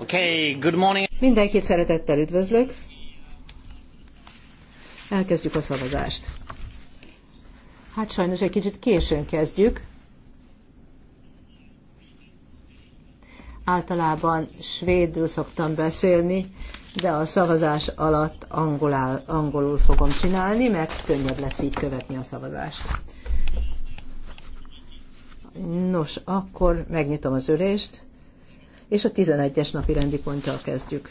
Okay, good morning. Mindenkit szeretettel üdvözlök. Elkezdjük a szavazást. Hát sajnos egy kicsit későn kezdjük. Általában svédül szoktam beszélni, de a szavazás alatt angolál, angolul fogom csinálni, mert könnyebb lesz így követni a szavazást. Nos, akkor megnyitom az ülést és a 11-es napi rendi ponttal kezdjük.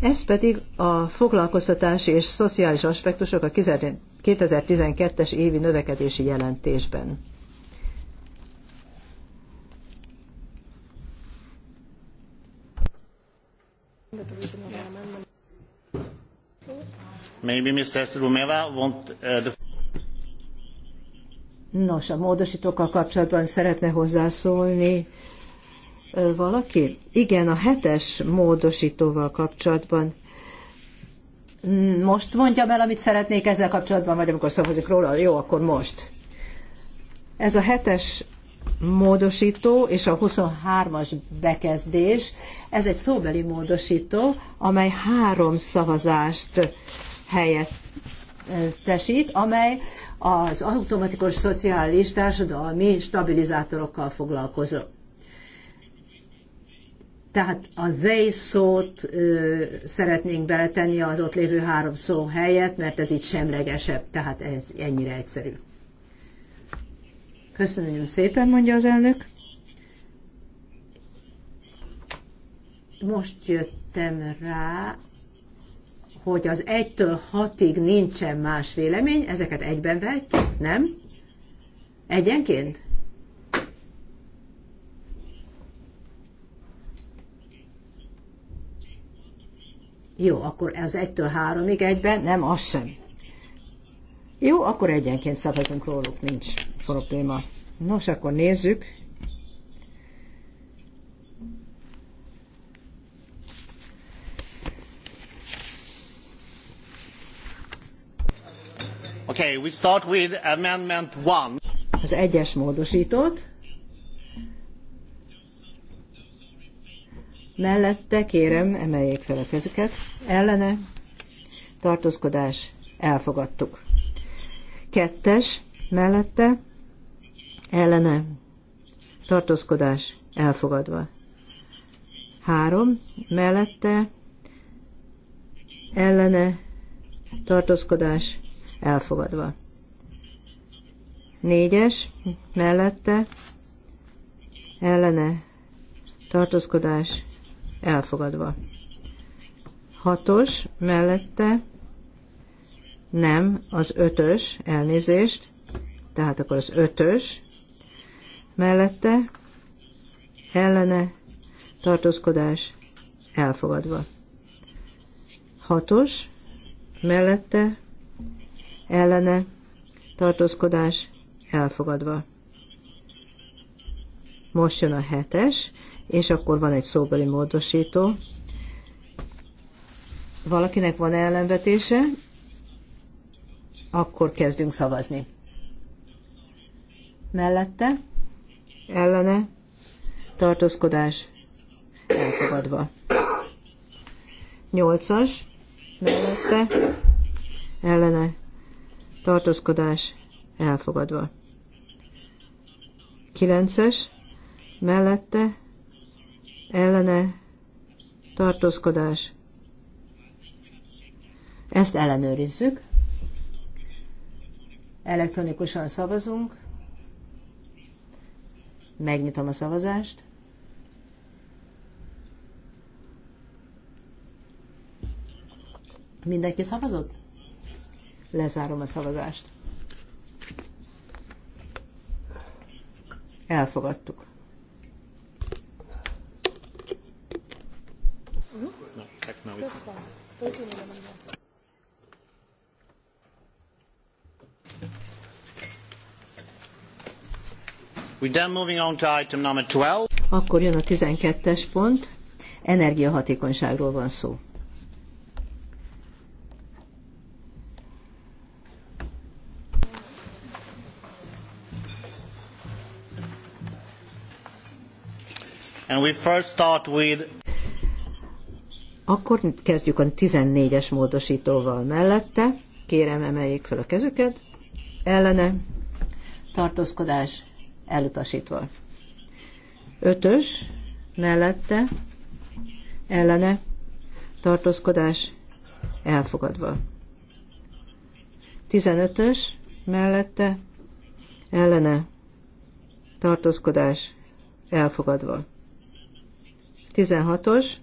Ez pedig a foglalkoztatási és szociális aspektusok a 2012-es évi növekedési jelentésben. Maybe Mr. Rumeva want uh, the Nos, a módosítókkal kapcsolatban szeretne hozzászólni valaki? Igen, a hetes módosítóval kapcsolatban. Most mondjam el, amit szeretnék ezzel kapcsolatban, vagy amikor szavazik róla, jó, akkor most. Ez a hetes módosító és a 23-as bekezdés, ez egy szóbeli módosító, amely három szavazást helyettesít, amely az automatikus szociális társadalmi stabilizátorokkal foglalkozom. Tehát a they szót ö, szeretnénk beletenni az ott lévő három szó helyett, mert ez így semlegesebb, tehát ez ennyire egyszerű. Köszönöm szépen, mondja az elnök. Most jöttem rá, hogy az 1-től 6-ig nincsen más vélemény, ezeket egyben vehetjük, nem? Egyenként? Jó, akkor az 1-től 3-ig egyben, nem, az sem. Jó, akkor egyenként szavazunk róluk, nincs probléma. Nos, akkor nézzük. Okay, we start with amendment one. Az egyes módosítót. Mellette kérem, emeljék fel a kezüket. Ellene tartózkodás elfogadtuk. Kettes mellette ellene tartózkodás elfogadva. Három mellette ellene tartózkodás elfogadva. Négyes, mellette, ellene, tartózkodás, elfogadva. Hatos, mellette, nem, az ötös, elnézést, tehát akkor az ötös, mellette, ellene, tartózkodás, elfogadva. Hatos, mellette, ellene tartózkodás elfogadva. Most jön a hetes, és akkor van egy szóbeli módosító. Valakinek van ellenvetése, akkor kezdünk szavazni. Mellette, ellene, tartózkodás elfogadva. Nyolcas, mellette, ellene, tartózkodás elfogadva. 9 mellette ellene tartózkodás. Ezt ellenőrizzük. Elektronikusan szavazunk. Megnyitom a szavazást. Mindenki szavazott? Lezárom a szavazást. Elfogadtuk. We then moving on to item number 12. Akkor jön a 12-es pont, energiahatékonyságról van szó. we first start with... Akkor kezdjük a 14-es módosítóval mellette. Kérem, emeljék fel a kezüket. Ellene. Tartózkodás elutasítva. Ötös mellette. Ellene. Tartózkodás elfogadva. 15-ös mellette ellene tartózkodás elfogadva. 16-os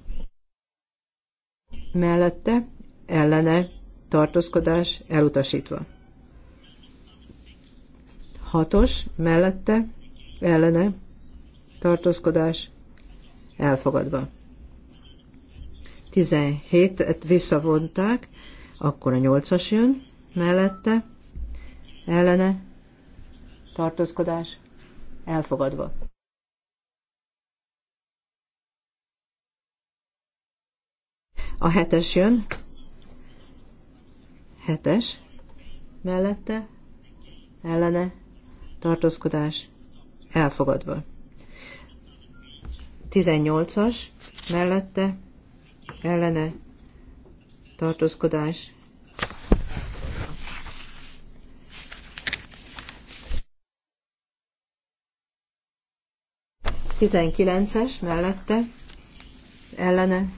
mellette ellene tartózkodás elutasítva. 6-os mellette ellene tartózkodás elfogadva. 17-et visszavonták, akkor a 8-as jön mellette ellene tartózkodás elfogadva. A hetes jön. Hetes. Mellette. Ellene. Tartózkodás. Elfogadva. 18-as. Mellette. Ellene. Tartózkodás. Tizenkilences mellette ellene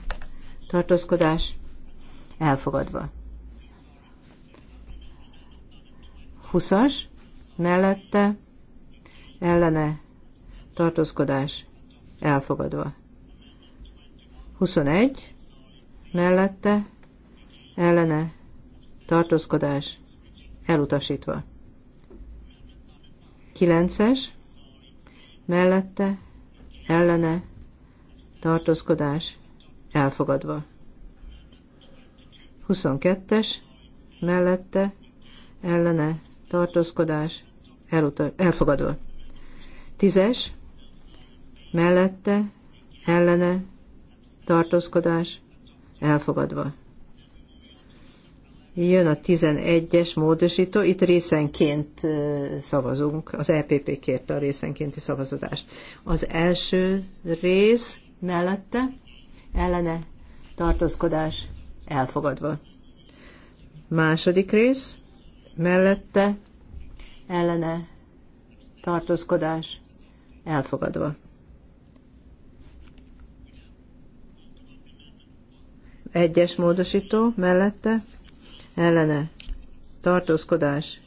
tartózkodás elfogadva. 20-as mellette ellene tartózkodás elfogadva. 21 mellette ellene tartózkodás elutasítva. 9-es mellette ellene tartózkodás elfogadva. 22-es mellette ellene tartózkodás elfogadva. 10-es mellette ellene tartózkodás elfogadva. Jön a 11-es módosító, itt részenként szavazunk, az EPP kérte a részenkénti szavazatást. Az első rész mellette ellene tartózkodás elfogadva. Második rész mellette ellene tartózkodás elfogadva. Egyes módosító mellette ellene tartózkodás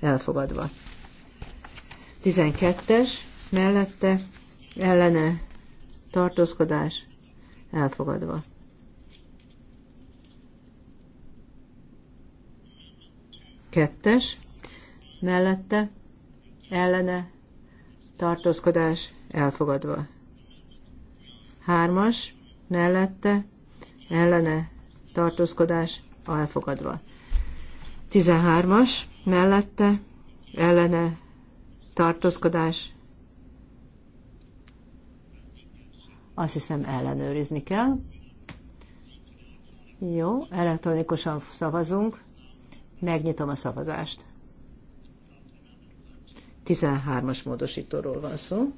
elfogadva. 12-es mellette ellene tartózkodás elfogadva. Kettes, mellette, ellene, tartózkodás, elfogadva. Hármas, mellette, ellene, tartózkodás, elfogadva. Tizenhármas, mellette, ellene, tartózkodás, Azt hiszem ellenőrizni kell. Jó, elektronikusan szavazunk. Megnyitom a szavazást. 13-as módosítóról van szó.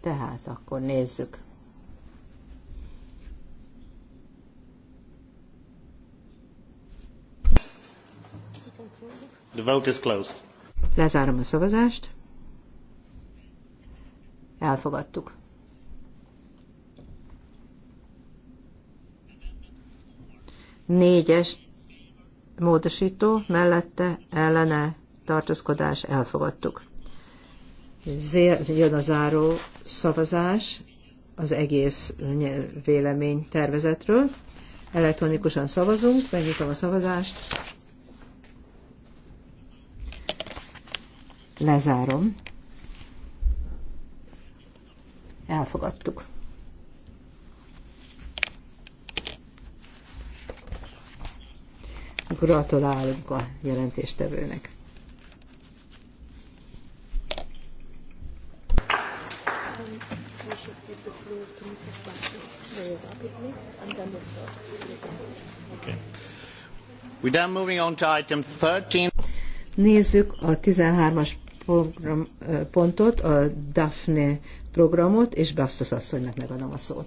Tehát akkor nézzük. The vote is closed. Lezárom a szavazást. Elfogadtuk. Négyes módosító mellette ellene tartózkodás elfogadtuk. Jön a záró szavazás az egész vélemény tervezetről. Elektronikusan szavazunk, megnyitom a szavazást. Lezárom. Elfogadtuk. Gratulálunk a jelentéstevőnek. Nézzük a 13-as program, pontot, a Daphne programot, és Bastos asszonynak megadom a szót.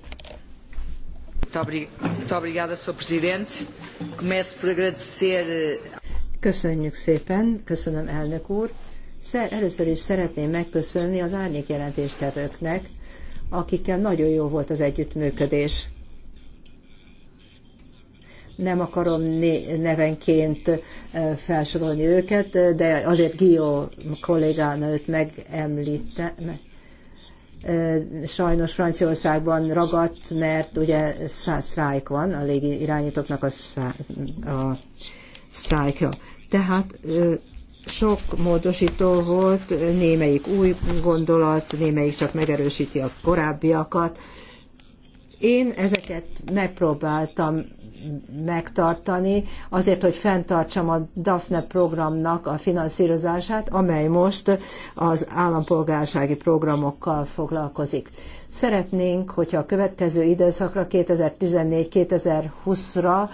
Eh, Köszönjük szépen, köszönöm elnök úr. Először is szeretném megköszönni az árnyék jelentéstevőknek, akikkel nagyon jó volt az együttműködés nem akarom nevenként felsorolni őket, de azért Gio kollégánőt megemlítem. Sajnos Franciaországban ragadt, mert ugye sztrájk van, a légi irányítóknak a, a sztrájkja. Tehát sok módosító volt, némelyik új gondolat, némelyik csak megerősíti a korábbiakat. Én ezeket megpróbáltam megtartani, azért, hogy fenntartsam a DAFNE programnak a finanszírozását, amely most az állampolgársági programokkal foglalkozik. Szeretnénk, hogyha a következő időszakra, 2014-2020-ra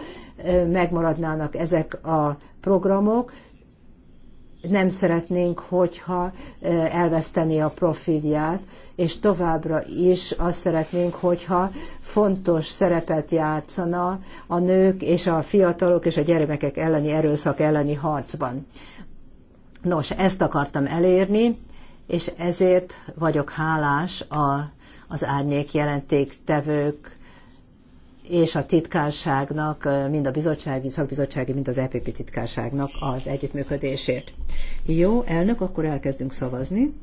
megmaradnának ezek a programok, nem szeretnénk, hogyha elvesztené a profilját, és továbbra is azt szeretnénk, hogyha fontos szerepet játszana a nők és a fiatalok és a gyermekek elleni erőszak elleni harcban. Nos, ezt akartam elérni, és ezért vagyok hálás a, az árnyék jelentéktevők és a titkárságnak, mind a bizottsági, szakbizottsági, mind az EPP titkárságnak az együttműködését. Jó, elnök, akkor elkezdünk szavazni.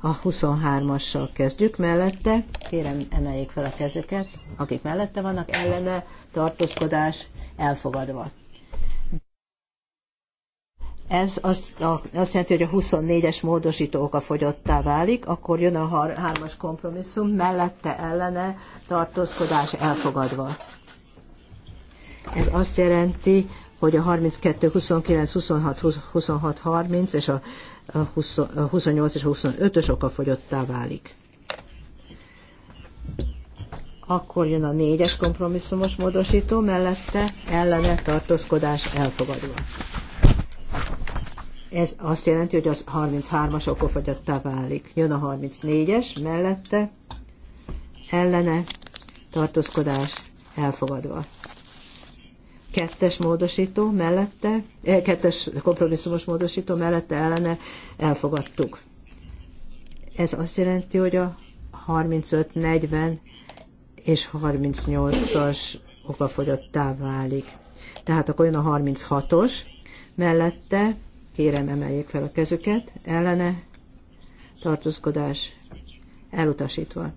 A 23-assal kezdjük mellette. Kérem, emeljék fel a kezeket, akik mellette vannak, ellene, tartózkodás elfogadva. Ez azt, azt jelenti, hogy a 24-es módosító fogyottá válik, akkor jön a 3-as kompromisszum, mellette ellene tartózkodás elfogadva. Ez azt jelenti, hogy a 32, 29, 26, 26, 30 és a 28 és a 25-ös fogyottá válik. Akkor jön a négyes kompromisszumos módosító, mellette ellene tartózkodás elfogadva. Ez azt jelenti, hogy az 33-as okofagyattá válik. Jön a 34-es, mellette ellene tartózkodás elfogadva. Kettes módosító mellette, eh, kettes kompromisszumos módosító mellette ellene elfogadtuk. Ez azt jelenti, hogy a 35, 40 és 38-as okafogyottá válik. Tehát akkor jön a 36-os mellette, kérem emeljék fel a kezüket, ellene, tartózkodás elutasítva.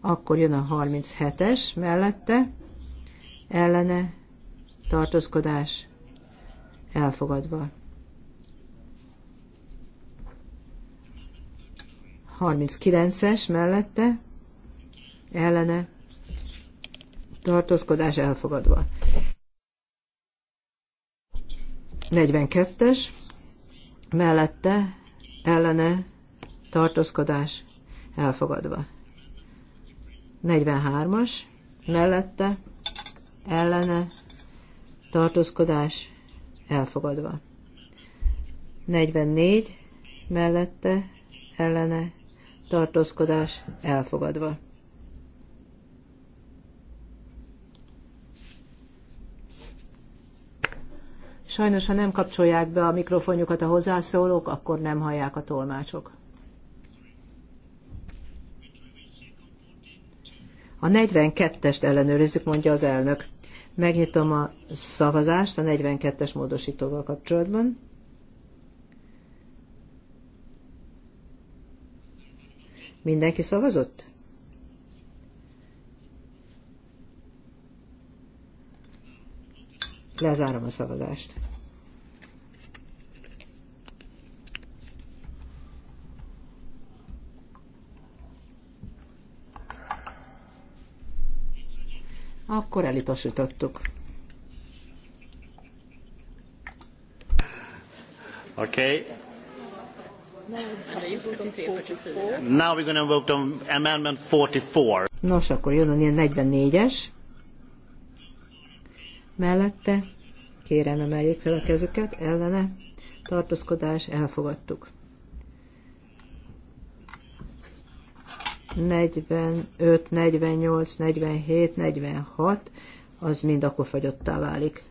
Akkor jön a 37-es mellette, ellene, tartózkodás elfogadva. 39-es mellette, ellene, tartózkodás elfogadva. 42-es, mellette ellene tartózkodás elfogadva. 43-as, mellette ellene tartózkodás elfogadva. 44, mellette ellene tartózkodás elfogadva. Sajnos, ha nem kapcsolják be a mikrofonjukat a hozzászólók, akkor nem hallják a tolmácsok. A 42-est ellenőrizzük, mondja az elnök. Megnyitom a szavazást a 42-es módosítóval kapcsolatban. Mindenki szavazott? Lezárom a szavazást. Akkor elutasítottuk. Okay. Now we're going to vote on amendment 44. Nos, akkor jön a 44-es mellette, kérem emeljék fel a kezüket, ellene, tartózkodás, elfogadtuk. 45, 48, 47, 46, az mind akkor fagyottá válik.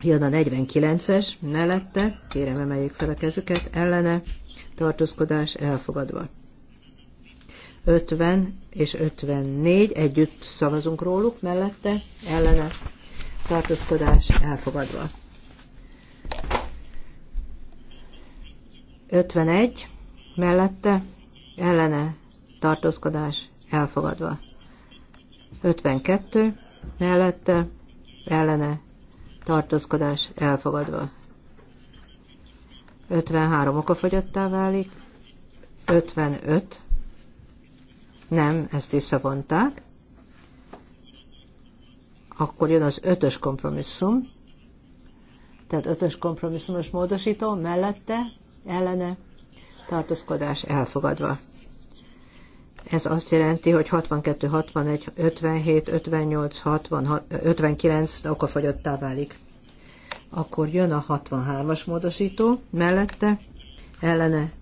Jön a 49-es, mellette, kérem emeljék fel a kezüket, ellene, tartózkodás elfogadva. 50 és 54, együtt szavazunk róluk, mellette, ellene, tartózkodás elfogadva. 51, mellette, ellene, tartózkodás elfogadva. 52, mellette, ellene, tartózkodás elfogadva. 53 okafogyottá válik, 55 nem, ezt visszavonták. Akkor jön az ötös kompromisszum. Tehát ötös kompromisszumos módosító, mellette, ellene, tartózkodás elfogadva. Ez azt jelenti, hogy 62, 61, 57, 58, 60, 59 okafogyottá válik. Akkor jön a 63-as módosító, mellette, ellene,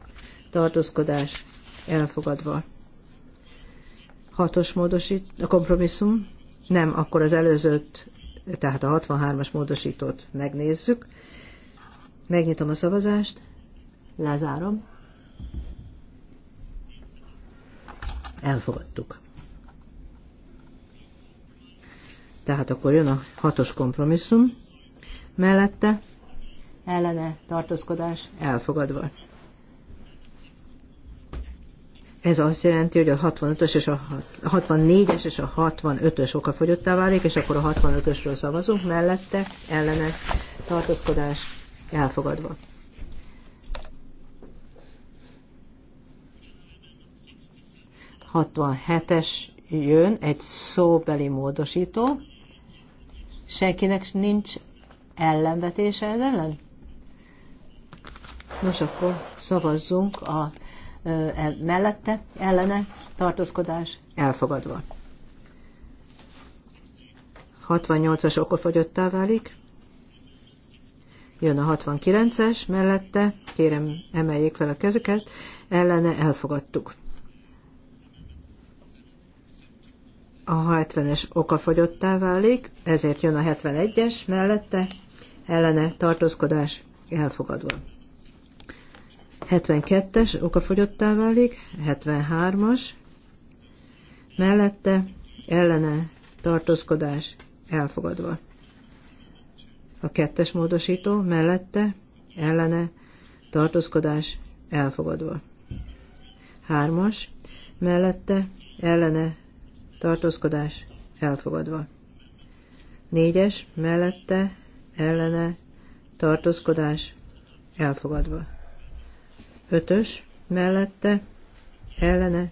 tartózkodás elfogadva. Hatos módosít, a kompromisszum? Nem, akkor az előzőt, tehát a 63-as módosítót megnézzük. Megnyitom a szavazást, lezárom. Elfogadtuk. Tehát akkor jön a hatos kompromisszum, mellette ellene tartózkodás elfogadva. Ez azt jelenti, hogy a 65-ös és a 64-es és a 65-ös okafogyottá válik, és akkor a 65-ösről szavazunk, mellette ellene tartózkodás elfogadva. es jön egy szóbeli módosító. Senkinek nincs ellenvetése ez ellen? Nos, akkor szavazzunk a mellette, ellene, tartózkodás elfogadva. 68-as okofogyottá válik. Jön a 69-es mellette, kérem emeljék fel a kezüket, ellene elfogadtuk. A 70-es okafogyottá válik, ezért jön a 71-es mellette, ellene tartózkodás elfogadva. 72-es okafogyottá válik, 73-as, mellette ellene tartózkodás elfogadva. A kettes módosító mellette ellene tartózkodás elfogadva. Hármas mellette ellene tartózkodás elfogadva. Négyes mellette ellene tartózkodás elfogadva. Ötös mellette ellene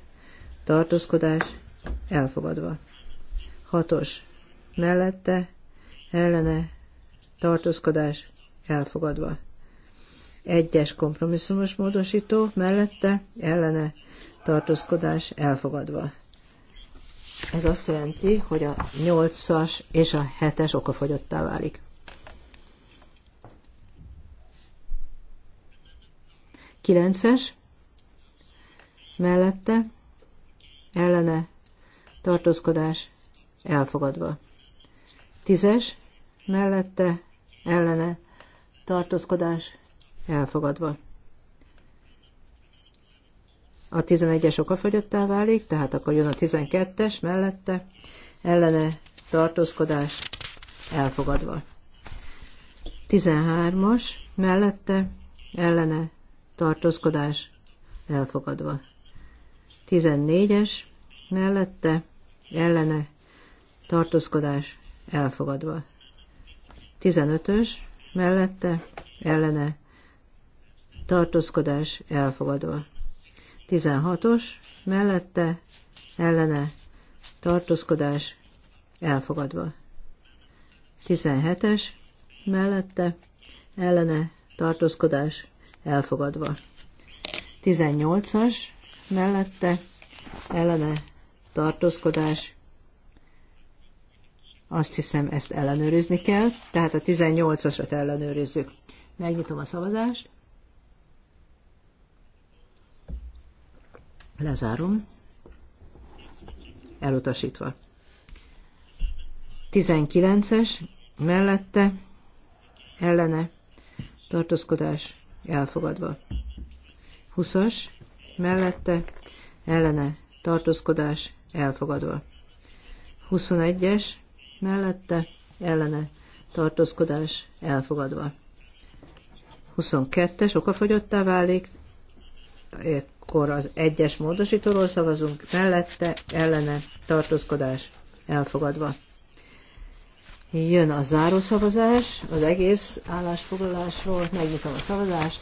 tartózkodás elfogadva. Hatos mellette ellene tartózkodás elfogadva. Egyes kompromisszumos módosító mellette ellene tartózkodás elfogadva. Ez azt jelenti, hogy a 8-as és a 7-es okafogyottá válik. 9-es mellette ellene tartózkodás elfogadva. 10-es mellette ellene tartózkodás elfogadva. A 11-es okafogyottá válik, tehát akkor jön a 12-es mellette ellene tartózkodás elfogadva. 13-as mellette ellene tartózkodás elfogadva. 14-es mellette ellene tartózkodás elfogadva. 15-ös mellette ellene tartózkodás elfogadva. 16-os mellette ellene tartózkodás elfogadva. 17-es mellette ellene tartózkodás elfogadva. 18-as mellette ellene tartózkodás. Azt hiszem, ezt ellenőrizni kell, tehát a 18-asat ellenőrizzük. Megnyitom a szavazást. Lezárom. Elutasítva. 19-es mellette ellene tartózkodás elfogadva. 20-as mellette ellene tartózkodás elfogadva. 21-es mellette ellene tartózkodás elfogadva. 22-es okafogyottá válik, akkor az egyes módosítóról szavazunk, mellette ellene tartózkodás elfogadva. Jön a zárószavazás az egész állásfoglalásról. Megnyitom a szavazást.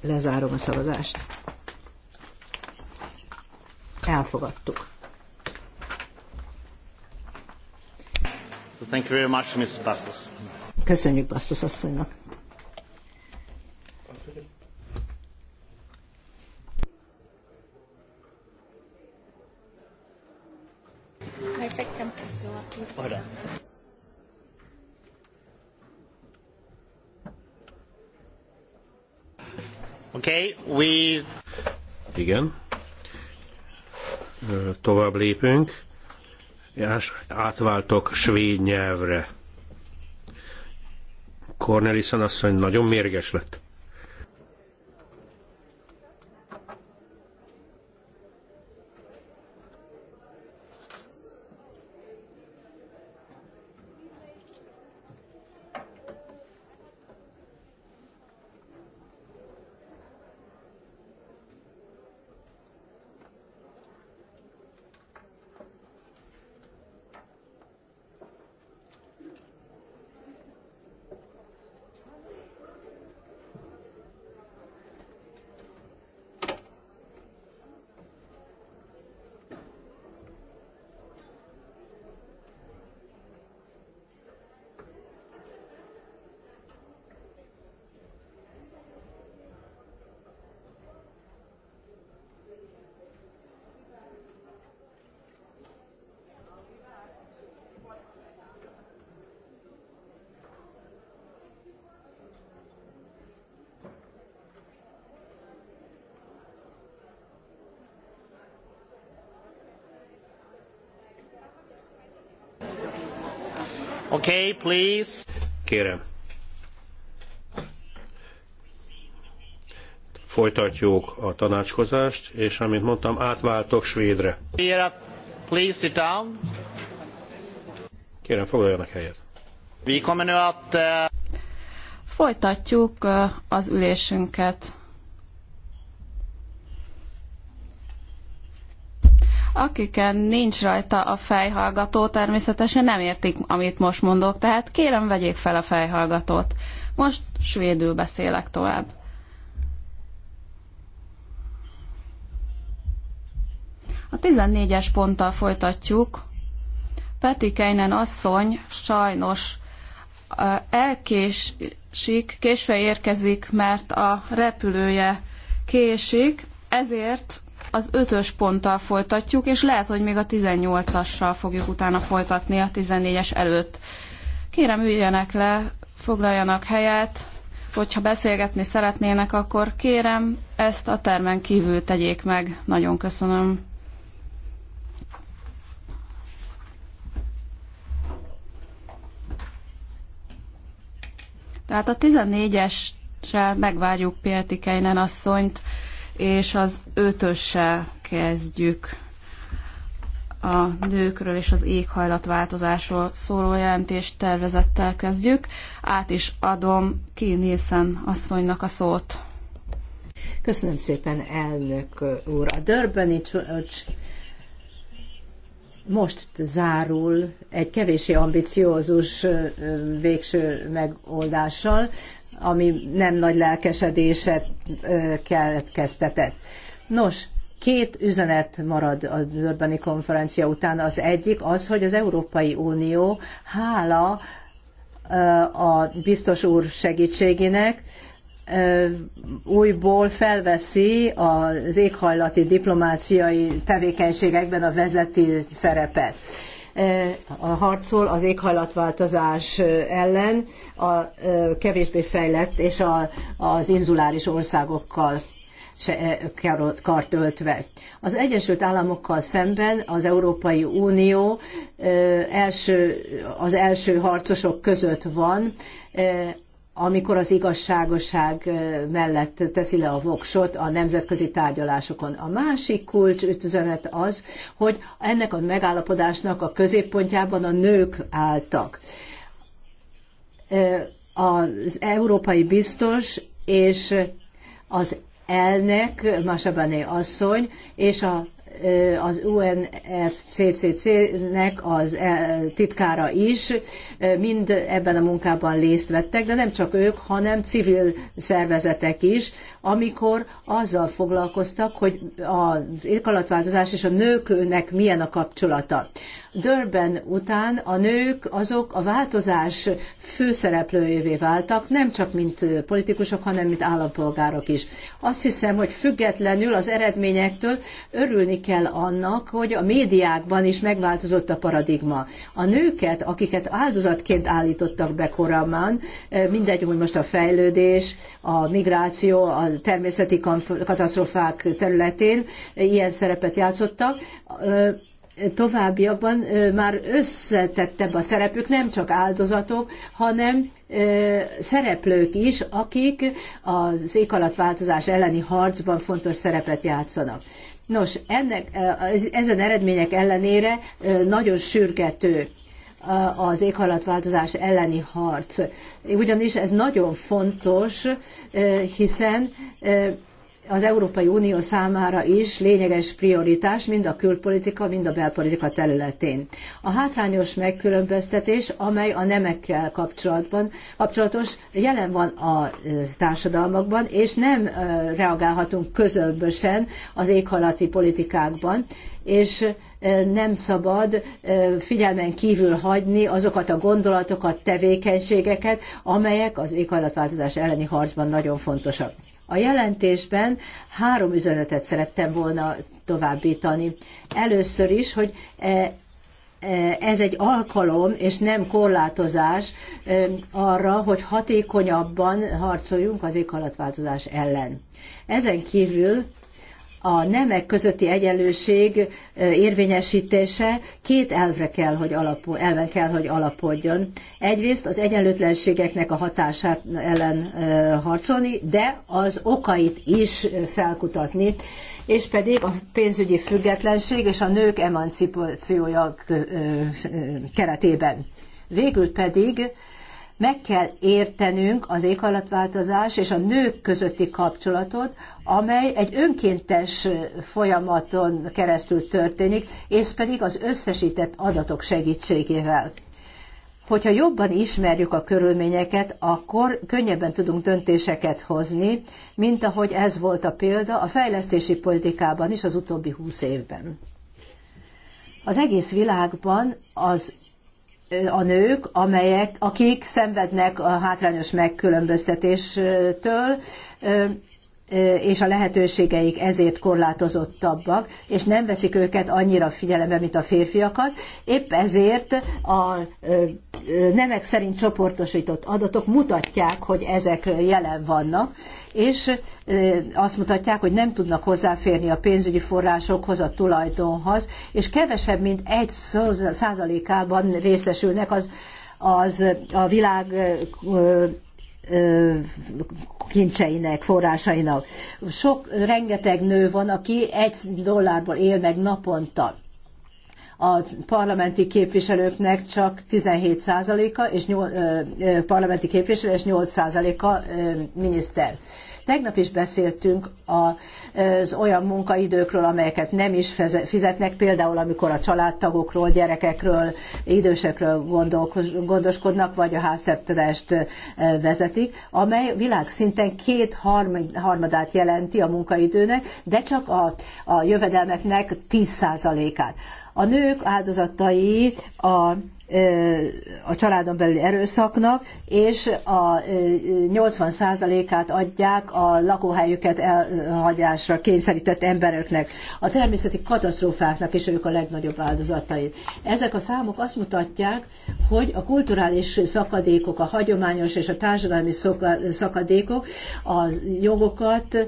Lezárom a szavazást. Elfogadtuk. Thank you very much, Mrs. Bastos. Köszönjük Bastos asszonynak. Igen. Tovább lépünk. És átváltok svéd nyelvre. Cornelison asszony nagyon mérges lett. Okay, please. Kérem. Folytatjuk a tanácskozást, és amint mondtam, átváltok svédre. Please sit down. Kérem, foglaljanak helyet. Vi kommer nu att... Uh, Folytatjuk uh, az ülésünket. akiken nincs rajta a fejhallgató, természetesen nem értik, amit most mondok, tehát kérem, vegyék fel a fejhallgatót. Most svédül beszélek tovább. A 14-es ponttal folytatjuk. Peti Keinen asszony sajnos elkésik, késve érkezik, mert a repülője késik, ezért az ötös ponttal folytatjuk, és lehet, hogy még a 18-assal fogjuk utána folytatni a 14-es előtt. Kérem, üljenek le, foglaljanak helyet, hogyha beszélgetni szeretnének, akkor kérem, ezt a termen kívül tegyék meg. Nagyon köszönöm. Tehát a 14-essel megvárjuk Pértikeinen asszonyt, és az ötössel kezdjük a nőkről és az éghajlatváltozásról szóló jelentést tervezettel kezdjük. Át is adom ki Nielsen asszonynak a szót. Köszönöm szépen, elnök úr. A Dörbeni csúcs most zárul egy kevésé ambiciózus végső megoldással, ami nem nagy lelkesedéset keletkeztetett. Nos, két üzenet marad a Durbani konferencia után. Az egyik az, hogy az Európai Unió hála a biztos úr segítségének újból felveszi az éghajlati diplomáciai tevékenységekben a vezető szerepet. Eh, harcol az éghajlatváltozás eh, ellen a eh, kevésbé fejlett és a, az inzuláris országokkal kart öltve. Az Egyesült Államokkal szemben az Európai Unió első, az első harcosok között van amikor az igazságoság mellett teszi le a voksot a nemzetközi tárgyalásokon. A másik kulcs üzenet az, hogy ennek a megállapodásnak a középpontjában a nők álltak. Az európai biztos és az elnök, Masabané asszony, és a az UNFCCC-nek az titkára is mind ebben a munkában részt vettek, de nem csak ők, hanem civil szervezetek is, amikor azzal foglalkoztak, hogy az éghalatváltozás és a nőknek milyen a kapcsolata. Dörben után a nők azok a változás főszereplőjévé váltak, nem csak mint politikusok, hanem mint állampolgárok is. Azt hiszem, hogy függetlenül az eredményektől örülni kell, kell annak, hogy a médiákban is megváltozott a paradigma. A nőket, akiket áldozatként állítottak be korábban, eh, mindegy, hogy most a fejlődés, a migráció, a természeti katasztrofák területén eh, ilyen szerepet játszottak, eh, továbbiakban már összetettebb a szerepük, nem csak áldozatok, hanem szereplők is, akik az éghajlatváltozás elleni harcban fontos szerepet játszanak. Nos, ennek, ezen eredmények ellenére nagyon sürgető az éghajlatváltozás elleni harc. Ugyanis ez nagyon fontos, hiszen az Európai Unió számára is lényeges prioritás mind a külpolitika, mind a belpolitika területén. A hátrányos megkülönböztetés, amely a nemekkel kapcsolatban, kapcsolatos, jelen van a társadalmakban, és nem reagálhatunk közömbösen az éghajlati politikákban, és nem szabad figyelmen kívül hagyni azokat a gondolatokat, tevékenységeket, amelyek az éghajlatváltozás elleni harcban nagyon fontosak. A jelentésben három üzenetet szerettem volna továbbítani. Először is, hogy e, e, ez egy alkalom és nem korlátozás e, arra, hogy hatékonyabban harcoljunk az éghajlatváltozás ellen. Ezen kívül a nemek közötti egyenlőség érvényesítése két elvre kell, hogy alapul, elven kell, hogy alapodjon. Egyrészt az egyenlőtlenségeknek a hatását ellen harcolni, de az okait is felkutatni, és pedig a pénzügyi függetlenség és a nők emancipációja keretében. Végül pedig meg kell értenünk az éghajlatváltozás és a nők közötti kapcsolatot, amely egy önkéntes folyamaton keresztül történik, és pedig az összesített adatok segítségével. Hogyha jobban ismerjük a körülményeket, akkor könnyebben tudunk döntéseket hozni, mint ahogy ez volt a példa a fejlesztési politikában is az utóbbi húsz évben. Az egész világban az a nők, amelyek, akik szenvednek a hátrányos megkülönböztetéstől, és a lehetőségeik ezért korlátozottabbak, és nem veszik őket annyira figyelembe, mint a férfiakat. Épp ezért a nemek szerint csoportosított adatok mutatják, hogy ezek jelen vannak, és azt mutatják, hogy nem tudnak hozzáférni a pénzügyi forrásokhoz, a tulajdonhoz, és kevesebb, mint egy százalékában részesülnek az, az a világ kincseinek, forrásainak. Sok, rengeteg nő van, aki egy dollárból él meg naponta. A parlamenti képviselőknek csak 17%-a, és parlamenti képviselő, és 8%-a miniszter Tegnap is beszéltünk az olyan munkaidőkről, amelyeket nem is fizetnek, például amikor a családtagokról, gyerekekről, idősekről gondoskodnak, vagy a háztartást vezetik, amely világszinten két harmadát jelenti a munkaidőnek, de csak a, a jövedelmeknek 10%-át. A nők áldozatai a a családon belüli erőszaknak, és a 80%-át adják a lakóhelyüket elhagyásra kényszerített embereknek, a természeti katasztrófáknak, is ők a legnagyobb áldozatai. Ezek a számok azt mutatják, hogy a kulturális szakadékok, a hagyományos és a társadalmi szakadékok a jogokat,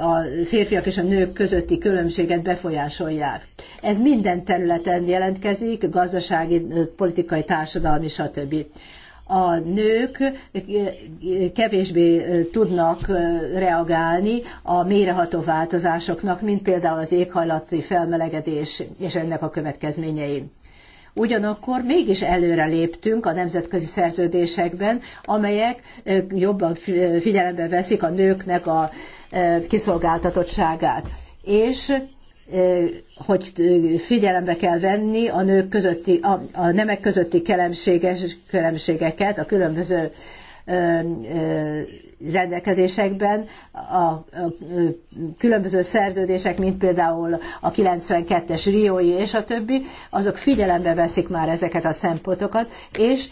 a férfiak és a nők közötti különbséget befolyásolják. Ez minden területen jelentkezik, gazdasági politikai, társadalmi, stb. A nők kevésbé tudnak reagálni a méreható változásoknak, mint például az éghajlati felmelegedés és ennek a következményei. Ugyanakkor mégis előre léptünk a nemzetközi szerződésekben, amelyek jobban figyelembe veszik a nőknek a kiszolgáltatottságát. És hogy figyelembe kell venni a nők közötti, a, a nemek közötti különbségeket a különböző rendelkezésekben a különböző szerződések, mint például a 92-es Riói és a többi, azok figyelembe veszik már ezeket a szempontokat, és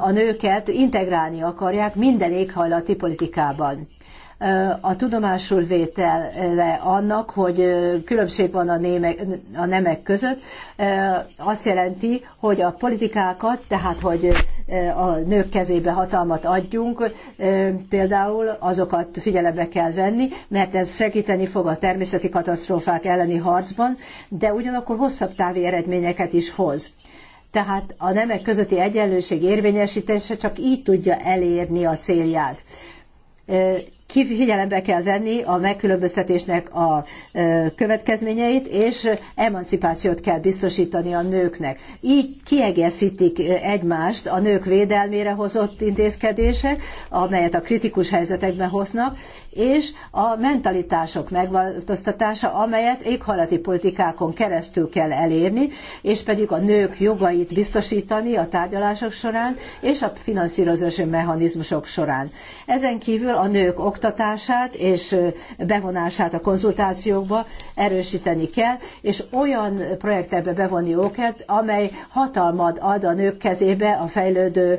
a nőket integrálni akarják minden éghajlati politikában a tudomásul vétele annak, hogy különbség van a, némek, a nemek között, azt jelenti, hogy a politikákat, tehát hogy a nők kezébe hatalmat adjunk, például azokat figyelembe kell venni, mert ez segíteni fog a természeti katasztrófák elleni harcban, de ugyanakkor hosszabb távi eredményeket is hoz. Tehát a nemek közötti egyenlőség érvényesítése csak így tudja elérni a célját figyelembe kell venni a megkülönböztetésnek a következményeit, és emancipációt kell biztosítani a nőknek. Így kiegészítik egymást a nők védelmére hozott intézkedések, amelyet a kritikus helyzetekben hoznak, és a mentalitások megváltoztatása, amelyet éghajlati politikákon keresztül kell elérni, és pedig a nők jogait biztosítani a tárgyalások során, és a finanszírozási mechanizmusok során. Ezen kívül a nők oktatását és bevonását a konzultációkba erősíteni kell, és olyan projektekbe bevonni őket, amely hatalmat ad a nők kezébe a fejlődő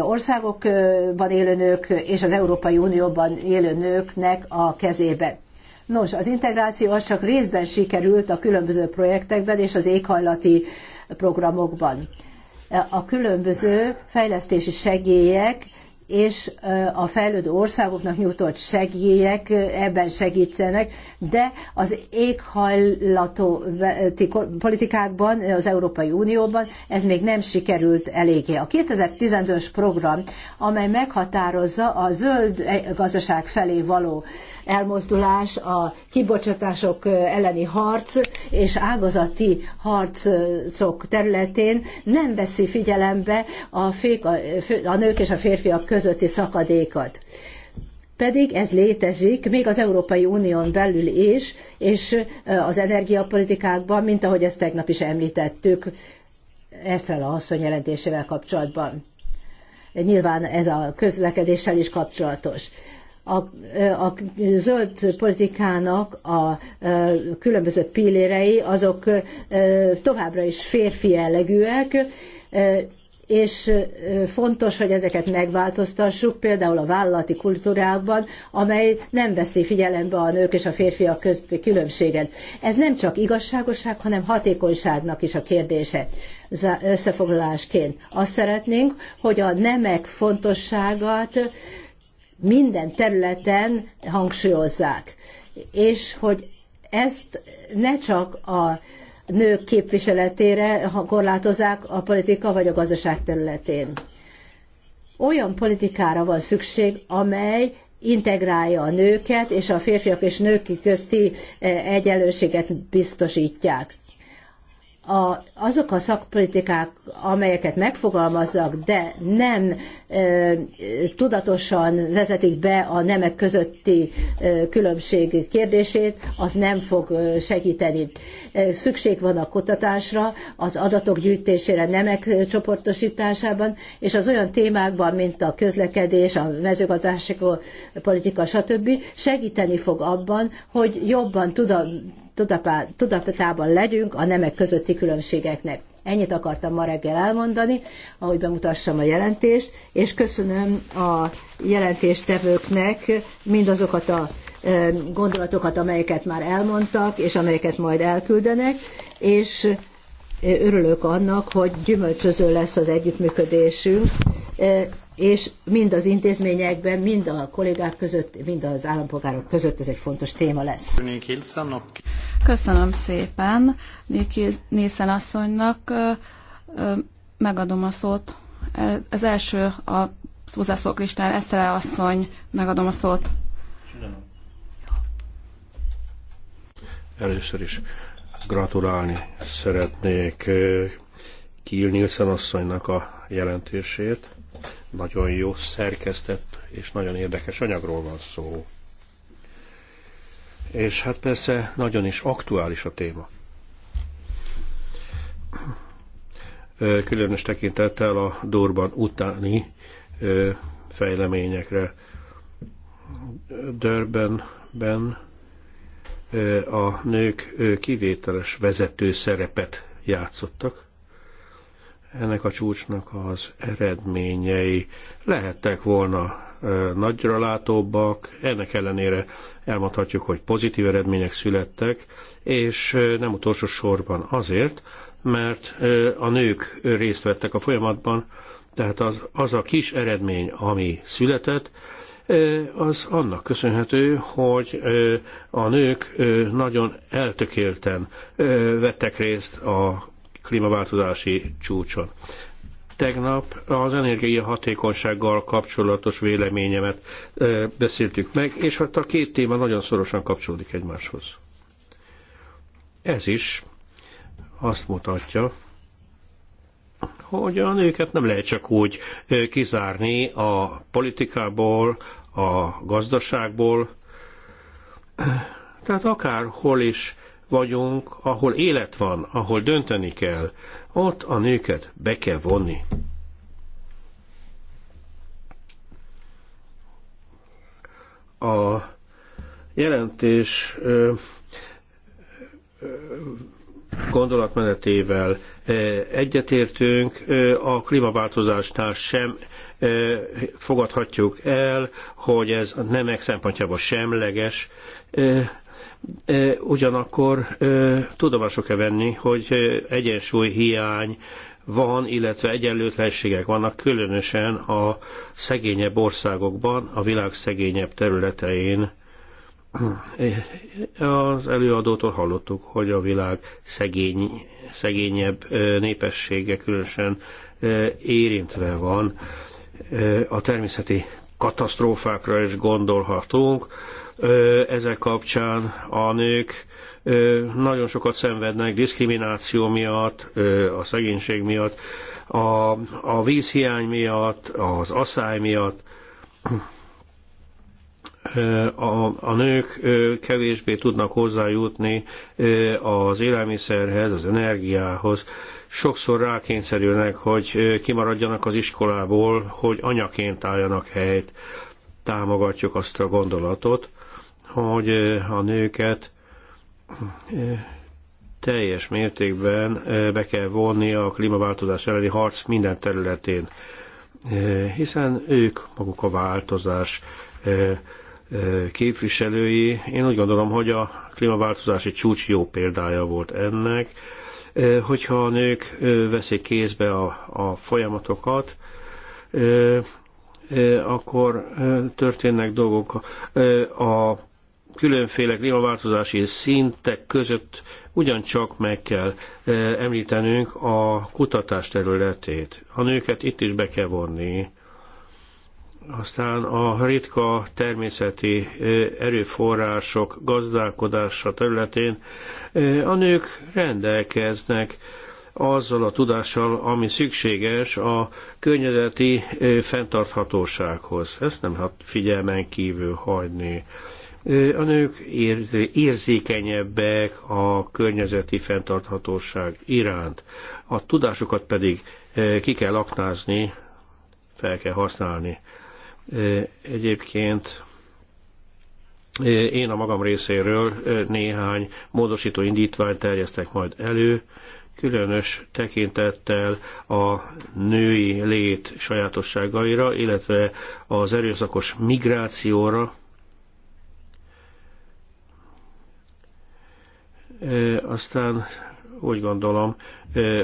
országokban élő nők és az Európai Unióban élő nők lehetnek a kezébe. Nos, az integráció az csak részben sikerült a különböző projektekben és az éghajlati programokban. A különböző fejlesztési segélyek és a fejlődő országoknak nyújtott segélyek ebben segítenek, de az éghajlati politikákban, az Európai Unióban ez még nem sikerült eléggé. A 2015-ös program, amely meghatározza a zöld e, gazdaság felé való elmozdulás, a kibocsátások elleni harc és ágazati harcok területén nem veszi figyelembe a, fék, a nők és a férfiak között közötti szakadékat. Pedig ez létezik még az Európai Unión belül is, és az energiapolitikákban, mint ahogy ezt tegnap is említettük, Eszrel a asszony jelentésével kapcsolatban. Nyilván ez a közlekedéssel is kapcsolatos a, a zöld politikának a, különböző pillérei azok továbbra is férfi jellegűek, és fontos, hogy ezeket megváltoztassuk, például a vállalati kultúrában, amely nem veszi figyelembe a nők és a férfiak közti különbséget. Ez nem csak igazságosság, hanem hatékonyságnak is a kérdése összefoglalásként. Azt szeretnénk, hogy a nemek fontosságát minden területen hangsúlyozzák, és hogy ezt ne csak a nők képviseletére ha korlátozzák a politika vagy a gazdaság területén. Olyan politikára van szükség, amely integrálja a nőket, és a férfiak és nők közti eh, egyenlőséget biztosítják a, azok a szakpolitikák, amelyeket megfogalmazzak, de nem e, tudatosan vezetik be a nemek közötti e, különbség kérdését, az nem fog segíteni. Szükség van a kutatásra, az adatok gyűjtésére, nemek csoportosításában, és az olyan témákban, mint a közlekedés, a mezőgazdasági politika, stb. segíteni fog abban, hogy jobban tudom tudatában legyünk a nemek közötti különbségeknek. Ennyit akartam ma reggel elmondani, ahogy bemutassam a jelentést, és köszönöm a jelentéstevőknek mindazokat a gondolatokat, amelyeket már elmondtak, és amelyeket majd elküldenek, és örülök annak, hogy gyümölcsöző lesz az együttműködésünk, és mind az intézményekben, mind a kollégák között, mind az állampolgárok között ez egy fontos téma lesz. Köszönöm szépen Nielsen asszonynak. Megadom a szót. Az első a hozzászók listán Esztele asszony, megadom a szót. Először is gratulálni szeretnék Kiel Nielsen asszonynak a jelentését nagyon jó szerkesztett és nagyon érdekes anyagról van szó. És hát persze nagyon is aktuális a téma. Különös tekintettel a Dorban utáni fejleményekre. Durbanben a nők kivételes vezető szerepet játszottak ennek a csúcsnak az eredményei lehettek volna nagyra látóbbak, ennek ellenére elmondhatjuk, hogy pozitív eredmények születtek, és nem utolsó sorban azért, mert a nők részt vettek a folyamatban, tehát az, az a kis eredmény, ami született, az annak köszönhető, hogy a nők nagyon eltökélten vettek részt a klímaváltozási csúcson. Tegnap az hatékonysággal kapcsolatos véleményemet beszéltük meg, és hát a két téma nagyon szorosan kapcsolódik egymáshoz. Ez is azt mutatja, hogy a nőket nem lehet csak úgy kizárni a politikából, a gazdaságból. Tehát akárhol is vagyunk, ahol élet van, ahol dönteni kell, ott a nőket be kell vonni. A jelentés ö, ö, gondolatmenetével egyetértünk, a klímaváltozásnál sem fogadhatjuk el, hogy ez a nemek szempontjából semleges Ugyanakkor tudomások-e venni, hogy egyensúly hiány van, illetve egyenlőtlenségek vannak, különösen a szegényebb országokban, a világ szegényebb területein. Az előadótól hallottuk, hogy a világ szegény, szegényebb népessége különösen érintve van. A természeti katasztrófákra is gondolhatunk, ezek kapcsán a nők nagyon sokat szenvednek diszkrimináció miatt, a szegénység miatt, a, a vízhiány miatt, az asszály miatt. A, a nők kevésbé tudnak hozzájutni az élelmiszerhez, az energiához. Sokszor rákényszerülnek, hogy kimaradjanak az iskolából, hogy anyaként álljanak helyt. Támogatjuk azt a gondolatot, hogy a nőket teljes mértékben be kell vonni a klímaváltozás elleni harc minden területén, hiszen ők maguk a változás képviselői. Én úgy gondolom, hogy a klímaváltozási csúcs jó példája volt ennek, hogyha a nők veszik kézbe a, a folyamatokat, akkor történnek dolgok. A különféle klímaváltozási szintek között ugyancsak meg kell eh, említenünk a kutatás területét. A nőket itt is be kell vonni. Aztán a ritka természeti eh, erőforrások gazdálkodása területén eh, a nők rendelkeznek azzal a tudással, ami szükséges a környezeti fenntarthatósághoz. Ezt nem hát figyelmen kívül hagyni. A nők érzékenyebbek a környezeti fenntarthatóság iránt, a tudásukat pedig ki kell aknázni, fel kell használni. Egyébként én a magam részéről néhány módosító indítványt terjesztek majd elő, különös tekintettel a női lét sajátosságaira, illetve az erőszakos migrációra, Aztán úgy gondolom,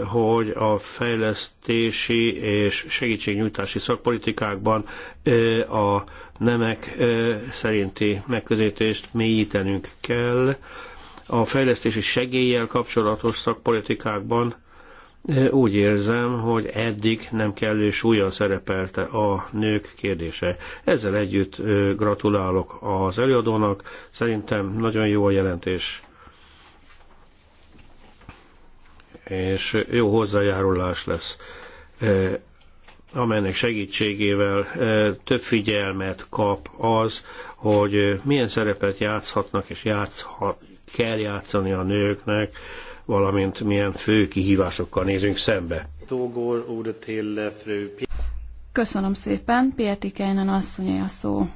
hogy a fejlesztési és segítségnyújtási szakpolitikákban a nemek szerinti megközelítést mélyítenünk kell. A fejlesztési segéllyel kapcsolatos szakpolitikákban úgy érzem, hogy eddig nem kellő súlyan szerepelte a nők kérdése. Ezzel együtt gratulálok az előadónak, szerintem nagyon jó a jelentés. és jó hozzájárulás lesz, e, amelynek segítségével e, több figyelmet kap az, hogy milyen szerepet játszhatnak és játszhat, kell játszani a nőknek, valamint milyen fő kihívásokkal nézünk szembe. Köszönöm szépen, Pierti Kejnen asszonyé a szó.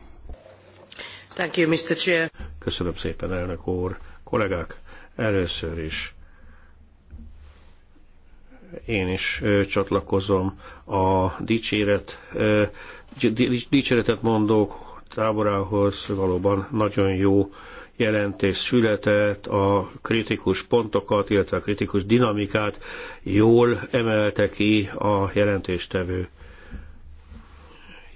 Thank you, Mr. Chair. Köszönöm szépen, elnök úr. Kollégák, először is én is csatlakozom a dicséret, dicséretet mondók táborához valóban nagyon jó jelentés született, a kritikus pontokat, illetve a kritikus dinamikát jól emelte ki a jelentéstevő.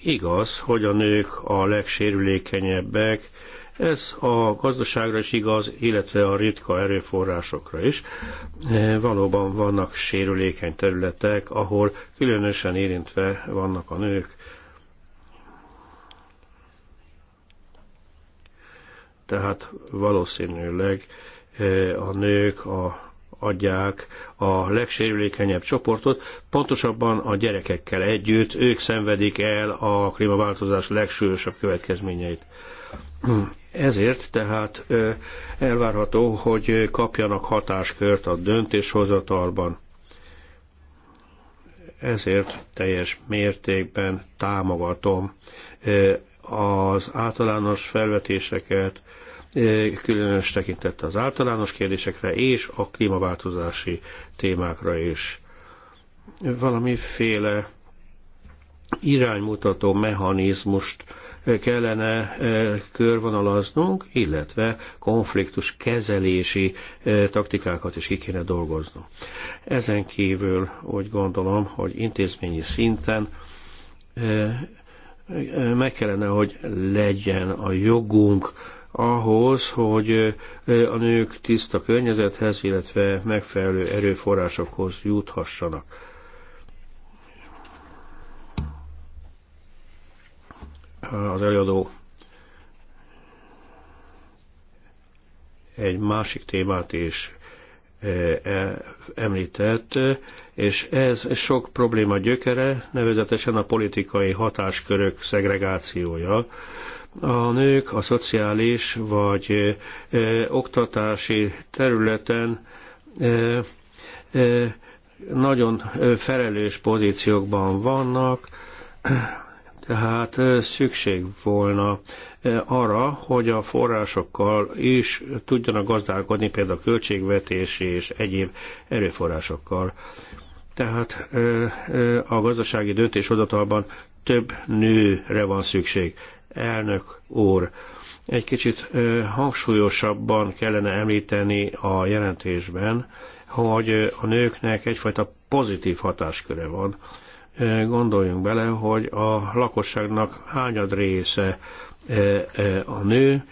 Igaz, hogy a nők a legsérülékenyebbek, ez a gazdaságra is igaz, illetve a ritka erőforrásokra is. E, valóban vannak sérülékeny területek, ahol különösen érintve vannak a nők. Tehát valószínűleg e, a nők a adják a legsérülékenyebb csoportot, pontosabban a gyerekekkel együtt ők szenvedik el a klímaváltozás legsúlyosabb következményeit. Ezért tehát elvárható, hogy kapjanak hatáskört a döntéshozatalban. Ezért teljes mértékben támogatom az általános felvetéseket, különös tekintett az általános kérdésekre és a klímaváltozási témákra is. Valamiféle iránymutató mechanizmust kellene eh, körvonalaznunk, illetve konfliktus kezelési eh, taktikákat is ki kéne dolgoznunk. Ezen kívül úgy gondolom, hogy intézményi szinten eh, meg kellene, hogy legyen a jogunk ahhoz, hogy a nők tiszta környezethez, illetve megfelelő erőforrásokhoz juthassanak. az előadó egy másik témát is e, e, említett, és ez sok probléma gyökere, nevezetesen a politikai hatáskörök szegregációja. A nők a szociális vagy e, oktatási területen nagyon felelős pozíciókban vannak, tehát szükség volna arra, hogy a forrásokkal is tudjanak gazdálkodni, például költségvetési és egyéb erőforrásokkal. Tehát a gazdasági döntéshozatalban több nőre van szükség. Elnök úr, egy kicsit hangsúlyosabban kellene említeni a jelentésben, hogy a nőknek egyfajta pozitív hatásköre van Gondoljunk bele, hogy a lakosságnak hányad része a nő.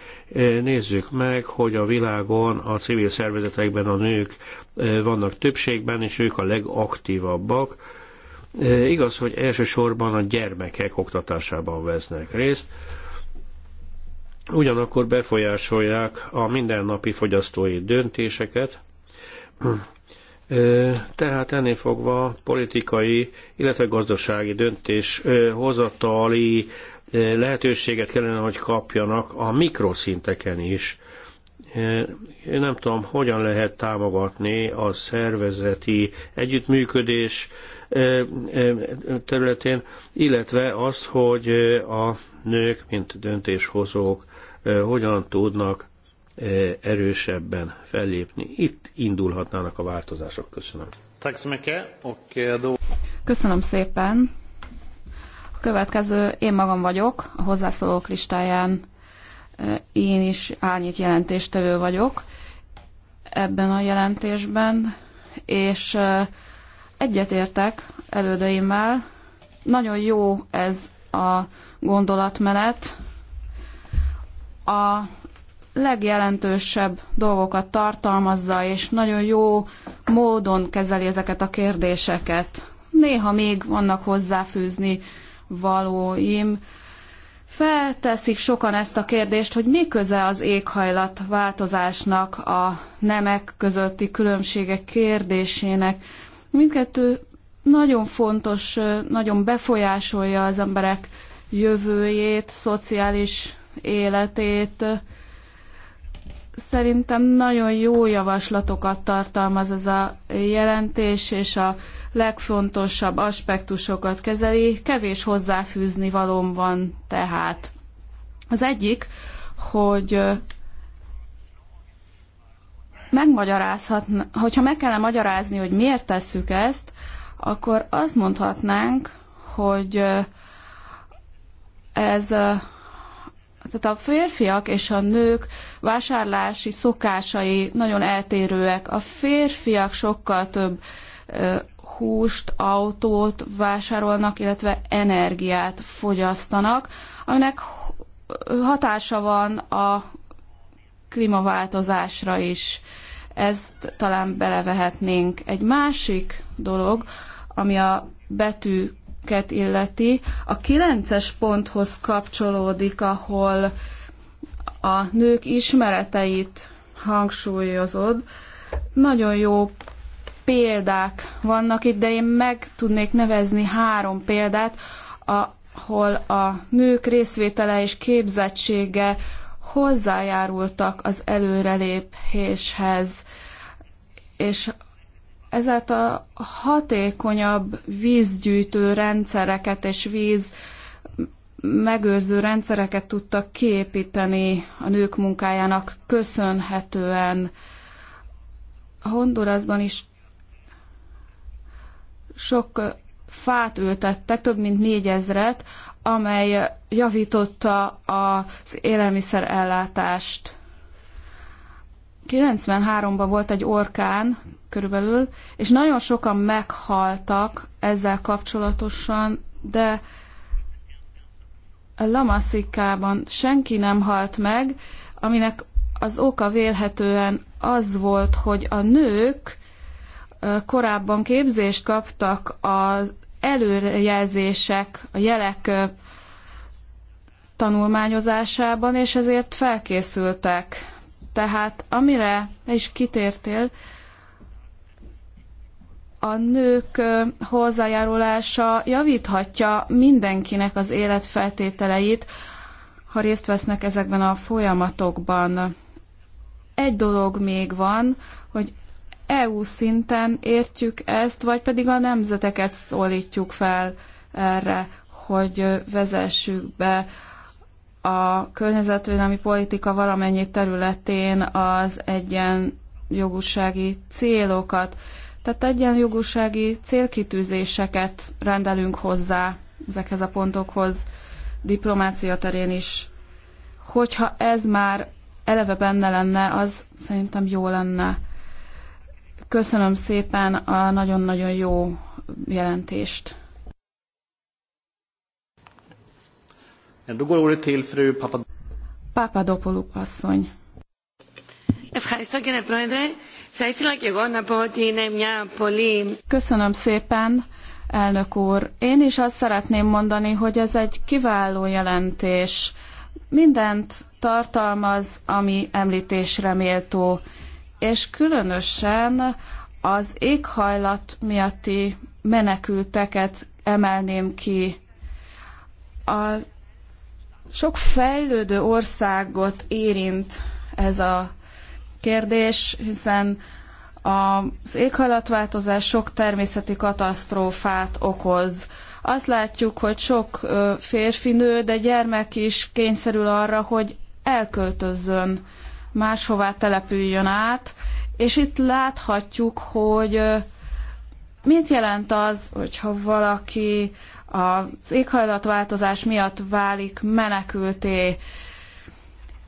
Nézzük meg, hogy a világon a civil szervezetekben a nők vannak többségben, és ők a legaktívabbak. Igaz, hogy elsősorban a gyermekek oktatásában vesznek részt, ugyanakkor befolyásolják a mindennapi fogyasztói döntéseket, tehát ennél fogva politikai, illetve gazdasági döntés hozatali lehetőséget kellene, hogy kapjanak a mikroszinteken is. Én nem tudom, hogyan lehet támogatni a szervezeti együttműködés területén, illetve azt, hogy a nők, mint döntéshozók, hogyan tudnak erősebben fellépni. Itt indulhatnának a változások. Köszönöm. Eh, Köszönöm szépen. A következő én magam vagyok, a hozzászólók listáján én is árnyék jelentéstevő vagyok ebben a jelentésben, és egyetértek elődeimmel. Nagyon jó ez a gondolatmenet. A legjelentősebb dolgokat tartalmazza, és nagyon jó módon kezeli ezeket a kérdéseket. Néha még vannak hozzáfűzni valóim. Felteszik sokan ezt a kérdést, hogy mi köze az éghajlat változásnak a nemek közötti különbségek kérdésének. Mindkettő nagyon fontos, nagyon befolyásolja az emberek jövőjét, szociális életét, Szerintem nagyon jó javaslatokat tartalmaz ez a jelentés, és a legfontosabb aspektusokat kezeli. Kevés hozzáfűzni valóm van tehát. Az egyik, hogy megmagyarázhatna, hogyha meg kellene magyarázni, hogy miért tesszük ezt, akkor azt mondhatnánk, hogy ez tehát a férfiak és a nők vásárlási szokásai nagyon eltérőek. A férfiak sokkal több húst, autót vásárolnak, illetve energiát fogyasztanak, aminek hatása van a klímaváltozásra is. Ezt talán belevehetnénk. Egy másik dolog, ami a betű ket illeti, a kilences ponthoz kapcsolódik, ahol a nők ismereteit hangsúlyozod. Nagyon jó példák vannak itt, de én meg tudnék nevezni három példát, ahol a nők részvétele és képzettsége hozzájárultak az előrelépéshez, és ezáltal hatékonyabb vízgyűjtő rendszereket és víz megőrző rendszereket tudtak kiépíteni a nők munkájának köszönhetően. Hondurasban is sok fát ültettek, több mint négyezret, amely javította az élelmiszer ellátást. 93-ban volt egy orkán, körülbelül, és nagyon sokan meghaltak ezzel kapcsolatosan, de Lamaszikában senki nem halt meg, aminek az oka vélhetően az volt, hogy a nők korábban képzést kaptak az előrejelzések, a jelek tanulmányozásában, és ezért felkészültek. Tehát amire is kitértél, a nők hozzájárulása javíthatja mindenkinek az életfeltételeit, ha részt vesznek ezekben a folyamatokban. Egy dolog még van, hogy EU szinten értjük ezt, vagy pedig a nemzeteket szólítjuk fel erre, hogy vezessük be a környezetvédelmi politika valamennyi területén az egyenjogúsági célokat, tehát egyenjogúsági célkitűzéseket rendelünk hozzá ezekhez a pontokhoz diplomácia terén is. Hogyha ez már eleve benne lenne, az szerintem jó lenne. Köszönöm szépen a nagyon-nagyon jó jelentést. Då går ordet till fru Papadopoulou asszony. Köszönöm, Köszönöm szépen, elnök úr. Én is azt szeretném mondani, hogy ez egy kiváló jelentés. Mindent tartalmaz, ami említésre méltó, és különösen az éghajlat miatti menekülteket emelném ki. A sok fejlődő országot érint ez a kérdés, hiszen az éghajlatváltozás sok természeti katasztrófát okoz. Azt látjuk, hogy sok férfi, nő, de gyermek is kényszerül arra, hogy elköltözzön, máshová települjön át, és itt láthatjuk, hogy mit jelent az, hogyha valaki az éghajlatváltozás miatt válik menekülté,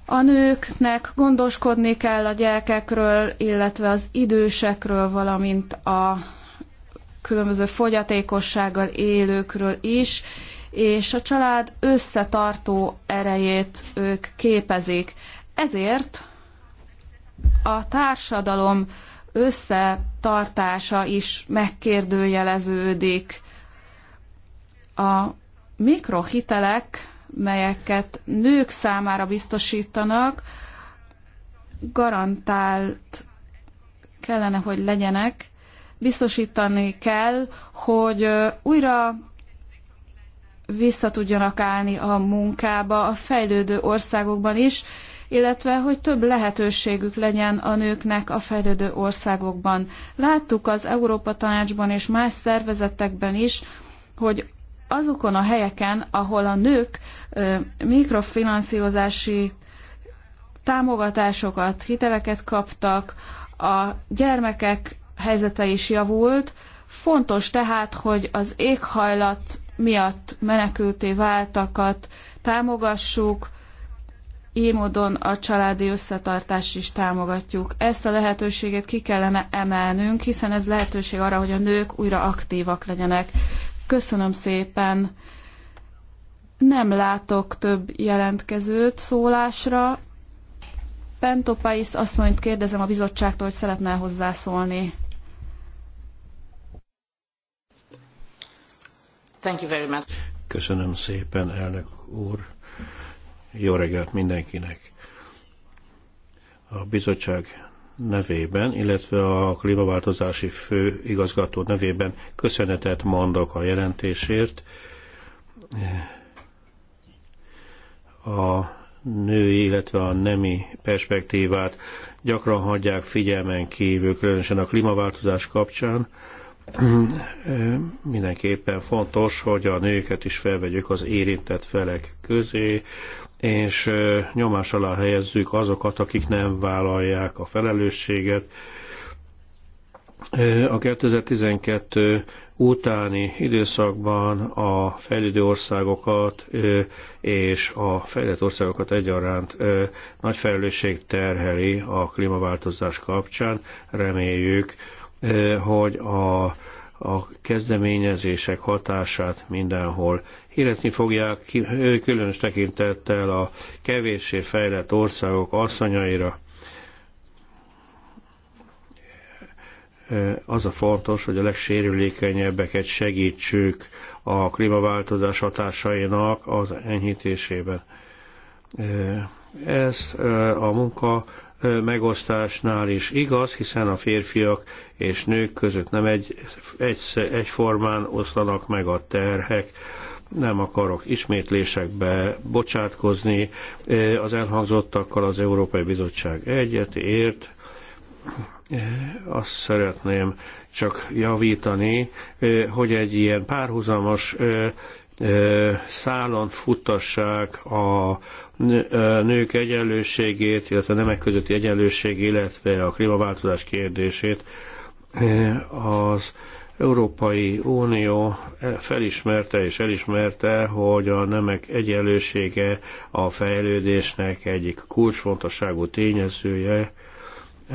a nőknek gondoskodni kell a gyerekekről, illetve az idősekről, valamint a különböző fogyatékossággal élőkről is, és a család összetartó erejét ők képezik. Ezért a társadalom összetartása is megkérdőjeleződik. A mikrohitelek melyeket nők számára biztosítanak, garantált kellene, hogy legyenek. Biztosítani kell, hogy újra vissza tudjanak állni a munkába a fejlődő országokban is, illetve hogy több lehetőségük legyen a nőknek a fejlődő országokban. Láttuk az Európa Tanácsban és más szervezetekben is, hogy azokon a helyeken, ahol a nők mikrofinanszírozási támogatásokat, hiteleket kaptak, a gyermekek helyzete is javult. Fontos tehát, hogy az éghajlat miatt menekülté váltakat támogassuk, így módon a családi összetartást is támogatjuk. Ezt a lehetőséget ki kellene emelnünk, hiszen ez lehetőség arra, hogy a nők újra aktívak legyenek. Köszönöm szépen. Nem látok több jelentkezőt szólásra. Pentopais asszonyt kérdezem a bizottságtól, hogy szeretne hozzászólni. Thank you very much. Köszönöm szépen, elnök úr. Jó reggelt mindenkinek. A bizottság nevében, illetve a klímaváltozási fő igazgató nevében köszönetet mondok a jelentésért. A női, illetve a nemi perspektívát gyakran hagyják figyelmen kívül, különösen a klímaváltozás kapcsán. Mindenképpen fontos, hogy a nőket is felvegyük az érintett felek közé, és nyomás alá helyezzük azokat, akik nem vállalják a felelősséget. A 2012 utáni időszakban a fejlődő országokat és a fejlett országokat egyaránt nagy felelősség terheli a klímaváltozás kapcsán. Reméljük, hogy a, a kezdeményezések hatását mindenhol érezni fogják különös tekintettel a kevéssé fejlett országok asszonyaira. Az a fontos, hogy a legsérülékenyebbeket segítsük a klímaváltozás hatásainak az enyhítésében. Ez a munka megosztásnál is igaz, hiszen a férfiak és nők között nem egy, egy, egyformán oszlanak meg a terhek nem akarok ismétlésekbe bocsátkozni. Az elhangzottakkal az Európai Bizottság egyet ért. Azt szeretném csak javítani, hogy egy ilyen párhuzamos szálon futtassák a nők egyenlőségét, illetve a nemek közötti egyenlőség, illetve a klímaváltozás kérdését az Európai Unió felismerte és elismerte, hogy a nemek egyenlősége a fejlődésnek egyik kulcsfontosságú tényezője,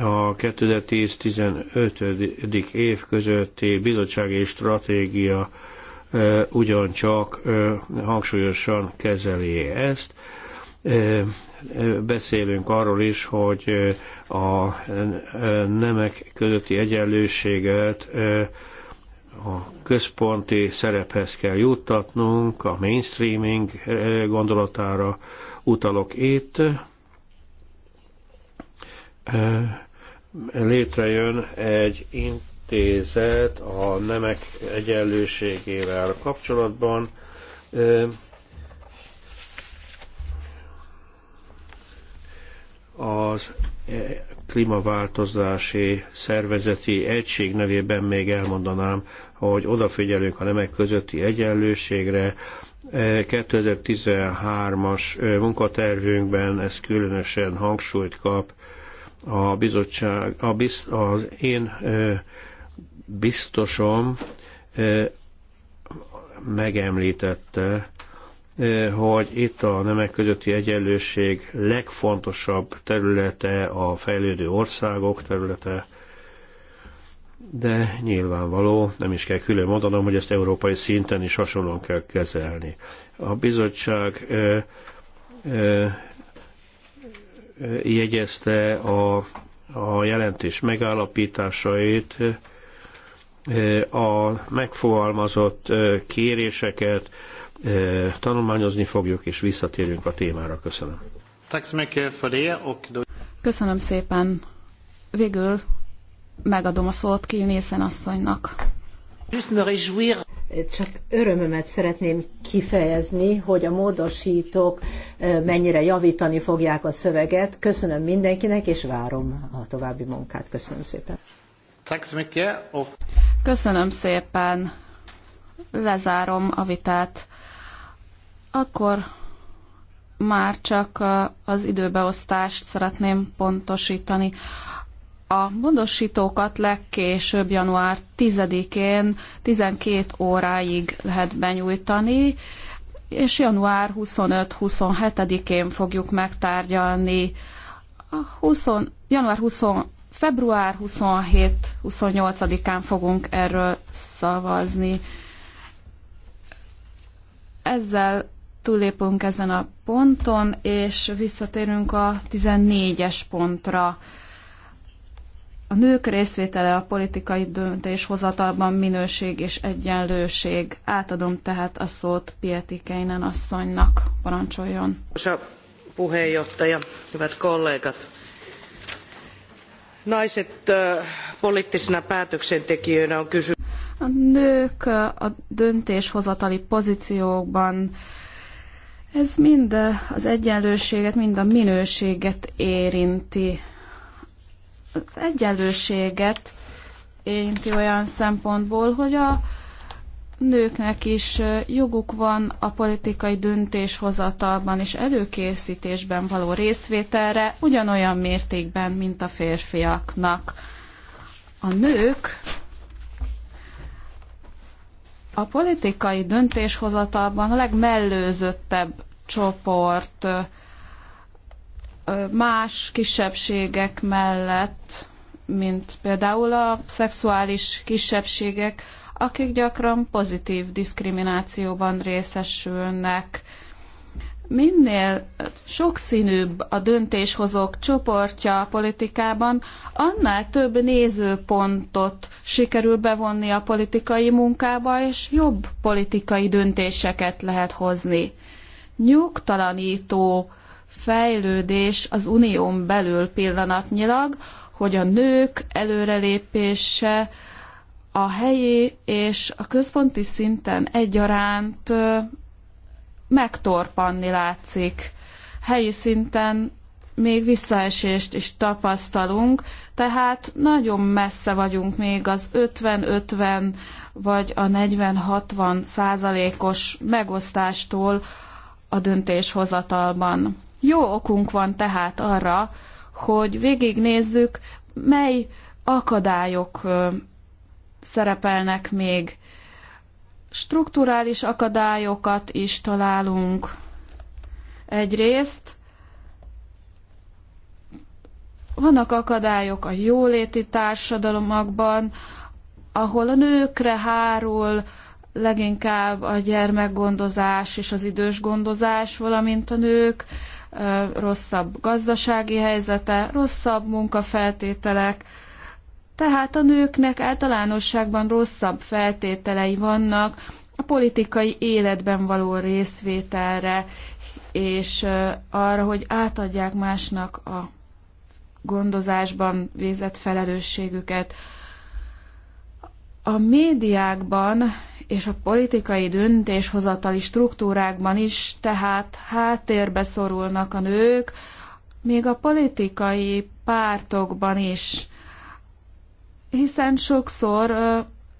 a 2010-15. év közötti bizottsági stratégia ugyancsak hangsúlyosan kezeli ezt. Beszélünk arról is, hogy a nemek közötti egyenlőséget a központi szerephez kell juttatnunk, a mainstreaming eh, gondolatára utalok itt. Eh, létrejön egy intézet a nemek egyenlőségével kapcsolatban. Eh, az klímaváltozási szervezeti egység nevében még elmondanám, hogy odafigyelünk a nemek közötti egyenlőségre. 2013-as e, e, munkatervünkben ez különösen hangsúlyt kap. A bizottság, a biz, az én e, biztosom megemlítette, hogy itt a nemek közötti egyenlőség legfontosabb területe a fejlődő országok területe, de nyilvánvaló, nem is kell külön mondanom, hogy ezt európai szinten is hasonlóan kell kezelni. A bizottság ö, ö, jegyezte a, a jelentés megállapításait, a megfogalmazott kéréseket, tanulmányozni fogjuk, és visszatérünk a témára. Köszönöm. Köszönöm szépen. Végül megadom a szót Kilnészen asszonynak. Csak örömömet szeretném kifejezni, hogy a módosítók mennyire javítani fogják a szöveget. Köszönöm mindenkinek, és várom a további munkát. Köszönöm szépen. Köszönöm szépen. Lezárom a vitát akkor már csak az időbeosztást szeretném pontosítani. A módosítókat legkésőbb január 10-én 12 óráig lehet benyújtani, és január 25-27-én fogjuk megtárgyalni. A 20, január 20, február 27-28-án fogunk erről szavazni. Ezzel túllépünk ezen a ponton, és visszatérünk a 14-es pontra. A nők részvétele a politikai döntéshozatalban minőség és egyenlőség. Átadom tehát a szót Pieti Keinen asszonynak. Parancsoljon. puheenjohtaja, hyvät kollégat. Naiset poliittisina päätöksentekijöinä on kysymys. A nők a döntéshozatali pozíciókban ez mind az egyenlőséget, mind a minőséget érinti. Az egyenlőséget érinti olyan szempontból, hogy a nőknek is joguk van a politikai döntéshozatalban és előkészítésben való részvételre ugyanolyan mértékben, mint a férfiaknak. A nők a politikai döntéshozatalban a legmellőzöttebb csoport más kisebbségek mellett, mint például a szexuális kisebbségek, akik gyakran pozitív diszkriminációban részesülnek minél sokszínűbb a döntéshozók csoportja a politikában, annál több nézőpontot sikerül bevonni a politikai munkába, és jobb politikai döntéseket lehet hozni. Nyugtalanító fejlődés az unión belül pillanatnyilag, hogy a nők előrelépése a helyi és a központi szinten egyaránt megtorpanni látszik. Helyi szinten még visszaesést is tapasztalunk, tehát nagyon messze vagyunk még az 50-50 vagy a 40-60 százalékos megosztástól a döntéshozatalban. Jó okunk van tehát arra, hogy végignézzük, mely akadályok szerepelnek még strukturális akadályokat is találunk. Egyrészt vannak akadályok a jóléti társadalmakban, ahol a nőkre hárul leginkább a gyermekgondozás és az idős gondozás, valamint a nők rosszabb gazdasági helyzete, rosszabb munkafeltételek, tehát a nőknek általánosságban rosszabb feltételei vannak a politikai életben való részvételre, és arra, hogy átadják másnak a gondozásban végzett felelősségüket. A médiákban és a politikai döntéshozatali struktúrákban is tehát háttérbe szorulnak a nők, még a politikai pártokban is hiszen sokszor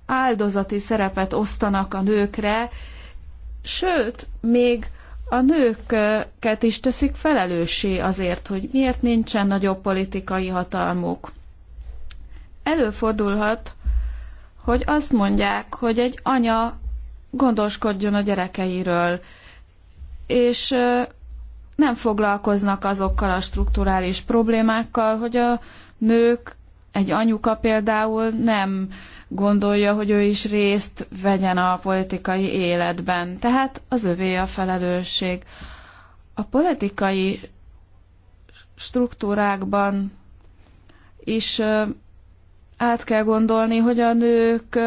áldozati szerepet osztanak a nőkre, sőt, még a nőket is teszik felelőssé azért, hogy miért nincsen nagyobb politikai hatalmuk. Előfordulhat, hogy azt mondják, hogy egy anya gondoskodjon a gyerekeiről, és nem foglalkoznak azokkal a strukturális problémákkal, hogy a nők egy anyuka például nem gondolja, hogy ő is részt vegyen a politikai életben, tehát az övé a felelősség. A politikai struktúrákban is át kell gondolni, hogy a nők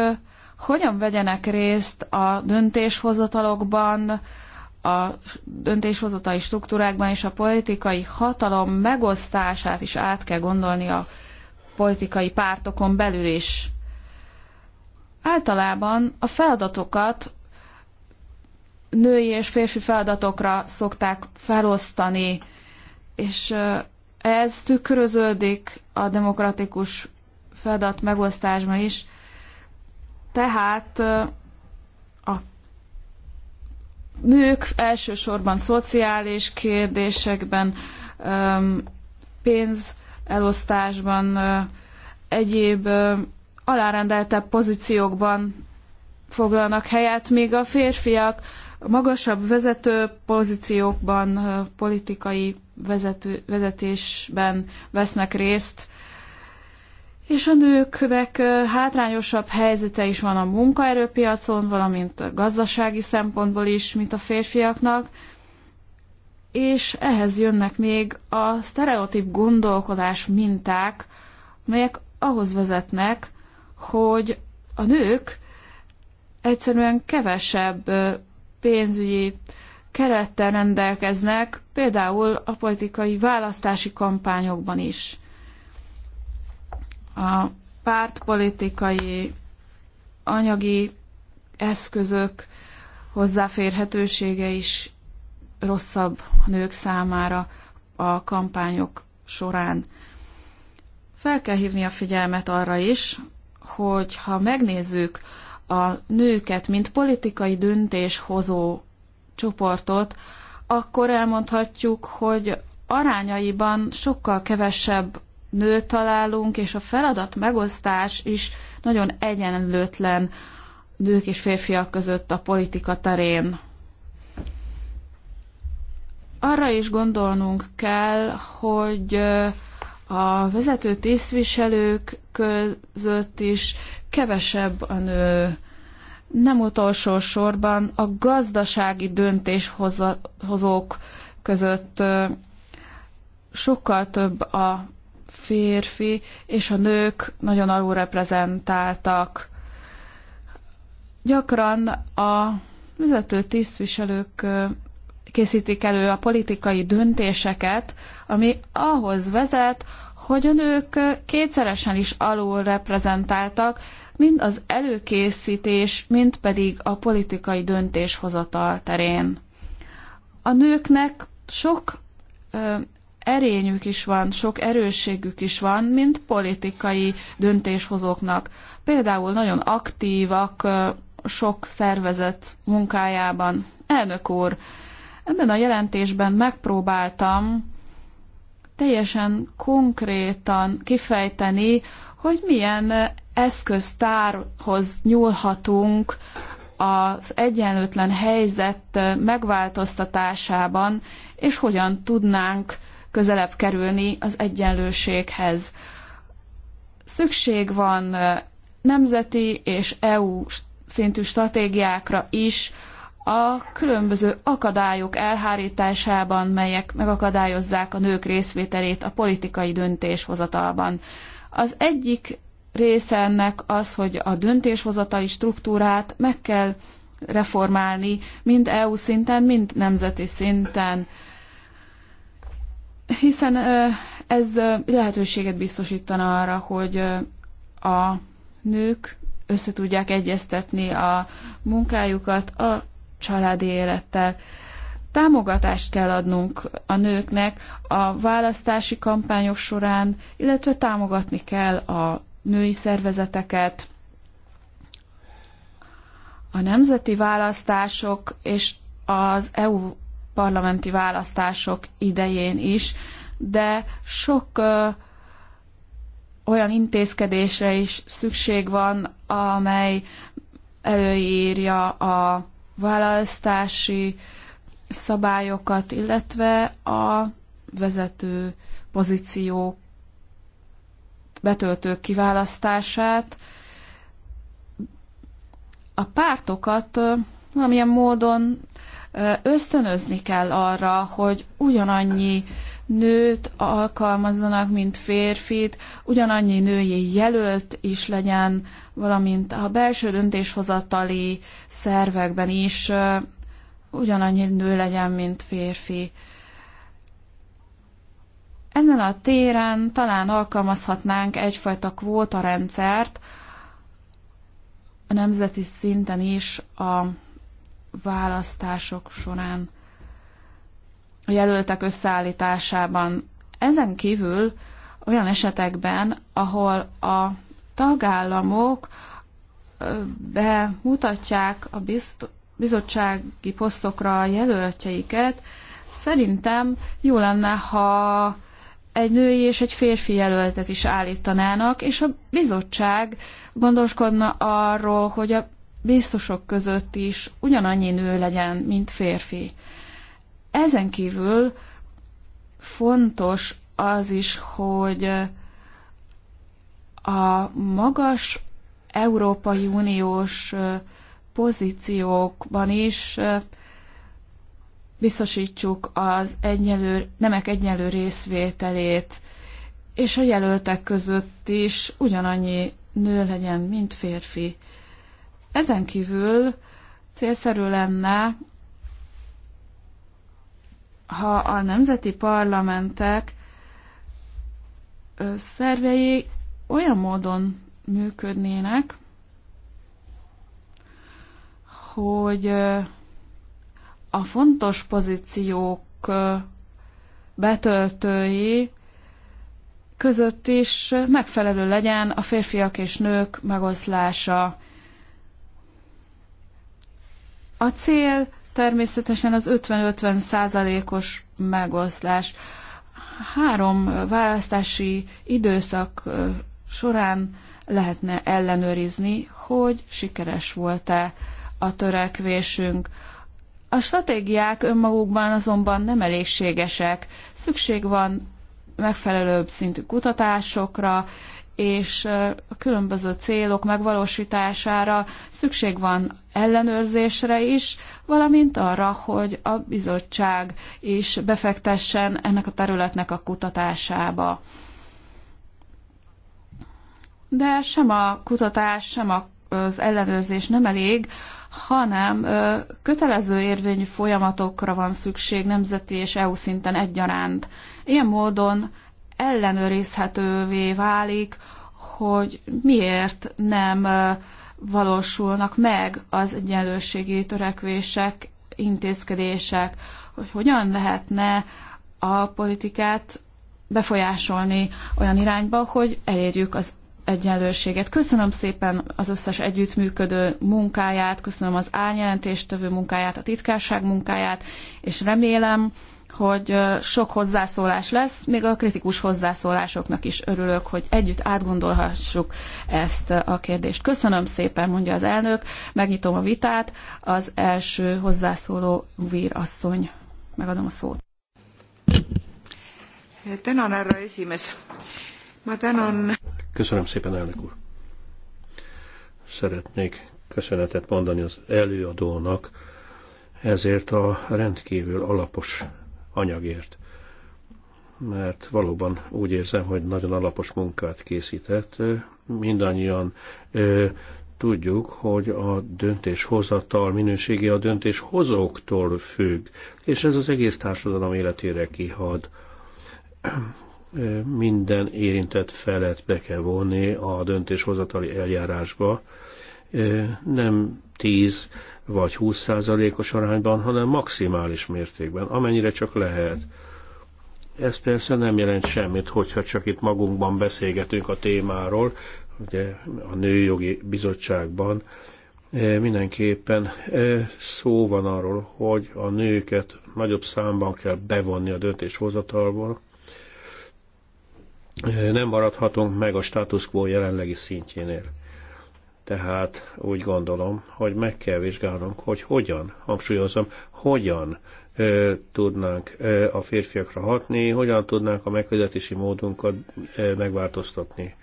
hogyan vegyenek részt a döntéshozatalokban, a döntéshozatali struktúrákban és a politikai hatalom megosztását is át kell gondolni a politikai pártokon belül is. Általában a feladatokat női és férfi feladatokra szokták felosztani, és ez tükröződik a demokratikus feladat megosztásban is. Tehát a nők elsősorban szociális kérdésekben, pénz, elosztásban, egyéb alárendeltebb pozíciókban foglalnak helyet, míg a férfiak magasabb vezető pozíciókban, politikai vezető, vezetésben vesznek részt, és a nőknek hátrányosabb helyzete is van a munkaerőpiacon, valamint a gazdasági szempontból is, mint a férfiaknak és ehhez jönnek még a sztereotíp gondolkodás minták, melyek ahhoz vezetnek, hogy a nők egyszerűen kevesebb pénzügyi kerettel rendelkeznek, például a politikai választási kampányokban is. A pártpolitikai anyagi eszközök hozzáférhetősége is rosszabb nők számára a kampányok során. Fel kell hívni a figyelmet arra is, hogy ha megnézzük a nőket, mint politikai döntéshozó csoportot, akkor elmondhatjuk, hogy arányaiban sokkal kevesebb nőt találunk, és a feladat megosztás is nagyon egyenlőtlen nők és férfiak között a politika terén arra is gondolnunk kell, hogy a vezető tisztviselők között is kevesebb a nő. Nem utolsó sorban a gazdasági döntéshozók között sokkal több a férfi, és a nők nagyon alulreprezentáltak. Gyakran a vezető tisztviselők készítik elő a politikai döntéseket, ami ahhoz vezet, hogy a nők kétszeresen is alul reprezentáltak, mind az előkészítés, mind pedig a politikai döntéshozatal terén. A nőknek sok ö, erényük is van, sok erősségük is van, mint politikai döntéshozóknak. Például nagyon aktívak ö, sok szervezet munkájában. Elnök úr, Ebben a jelentésben megpróbáltam teljesen konkrétan kifejteni, hogy milyen eszköztárhoz nyúlhatunk az egyenlőtlen helyzet megváltoztatásában, és hogyan tudnánk közelebb kerülni az egyenlőséghez. Szükség van nemzeti és EU szintű stratégiákra is, a különböző akadályok elhárításában, melyek megakadályozzák a nők részvételét a politikai döntéshozatalban. Az egyik része ennek az, hogy a döntéshozatali struktúrát meg kell reformálni, mind EU szinten, mind nemzeti szinten. Hiszen ez lehetőséget biztosítana arra, hogy a nők összetudják egyeztetni a munkájukat a családi élettel. Támogatást kell adnunk a nőknek a választási kampányok során, illetve támogatni kell a női szervezeteket, a nemzeti választások és az EU parlamenti választások idején is, de sok ö, olyan intézkedésre is szükség van, amely előírja a választási szabályokat, illetve a vezető pozíció betöltők kiválasztását. A pártokat valamilyen módon ösztönözni kell arra, hogy ugyanannyi nőt alkalmazzanak, mint férfit, ugyanannyi női jelölt is legyen, valamint a belső döntéshozatali szervekben is ugyanannyi nő legyen, mint férfi. Ezen a téren talán alkalmazhatnánk egyfajta rendszert a nemzeti szinten is a választások során a jelöltek összeállításában. Ezen kívül olyan esetekben, ahol a tagállamok bemutatják a bizottsági posztokra a jelöltjeiket, szerintem jó lenne, ha egy női és egy férfi jelöltet is állítanának, és a bizottság gondoskodna arról, hogy a biztosok között is ugyanannyi nő legyen, mint férfi. Ezen kívül fontos az is, hogy a magas Európai Uniós pozíciókban is biztosítsuk az egyenlő, nemek egyenlő részvételét, és a jelöltek között is ugyanannyi nő legyen, mint férfi. Ezen kívül célszerű lenne ha a nemzeti parlamentek szervei olyan módon működnének, hogy a fontos pozíciók betöltői között is megfelelő legyen a férfiak és nők megoszlása. A cél természetesen az 50-50 százalékos -50 megoszlás. Három választási időszak során lehetne ellenőrizni, hogy sikeres volt-e a törekvésünk. A stratégiák önmagukban azonban nem elégségesek. Szükség van megfelelőbb szintű kutatásokra, és a különböző célok megvalósítására szükség van ellenőrzésre is, valamint arra, hogy a bizottság is befektessen ennek a területnek a kutatásába. De sem a kutatás, sem az ellenőrzés nem elég, hanem kötelező érvényű folyamatokra van szükség nemzeti és EU szinten egyaránt. Ilyen módon ellenőrizhetővé válik, hogy miért nem valósulnak meg az egyenlőségi törekvések, intézkedések, hogy hogyan lehetne a politikát befolyásolni olyan irányba, hogy elérjük az egyenlőséget. Köszönöm szépen az összes együttműködő munkáját, köszönöm az áljelentéstevő munkáját, a titkárság munkáját, és remélem, hogy sok hozzászólás lesz, még a kritikus hozzászólásoknak is örülök, hogy együtt átgondolhassuk ezt a kérdést. Köszönöm szépen, mondja az elnök, megnyitom a vitát, az első hozzászóló Vír asszony. Megadom a szót. Ma Köszönöm szépen, elnök úr. Szeretnék köszönetet mondani az előadónak ezért a rendkívül alapos anyagért. Mert valóban úgy érzem, hogy nagyon alapos munkát készített. Mindannyian tudjuk, hogy a döntéshozatal minősége a döntéshozóktól függ, és ez az egész társadalom életére kihad. Minden érintett felet be kell vonni a döntéshozatali eljárásba. Nem tíz vagy 20%-os arányban, hanem maximális mértékben, amennyire csak lehet. Ez persze nem jelent semmit, hogyha csak itt magunkban beszélgetünk a témáról, ugye a Nőjogi Bizottságban e, mindenképpen e, szó van arról, hogy a nőket nagyobb számban kell bevonni a döntéshozatalból. E, nem maradhatunk meg a status quo jelenlegi szintjénél. Tehát úgy gondolom, hogy meg kell vizsgálnunk, hogy hogyan, hangsúlyozom, hogyan ö, tudnánk ö, a férfiakra hatni, hogyan tudnánk a megközelítési módunkat ö, megváltoztatni.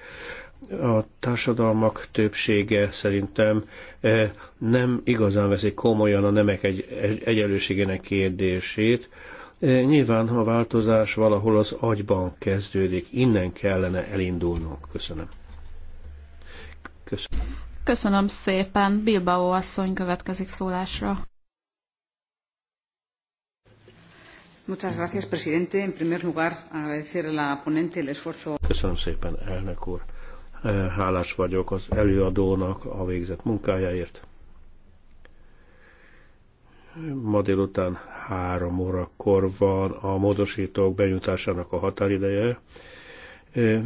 A társadalmak többsége szerintem ö, nem igazán veszik komolyan a nemek egy, egy, egyenlőségének kérdését. E, nyilván a változás valahol az agyban kezdődik, innen kellene elindulnunk. Köszönöm. Köszönöm. Köszönöm szépen. Bilbao asszony következik szólásra. Muchas gracias, presidente. En primer lugar, agradecer a la ponente el esfuerzo. Köszönöm szépen, elnök úr. Eh, hálás vagyok az előadónak a végzett munkájáért. Ma délután három órakor van a módosítók benyújtásának a határideje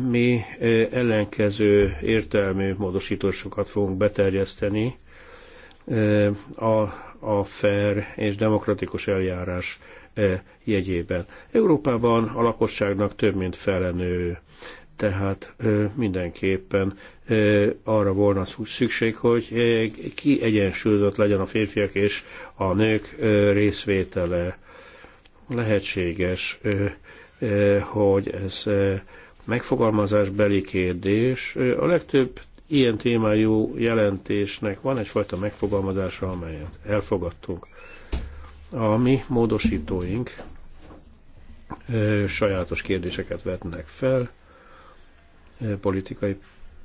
mi ellenkező értelmű módosítósokat fogunk beterjeszteni a, a fair és demokratikus eljárás jegyében. Európában a lakosságnak több mint felenő, tehát mindenképpen arra volna szükség, hogy ki egyensúlyozott legyen a férfiak és a nők részvétele. Lehetséges, hogy ez megfogalmazásbeli kérdés. A legtöbb ilyen témájú jelentésnek van egyfajta megfogalmazása, amelyet elfogadtunk. A mi módosítóink sajátos kérdéseket vetnek fel, politikai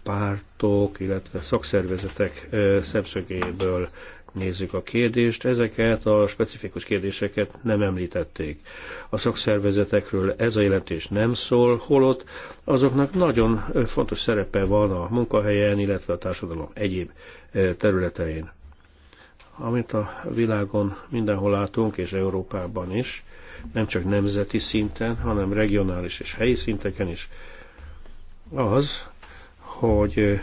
pártok, illetve szakszervezetek szemszögéből nézzük a kérdést, ezeket a specifikus kérdéseket nem említették. A szakszervezetekről ez a jelentés nem szól, holott azoknak nagyon fontos szerepe van a munkahelyen, illetve a társadalom egyéb területein. Amit a világon mindenhol látunk, és Európában is, nem csak nemzeti szinten, hanem regionális és helyi szinteken is, az, hogy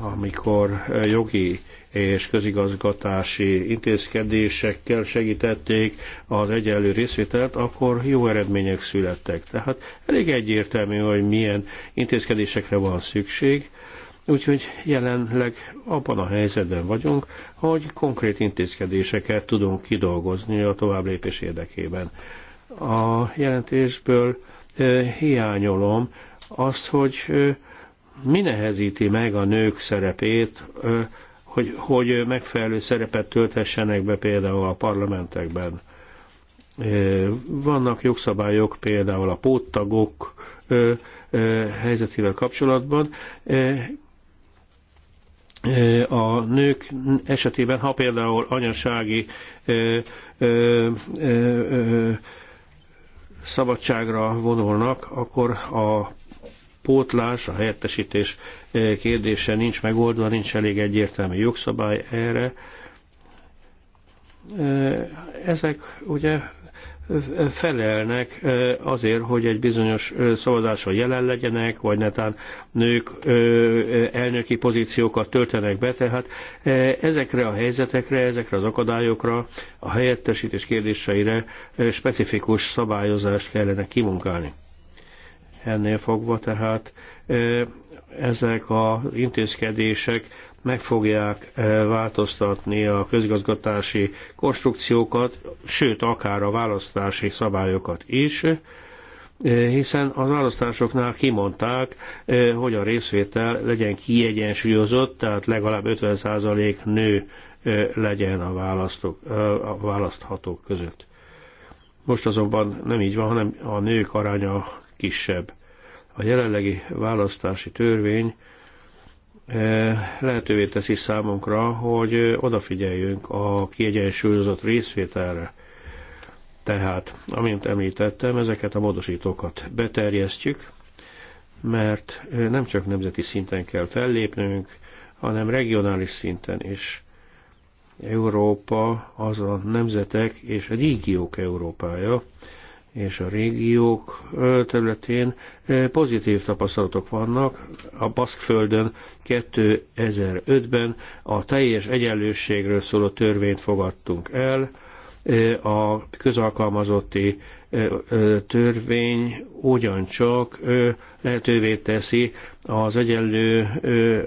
amikor jogi és közigazgatási intézkedésekkel segítették az egyenlő részvételt, akkor jó eredmények születtek. Tehát elég egyértelmű, hogy milyen intézkedésekre van szükség, Úgyhogy jelenleg abban a helyzetben vagyunk, hogy konkrét intézkedéseket tudunk kidolgozni a tovább lépés érdekében. A jelentésből hiányolom azt, hogy mi nehezíti meg a nők szerepét hogy, hogy megfelelő szerepet tölthessenek be például a parlamentekben. Vannak jogszabályok például a póttagok helyzetével kapcsolatban. A nők esetében, ha például anyasági szabadságra vonulnak, akkor a pótlás, a helyettesítés eh, kérdése nincs megoldva, nincs elég egyértelmű jogszabály erre. Eh, ezek ugye felelnek eh, azért, hogy egy bizonyos szavazáson jelen legyenek, vagy netán nők elnöki pozíciókat töltenek be, tehát ezekre a helyzetekre, ezekre az akadályokra, a helyettesítés kérdéseire specifikus szabályozást kellene kimunkálni ennél fogva, tehát ezek az intézkedések meg fogják változtatni a közgazgatási konstrukciókat, sőt, akár a választási szabályokat is, hiszen az választásoknál kimondták, hogy a részvétel legyen kiegyensúlyozott, tehát legalább 50% nő legyen a, választók, a választhatók között. Most azonban nem így van, hanem a nők aránya kisebb. A jelenlegi választási törvény eh, lehetővé teszi számunkra, hogy eh, odafigyeljünk a kiegyensúlyozott részvételre. Tehát, amint említettem, ezeket a módosítókat beterjesztjük, mert eh, nem csak nemzeti szinten kell fellépnünk, hanem regionális szinten is. Európa az a nemzetek és a régiók Európája, és a régiók területén pozitív tapasztalatok vannak. A Baszkföldön 2005-ben a teljes egyenlőségről szóló törvényt fogadtunk el. A közalkalmazotti törvény ugyancsak lehetővé teszi az egyenlő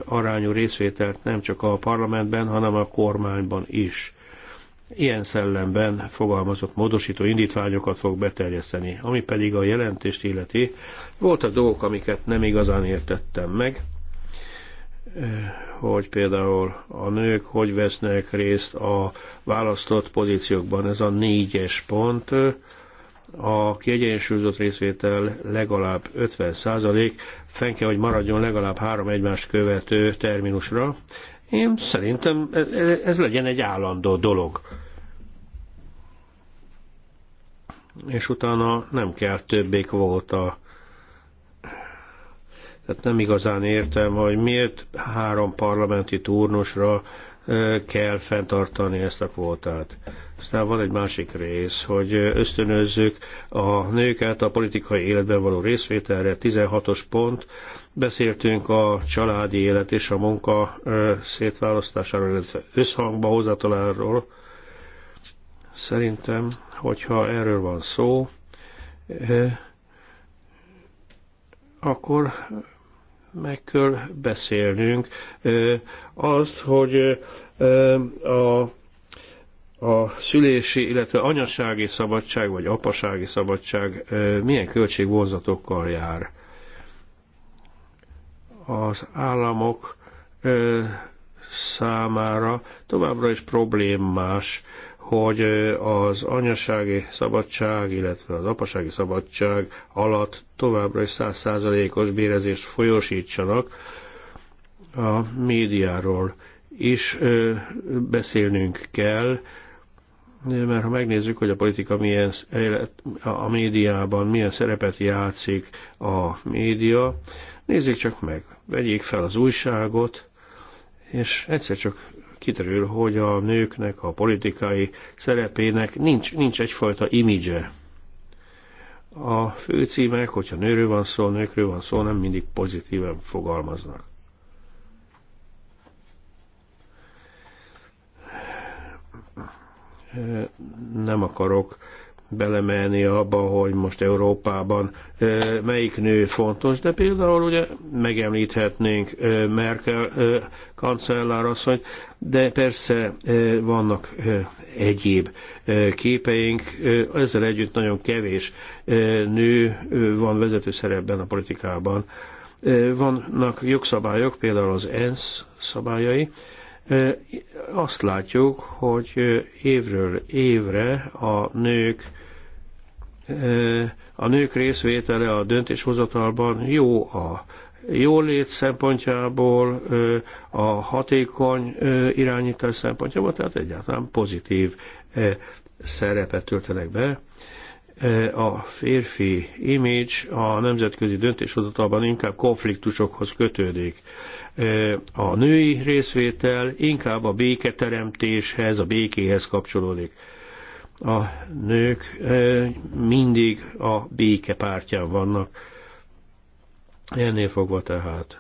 arányú részvételt nem csak a parlamentben, hanem a kormányban is Ilyen szellemben fogalmazott módosító indítványokat fog beterjeszteni, ami pedig a jelentést illeti. Voltak dolgok, amiket nem igazán értettem meg, eh, hogy például a nők hogy vesznek részt a választott pozíciókban. Ez a négyes pont. A kiegyensúlyozott részvétel legalább 50 százalék, fenn kell, hogy maradjon legalább három egymást követő terminusra. Én szerintem e, e, ez legyen egy állandó dolog. És utána nem kell többé kvóta. Tehát nem igazán értem, hogy miért három parlamenti turnusra e, kell fenntartani ezt a kvótát. Aztán van egy másik rész, hogy ösztönözzük a nőket a politikai életben való részvételre, 16-os pont, Beszéltünk a családi élet és a munka szétválasztásáról, illetve összhangba hozataláról. Szerintem, hogyha erről van szó, akkor meg kell beszélnünk azt, hogy a, a szülési, illetve anyasági szabadság vagy apasági szabadság milyen költségvonzatokkal jár az államok számára továbbra is problémás, hogy az anyasági szabadság, illetve az apasági szabadság alatt továbbra is százszázalékos bérezést folyosítsanak. A médiáról is beszélnünk kell, mert ha megnézzük, hogy a politika milyen, a médiában milyen szerepet játszik a média, nézzék csak meg, vegyék fel az újságot, és egyszer csak kiterül, hogy a nőknek, a politikai szerepének nincs, nincs egyfajta imidzse. A főcímek, hogyha nőről van szó, nőkről van szó, nem mindig pozitíven fogalmaznak. nem akarok belemenni abba, hogy most Európában melyik nő fontos, de például ugye megemlíthetnénk Merkel kancellárasszonyt, de persze vannak egyéb képeink, ezzel együtt nagyon kevés nő van vezető szerepben a politikában. Vannak jogszabályok, például az ENSZ szabályai, azt látjuk, hogy évről évre a nők a nők részvétele a döntéshozatalban jó a jólét szempontjából, a hatékony irányítás szempontjából, tehát egyáltalán pozitív szerepet töltenek be. A férfi image a nemzetközi döntéshozatalban inkább konfliktusokhoz kötődik a női részvétel inkább a béketeremtéshez, a békéhez kapcsolódik. A nők mindig a béke pártján vannak. Ennél fogva tehát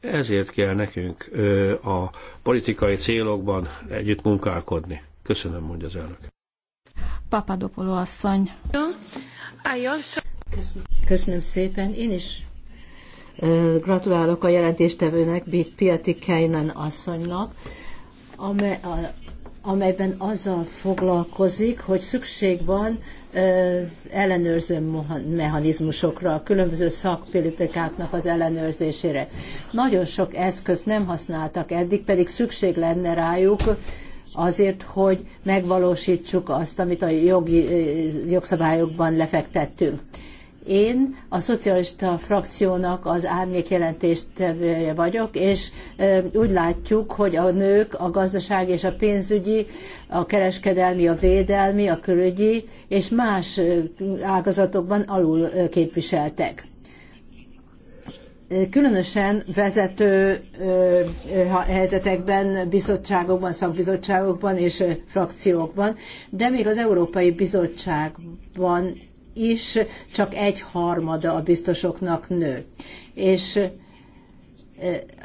ezért kell nekünk a politikai célokban együtt munkálkodni. Köszönöm, mondja az elnök. Papadopoló asszony. Köszönöm. Köszönöm szépen. Én is Gratulálok a jelentéstevőnek, Piati Keinen asszonynak, amely, amelyben azzal foglalkozik, hogy szükség van ellenőrző mechanizmusokra, a különböző szakpolitikáknak az ellenőrzésére. Nagyon sok eszközt nem használtak eddig, pedig szükség lenne rájuk, azért, hogy megvalósítsuk azt, amit a jogi, jogszabályokban lefektettünk. Én a szocialista frakciónak az árnyék jelentéstevője vagyok, és úgy látjuk, hogy a nők a gazdaság és a pénzügyi, a kereskedelmi, a védelmi, a külügyi és más ágazatokban alul képviseltek különösen vezető helyzetekben, bizottságokban, szakbizottságokban és frakciókban, de még az Európai Bizottságban is csak egy harmada a biztosoknak nő. És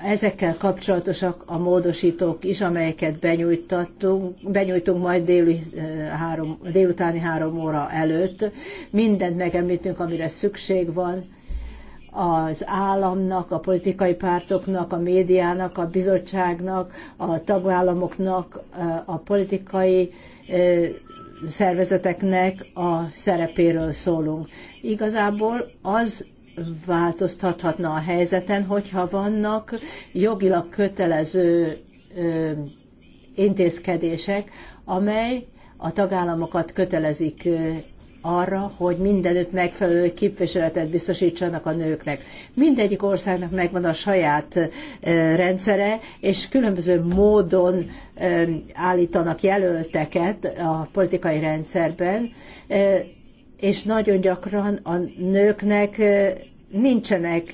ezekkel kapcsolatosak a módosítók is, amelyeket benyújtottunk, benyújtunk majd déli három, délutáni három óra előtt. Mindent megemlítünk, amire szükség van az államnak, a politikai pártoknak, a médiának, a bizottságnak, a tagállamoknak, a politikai szervezeteknek a szerepéről szólunk. Igazából az változtathatna a helyzeten, hogyha vannak jogilag kötelező intézkedések, amely a tagállamokat kötelezik arra, hogy mindenütt megfelelő képviseletet biztosítsanak a nőknek. Mindegyik országnak megvan a saját rendszere, és különböző módon állítanak jelölteket a politikai rendszerben, és nagyon gyakran a nőknek nincsenek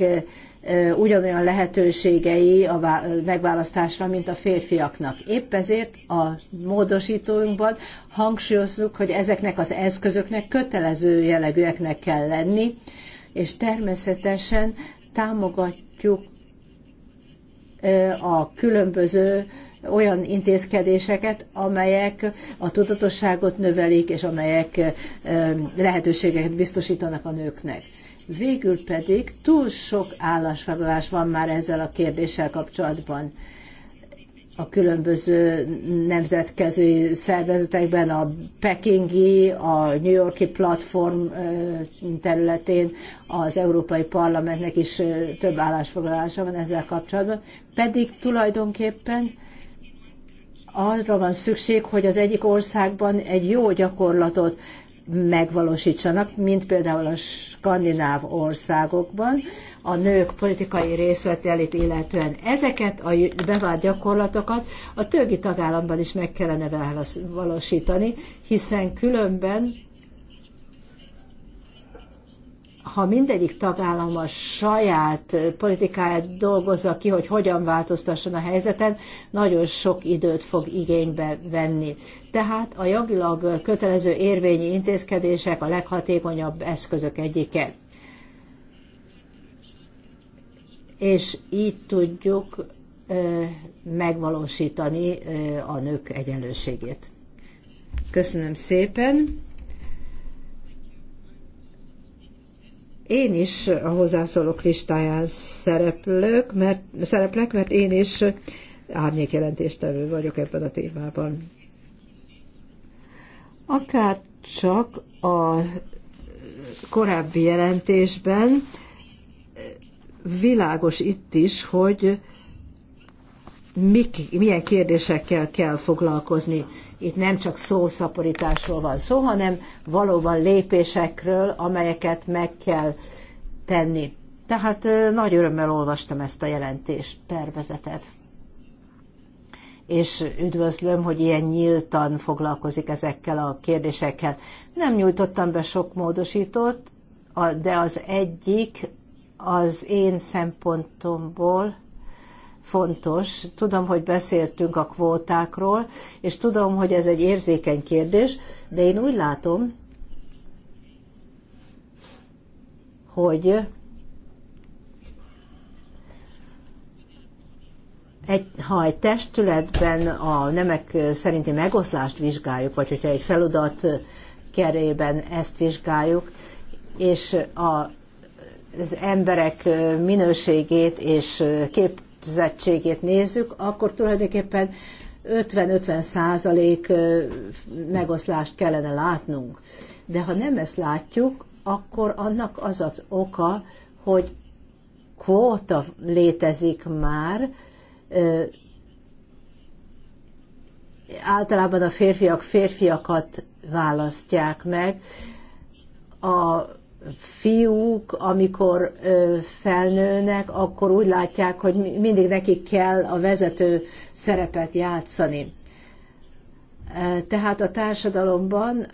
ugyanolyan lehetőségei a megválasztásra, mint a férfiaknak. Épp ezért a módosítóinkban hangsúlyozzuk, hogy ezeknek az eszközöknek kötelező jellegűeknek kell lenni, és természetesen támogatjuk a különböző olyan intézkedéseket, amelyek a tudatosságot növelik, és amelyek lehetőségeket biztosítanak a nőknek. Végül pedig túl sok állásfoglalás van már ezzel a kérdéssel kapcsolatban a különböző nemzetközi szervezetekben, a pekingi, a New Yorki platform területén, az Európai Parlamentnek is több állásfoglalása van ezzel kapcsolatban, pedig tulajdonképpen arra van szükség, hogy az egyik országban egy jó gyakorlatot megvalósítsanak, mint például a skandináv országokban, a nők politikai részvételét illetően. Ezeket a bevált gyakorlatokat a többi tagállamban is meg kellene valósítani, hiszen különben ha mindegyik tagállam a saját eh, politikáját dolgozza ki, hogy hogyan változtasson a helyzeten, nagyon sok időt fog igénybe venni. Tehát a jogilag kötelező érvényi intézkedések a leghatékonyabb eszközök egyike. És így tudjuk eh, megvalósítani eh, a nők egyenlőségét. Köszönöm szépen! Én is a hozzászólók listáján szereplök, mert, szereplek, mert én is árnyékjelentéstevő vagyok ebben a témában. Akár csak a korábbi jelentésben világos itt is, hogy mik, milyen kérdésekkel kell foglalkozni. Itt nem csak szószaporításról van szó, hanem valóban lépésekről, amelyeket meg kell tenni. Tehát nagy örömmel olvastam ezt a jelentést, tervezetet. És üdvözlöm, hogy ilyen nyíltan foglalkozik ezekkel a kérdésekkel. Nem nyújtottam be sok módosítót, de az egyik az én szempontomból fontos. Tudom, hogy beszéltünk a kvótákról, és tudom, hogy ez egy érzékeny kérdés, de én úgy látom, hogy egy, ha egy testületben a nemek szerinti megoszlást vizsgáljuk, vagy hogyha egy feladat kerében ezt vizsgáljuk, és a, az emberek minőségét és kép, képzettségét nézzük, akkor tulajdonképpen 50-50 százalék -50 megoszlást kellene látnunk. De ha nem ezt látjuk, akkor annak az az oka, hogy kvóta létezik már, általában a férfiak férfiakat választják meg, a fiúk, amikor felnőnek, akkor úgy látják, hogy mindig nekik kell a vezető szerepet játszani. Tehát a társadalomban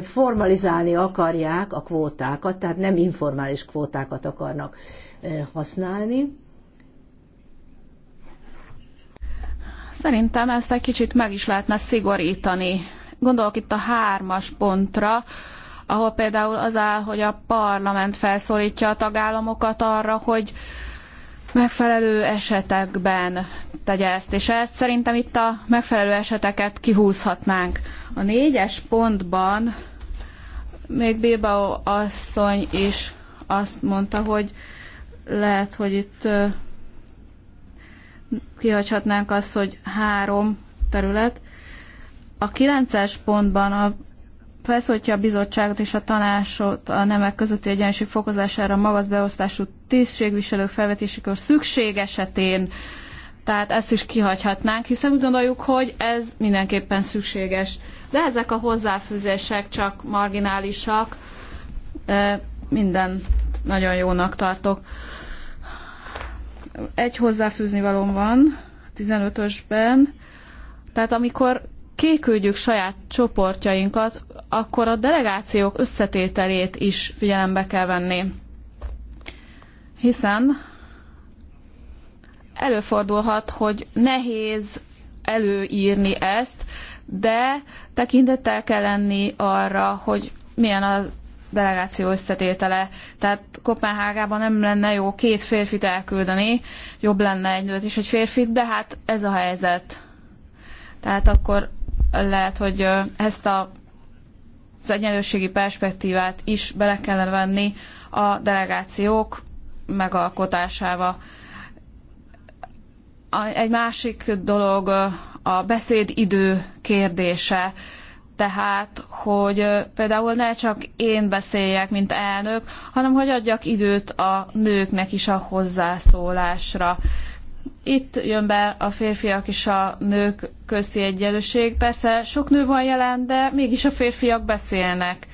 formalizálni akarják a kvótákat, tehát nem informális kvótákat akarnak használni. Szerintem ezt egy kicsit meg is lehetne szigorítani Gondolok itt a hármas pontra, ahol például az áll, hogy a parlament felszólítja a tagállamokat arra, hogy megfelelő esetekben tegye ezt, és ezt szerintem itt a megfelelő eseteket kihúzhatnánk. A négyes pontban még Bilbao asszony is azt mondta, hogy lehet, hogy itt kihagyhatnánk azt, hogy három terület, a kilences pontban a felszólítja a bizottságot és a tanácsot a nemek közötti egyensúly fokozására magas beosztású tisztségviselők felvetésekor szükség esetén. Tehát ezt is kihagyhatnánk, hiszen úgy gondoljuk, hogy ez mindenképpen szükséges. De ezek a hozzáfűzések csak marginálisak, e, minden nagyon jónak tartok. Egy hozzáfűzni való van, 15-ösben. Tehát amikor kiküldjük saját csoportjainkat, akkor a delegációk összetételét is figyelembe kell venni. Hiszen előfordulhat, hogy nehéz előírni ezt, de tekintettel kell lenni arra, hogy milyen a delegáció összetétele. Tehát Kopenhágában nem lenne jó két férfit elküldeni, jobb lenne egy nőt és egy férfit, de hát ez a helyzet. Tehát akkor lehet, hogy ezt a, az egyenlőségi perspektívát is bele kellene venni a delegációk megalkotásába. Egy másik dolog a beszédidő kérdése. Tehát, hogy például ne csak én beszéljek, mint elnök, hanem hogy adjak időt a nőknek is a hozzászólásra. Itt jön be a férfiak és a nők közti egyenlőség. Persze sok nő van jelen, de mégis a férfiak beszélnek.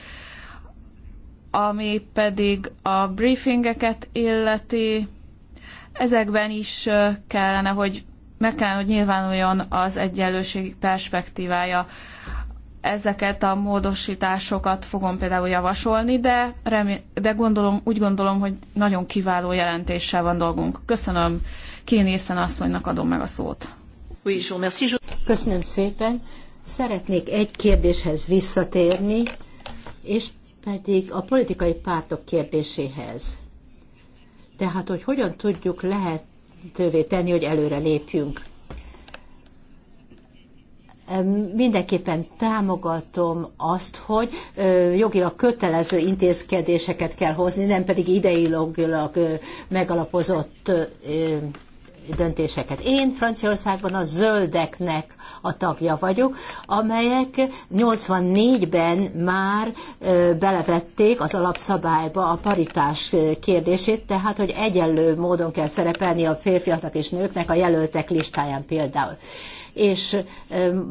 Ami pedig a briefingeket illeti, ezekben is kellene, hogy meg kellene, hogy nyilvánuljon az egyenlőség perspektívája. Ezeket a módosításokat fogom például javasolni, de, remé- de gondolom, úgy gondolom, hogy nagyon kiváló jelentéssel van dolgunk. Köszönöm. Kénészen asszonynak adom meg a szót. Köszönöm szépen. Szeretnék egy kérdéshez visszatérni, és pedig a politikai pártok kérdéséhez. Tehát, hogy hogyan tudjuk lehetővé tenni, hogy előre lépjünk. Mindenképpen támogatom azt, hogy jogilag kötelező intézkedéseket kell hozni, nem pedig ideilogilag megalapozott döntéseket. Én Franciaországban a zöldeknek a tagja vagyok, amelyek 84-ben már belevették az alapszabályba a paritás kérdését, tehát hogy egyenlő módon kell szerepelni a férfiaknak és nőknek a jelöltek listáján például és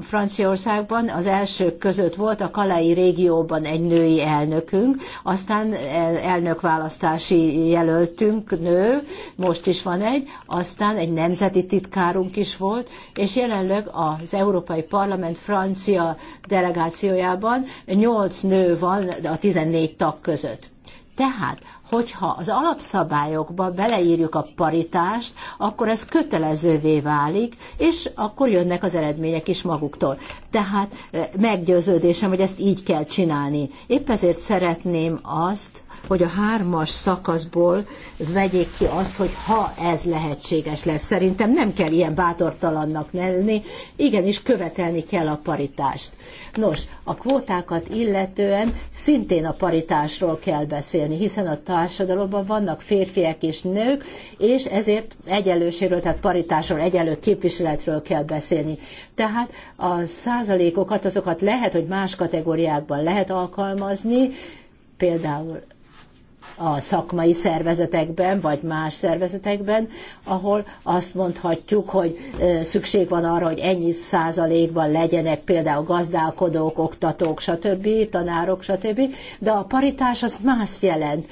Franciaországban az elsők között volt a Kalai régióban egy női elnökünk, aztán elnökválasztási jelöltünk nő, most is van egy, aztán egy nemzeti titkárunk is volt, és jelenleg az Európai Parlament francia delegációjában nyolc nő van a 14 tag között. Tehát hogyha az alapszabályokba beleírjuk a paritást, akkor ez kötelezővé válik, és akkor jönnek az eredmények is maguktól. Tehát eh, meggyőződésem, hogy ezt így kell csinálni. Épp ezért szeretném azt, hogy a hármas szakaszból vegyék ki azt, hogy ha ez lehetséges lesz. Szerintem nem kell ilyen bátortalannak lenni, igenis követelni kell a paritást. Nos, a kvótákat illetően szintén a paritásról kell beszélni, hiszen a társadalomban vannak férfiak és nők, és ezért egyenlőségről, tehát paritásról, egyenlő képviseletről kell beszélni. Tehát a százalékokat, azokat lehet, hogy más kategóriákban lehet alkalmazni, például a szakmai szervezetekben, vagy más szervezetekben, ahol azt mondhatjuk, hogy szükség van arra, hogy ennyi százalékban legyenek például gazdálkodók, oktatók, stb., tanárok, stb., de a paritás az más jelent.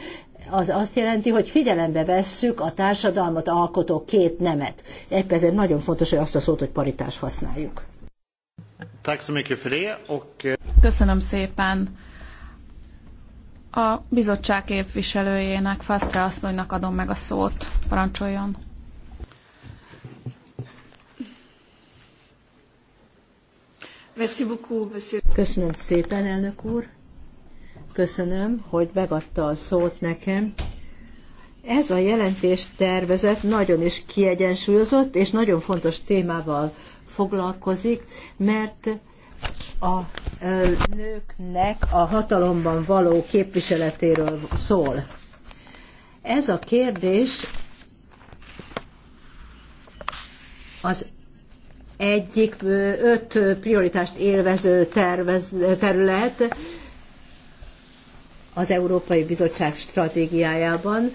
Az azt jelenti, hogy figyelembe vesszük a társadalmat alkotó két nemet. Épp ezért nagyon fontos, hogy azt a szót, hogy paritás használjuk. Eh, Köszönöm szépen. A bizottság képviselőjének, Fasztra asszonynak adom meg a szót. Parancsoljon. Köszönöm szépen, elnök úr. Köszönöm, hogy megadta a szót nekem. Ez a jelentés tervezet nagyon is kiegyensúlyozott, és nagyon fontos témával foglalkozik, mert a nőknek a hatalomban való képviseletéről szól. Ez a kérdés az egyik öt prioritást élvező tervez, terület az Európai Bizottság stratégiájában,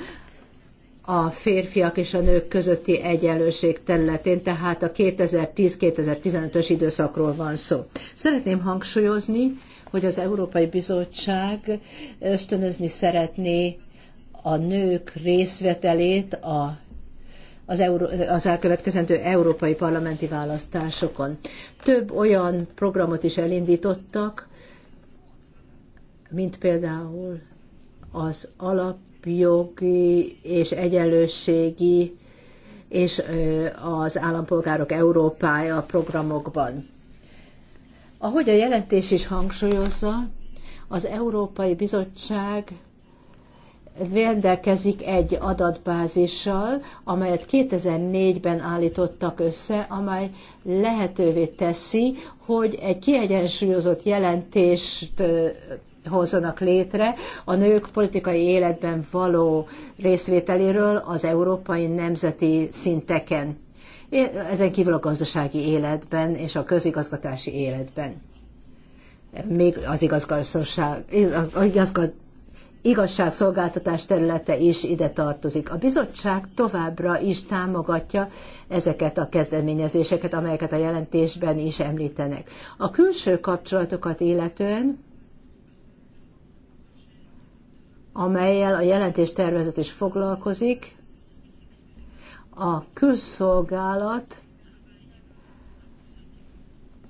a férfiak és a nők közötti egyenlőség területén, tehát a 2010-2015-ös időszakról van szó. Szeretném hangsúlyozni, hogy az Európai Bizottság ösztönözni szeretné a nők részvetelét a az, Euró, az elkövetkezendő európai parlamenti választásokon. Több olyan programot is elindítottak, mint például az alap jogi és egyenlőségi és az állampolgárok Európája programokban. Ahogy a jelentés is hangsúlyozza, az Európai Bizottság rendelkezik egy adatbázissal, amelyet 2004-ben állítottak össze, amely lehetővé teszi, hogy egy kiegyensúlyozott jelentést hozzanak létre a nők politikai életben való részvételéről az európai nemzeti szinteken. Ezen kívül a gazdasági életben és a közigazgatási életben. Még az igazgatóság, igazságszolgáltatás területe is ide tartozik. A bizottság továbbra is támogatja ezeket a kezdeményezéseket, amelyeket a jelentésben is említenek. A külső kapcsolatokat illetően amelyel a jelentéstervezet is foglalkozik. A külszolgálat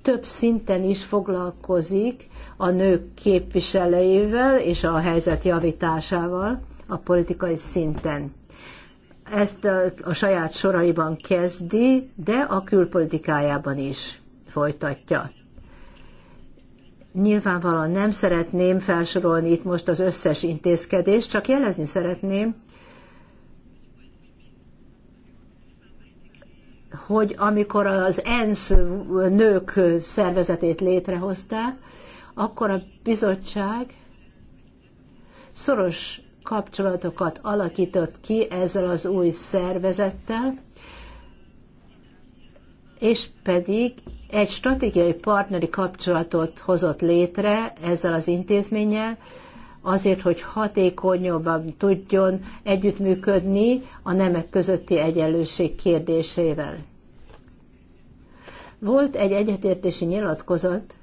több szinten is foglalkozik a nők képviselőivel és a helyzet javításával a politikai szinten. Ezt a, a saját soraiban kezdi, de a külpolitikájában is folytatja. Nyilvánvalóan nem szeretném felsorolni itt most az összes intézkedést, csak jelezni szeretném, hogy amikor az ENSZ nők szervezetét létrehozták, akkor a bizottság szoros kapcsolatokat alakított ki ezzel az új szervezettel, és pedig egy stratégiai partneri kapcsolatot hozott létre ezzel az intézménnyel, azért, hogy hatékonyabban tudjon együttműködni a nemek közötti egyenlőség kérdésével. Volt egy egyetértési nyilatkozat,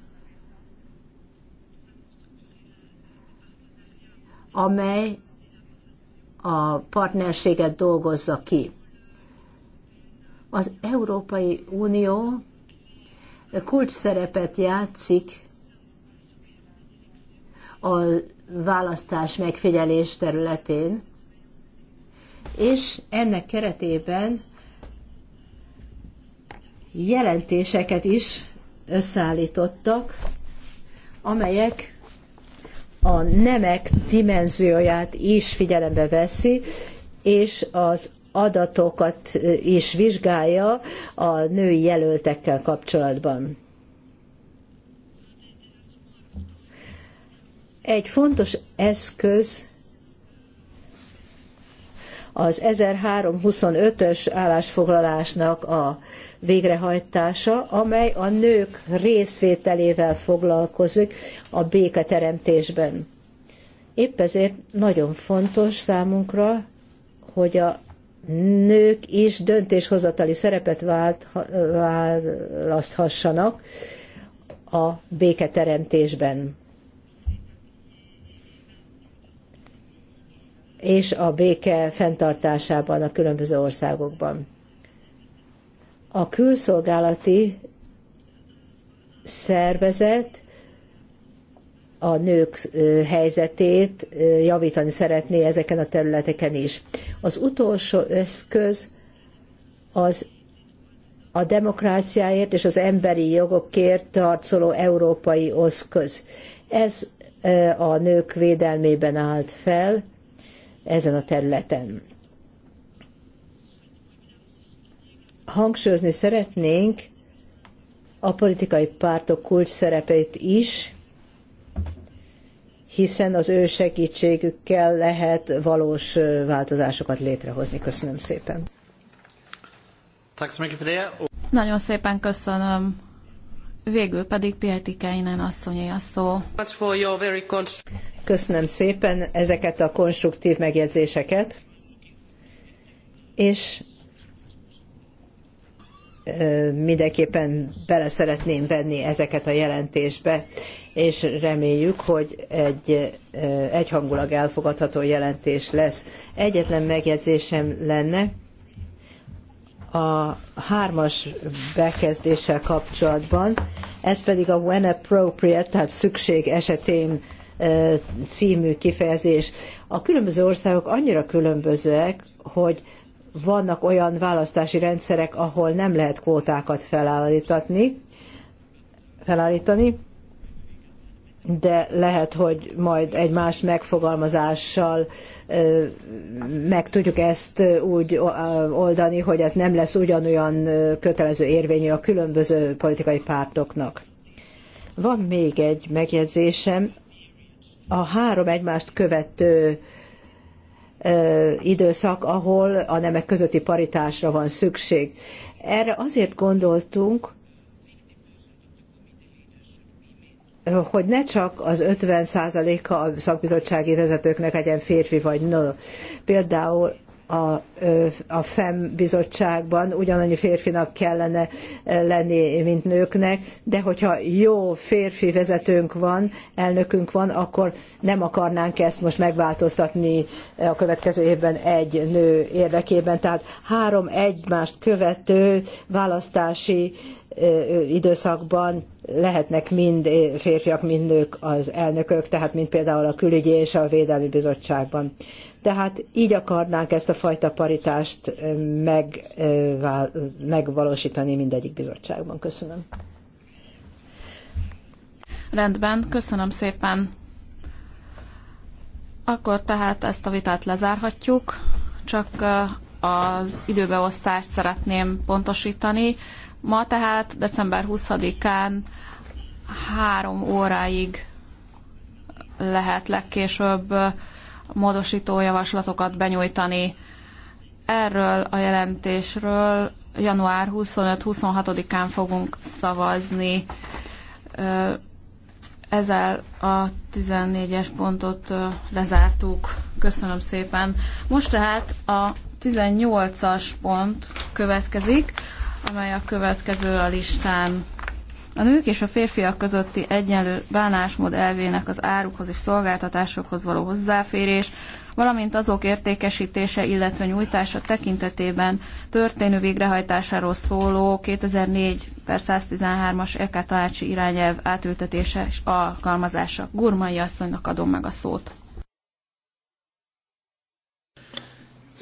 amely a partnerséget dolgozza ki. Az Európai Unió kulcs szerepet játszik a választás megfigyelés területén, és ennek keretében jelentéseket is összeállítottak, amelyek a nemek dimenzióját is figyelembe veszi, és az adatokat is vizsgálja a női jelöltekkel kapcsolatban. Egy fontos eszköz az 1325-ös állásfoglalásnak a végrehajtása, amely a nők részvételével foglalkozik a béketeremtésben. Épp ezért nagyon fontos számunkra, hogy a nők is döntéshozatali szerepet vált, választhassanak a béketeremtésben. és a béke fenntartásában a különböző országokban. A külszolgálati szervezet a nők helyzetét javítani szeretné ezeken a területeken is. Az utolsó eszköz az a demokráciáért és az emberi jogokért tarcoló európai oszköz. Ez a nők védelmében állt fel ezen a területen. Hangsúlyozni szeretnénk a politikai pártok kulcs szerepét is, hiszen az ő segítségükkel lehet valós változásokat létrehozni. Köszönöm szépen. Nagyon szépen köszönöm. Végül pedig Pietikáinen asszonyé a szó. Köszönöm szépen ezeket a konstruktív megjegyzéseket, és mindenképpen bele szeretném venni ezeket a jelentésbe, és reméljük, hogy egy egyhangulag elfogadható jelentés lesz. Egyetlen megjegyzésem lenne a hármas bekezdéssel kapcsolatban, ez pedig a when appropriate, tehát szükség esetén című kifejezés. A különböző országok annyira különbözőek, hogy vannak olyan választási rendszerek, ahol nem lehet kvótákat felállítani, felállítani de lehet, hogy majd egy más megfogalmazással meg tudjuk ezt úgy oldani, hogy ez nem lesz ugyanolyan kötelező érvényű a különböző politikai pártoknak. Van még egy megjegyzésem. A három egymást követő időszak, ahol a nemek közötti paritásra van szükség. Erre azért gondoltunk, hogy ne csak az 50%-a a szakbizottsági vezetőknek legyen férfi vagy nő. Például a, a FEM bizottságban ugyanannyi férfinak kellene lenni, mint nőknek, de hogyha jó férfi vezetőnk van, elnökünk van, akkor nem akarnánk ezt most megváltoztatni a következő évben egy nő érdekében. Tehát három egymást követő választási időszakban lehetnek mind férfiak, mind nők az elnökök, tehát mint például a külügyi és a védelmi bizottságban. Tehát így akarnánk ezt a fajta paritást meg, megvalósítani mindegyik bizottságban. Köszönöm. Rendben, köszönöm szépen. Akkor tehát ezt a vitát lezárhatjuk, csak az időbeosztást szeretném pontosítani. Ma tehát december 20-án három óráig lehet legkésőbb módosító javaslatokat benyújtani. Erről a jelentésről január 25-26-án fogunk szavazni. Ezzel a 14-es pontot lezártuk. Köszönöm szépen. Most tehát a 18-as pont következik, amely a következő a listán. A nők és a férfiak közötti egyenlő bánásmód elvének az árukhoz és szolgáltatásokhoz való hozzáférés, valamint azok értékesítése, illetve nyújtása tekintetében történő végrehajtásáról szóló 2004 per 113-as EK tanácsi irányelv átültetése és alkalmazása. Gurmai asszonynak adom meg a szót.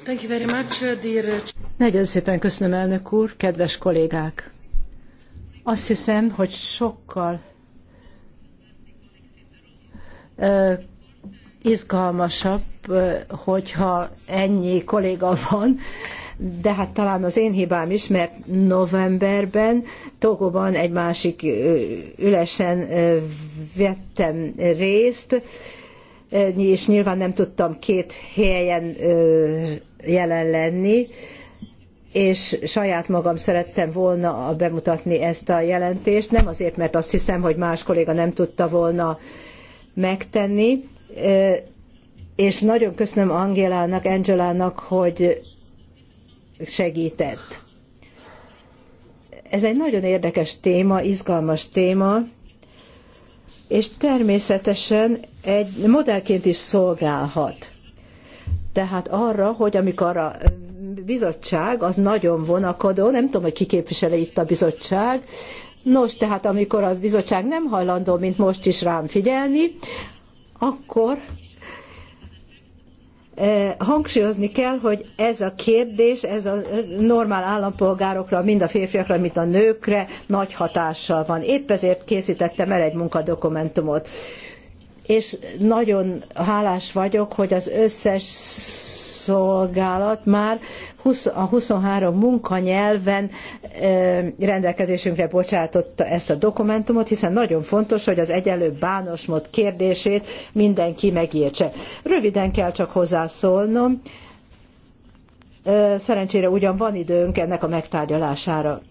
Thank you very much, dear... Nagyon szépen köszönöm, elnök úr, kedves kollégák! Azt hiszem, hogy sokkal izgalmasabb, hogyha ennyi kolléga van, de hát talán az én hibám is, mert novemberben Togóban egy másik ülesen vettem részt, és nyilván nem tudtam két helyen jelen lenni, és saját magam szerettem volna bemutatni ezt a jelentést, nem azért, mert azt hiszem, hogy más kolléga nem tudta volna megtenni, és nagyon köszönöm Angélának, Angelának, hogy segített. Ez egy nagyon érdekes téma, izgalmas téma, és természetesen egy modellként is szolgálhat. Tehát arra, hogy amikor a bizottság az nagyon vonakodó, nem tudom, hogy ki képviseli itt a bizottság. Nos, tehát amikor a bizottság nem hajlandó, mint most is rám figyelni, akkor e, hangsúlyozni kell, hogy ez a kérdés, ez a normál állampolgárokra, mind a férfiakra, mind a nőkre nagy hatással van. Épp ezért készítettem el egy munkadokumentumot. És nagyon hálás vagyok, hogy az összes szolgálat már a 23 munkanyelven rendelkezésünkre bocsátotta ezt a dokumentumot, hiszen nagyon fontos, hogy az egyenlő bánosmód kérdését mindenki megértse. Röviden kell csak hozzászólnom. Szerencsére ugyan van időnk ennek a megtárgyalására.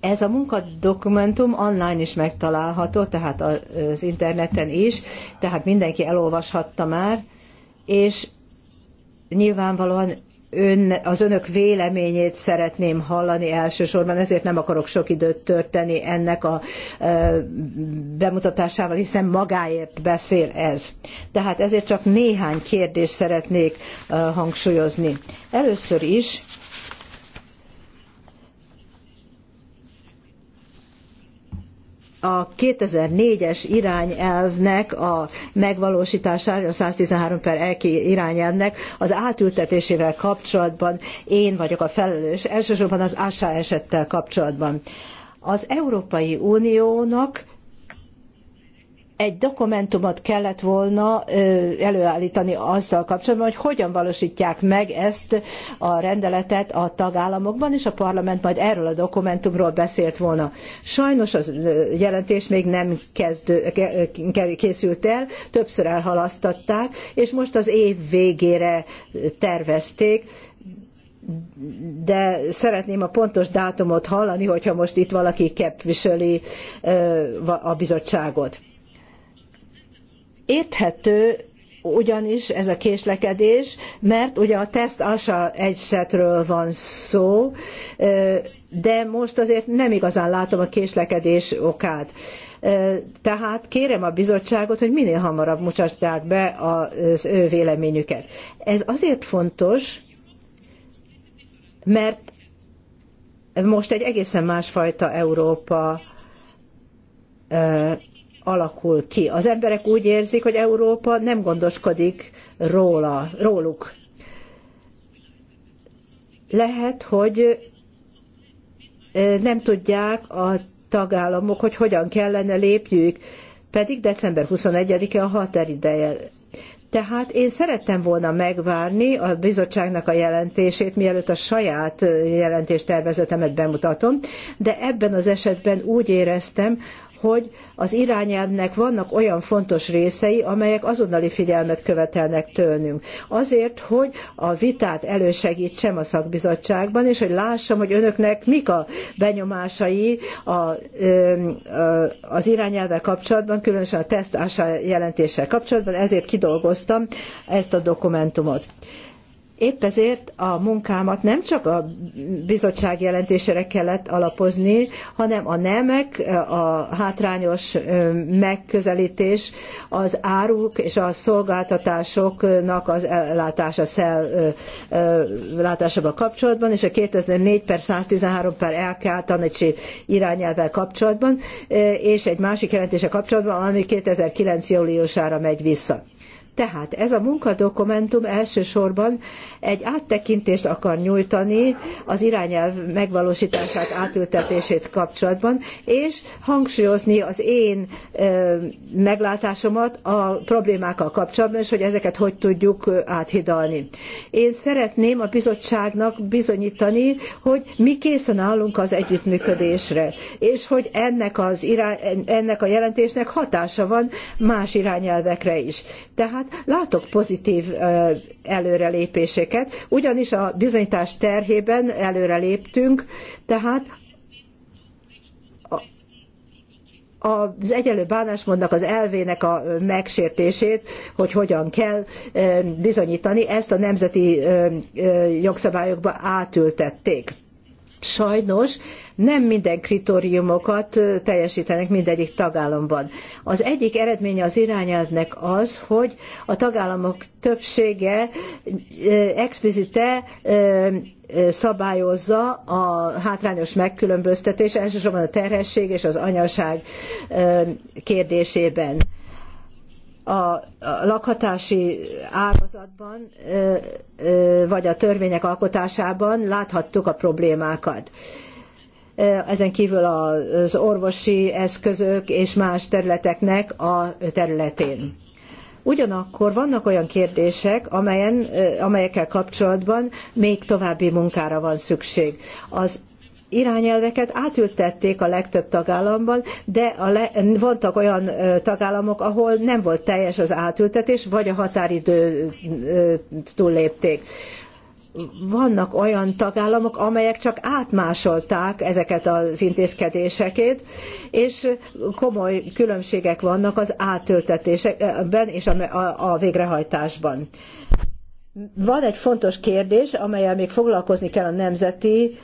Ez a munkadokumentum online is megtalálható, tehát az interneten is, tehát mindenki elolvashatta már, és Nyilvánvalóan ön, az önök véleményét szeretném hallani elsősorban, ezért nem akarok sok időt tölteni ennek a ö, bemutatásával, hiszen magáért beszél ez. Tehát ezért csak néhány kérdést szeretnék ö, hangsúlyozni. Először is a 2004-es irányelvnek a megvalósítására, a 113 per EKI irányelvnek az átültetésével kapcsolatban én vagyok a felelős, elsősorban az ASA esettel kapcsolatban. Az Európai Uniónak egy dokumentumot kellett volna előállítani azzal kapcsolatban, hogy hogyan valósítják meg ezt a rendeletet a tagállamokban, és a parlament majd erről a dokumentumról beszélt volna. Sajnos a jelentés még nem kezdő, készült el, többször elhalasztatták, és most az év végére tervezték, de szeretném a pontos dátumot hallani, hogyha most itt valaki képviseli a bizottságot. Érthető ugyanis ez a késlekedés, mert ugye a teszt asa egysetről van szó, de most azért nem igazán látom a késlekedés okát. Tehát kérem a bizottságot, hogy minél hamarabb mutassák be az ő véleményüket. Ez azért fontos, mert most egy egészen másfajta Európa alakul ki. Az emberek úgy érzik, hogy Európa nem gondoskodik róla, róluk. Lehet, hogy nem tudják a tagállamok, hogy hogyan kellene lépjük, pedig december 21-e a határideje. Tehát én szerettem volna megvárni a bizottságnak a jelentését, mielőtt a saját jelentéstervezetemet bemutatom, de ebben az esetben úgy éreztem, hogy az irányelvnek vannak olyan fontos részei, amelyek azonnali figyelmet követelnek tőlünk. Azért, hogy a vitát elősegítsem a szakbizottságban, és hogy lássam, hogy önöknek mik a benyomásai a, az irányelvvel kapcsolatban, különösen a teszt jelentéssel kapcsolatban, ezért kidolgoztam ezt a dokumentumot. Épp ezért a munkámat nem csak a bizottság jelentésére kellett alapozni, hanem a nemek, a hátrányos megközelítés, az áruk és a szolgáltatásoknak az ellátása szel, látásával kapcsolatban, és a 2004 per 113 per LK tanácsi irányelvvel kapcsolatban, és egy másik jelentése kapcsolatban, ami 2009. júliusára megy vissza. Tehát ez a munkadokumentum elsősorban egy áttekintést akar nyújtani az irányelv megvalósítását, átültetését kapcsolatban, és hangsúlyozni az én meglátásomat a problémákkal kapcsolatban, és hogy ezeket hogy tudjuk áthidalni. Én szeretném a bizottságnak bizonyítani, hogy mi készen állunk az együttműködésre, és hogy ennek, az irány, ennek a jelentésnek hatása van más irányelvekre is. Tehát tehát látok pozitív előrelépéseket, ugyanis a bizonyítás terhében előreléptünk, tehát az egyenlő bánásmódnak az elvének a megsértését, hogy hogyan kell bizonyítani, ezt a nemzeti jogszabályokba átültették sajnos nem minden kritériumokat teljesítenek mindegyik tagállamban. Az egyik eredménye az irányelvnek az, hogy a tagállamok többsége explicite szabályozza a hátrányos megkülönböztetés, elsősorban a terhesség és az anyaság kérdésében a lakhatási ágazatban vagy a törvények alkotásában láthattuk a problémákat. Ezen kívül az orvosi eszközök és más területeknek a területén. Ugyanakkor vannak olyan kérdések, amelyen, amelyekkel kapcsolatban még további munkára van szükség. Az irányelveket átültették a legtöbb tagállamban, de a le, voltak olyan tagállamok, ahol nem volt teljes az átültetés, vagy a határidő túllépték vannak olyan tagállamok, amelyek csak átmásolták ezeket az intézkedéseket, és komoly különbségek vannak az átültetésekben és a, végrehajtásban. Van egy fontos kérdés, amelyel még foglalkozni kell a nemzeti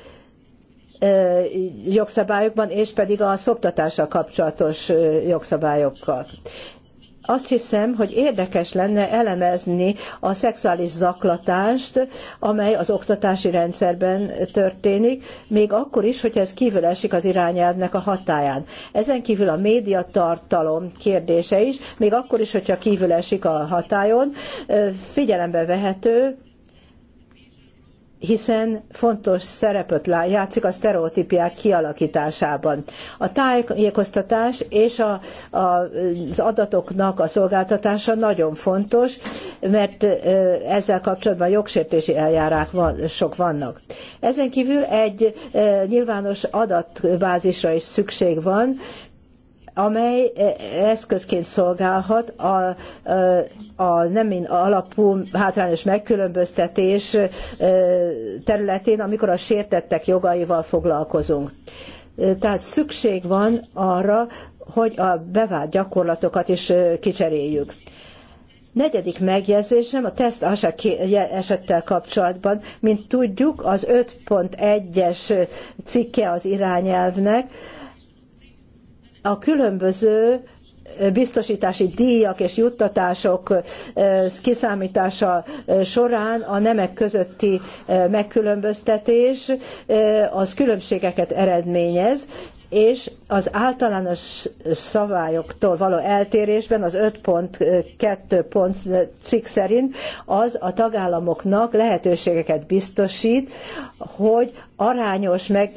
jogszabályokban, és pedig a szoptatással kapcsolatos jogszabályokkal. Azt hiszem, hogy érdekes lenne elemezni a szexuális zaklatást, amely az oktatási rendszerben történik, még akkor is, hogy ez kívül esik az irányelvnek a hatáján. Ezen kívül a médiatartalom kérdése is, még akkor is, hogyha kívül esik a hatájon, figyelembe vehető, hiszen fontos szerepet játszik a sztereotípiák kialakításában. A tájékoztatás és a, a, az adatoknak a szolgáltatása nagyon fontos, mert ezzel kapcsolatban jogsértési eljárások van, sok vannak. Ezen kívül egy nyilvános adatbázisra is szükség van, amely e, eszközként szolgálhat a, e, a nemin alapú hátrányos megkülönböztetés e, területén, amikor a sértettek jogaival foglalkozunk. Tehát szükség van arra, hogy a bevált gyakorlatokat is kicseréljük. Negyedik megjegyzésem a teszt esettel kapcsolatban. Mint tudjuk, az 5.1-es cikke az irányelvnek, a különböző biztosítási díjak és juttatások kiszámítása során a nemek közötti megkülönböztetés az különbségeket eredményez, és az általános szabályoktól való eltérésben az 5.2 pont cikk szerint az a tagállamoknak lehetőségeket biztosít, hogy arányos meg,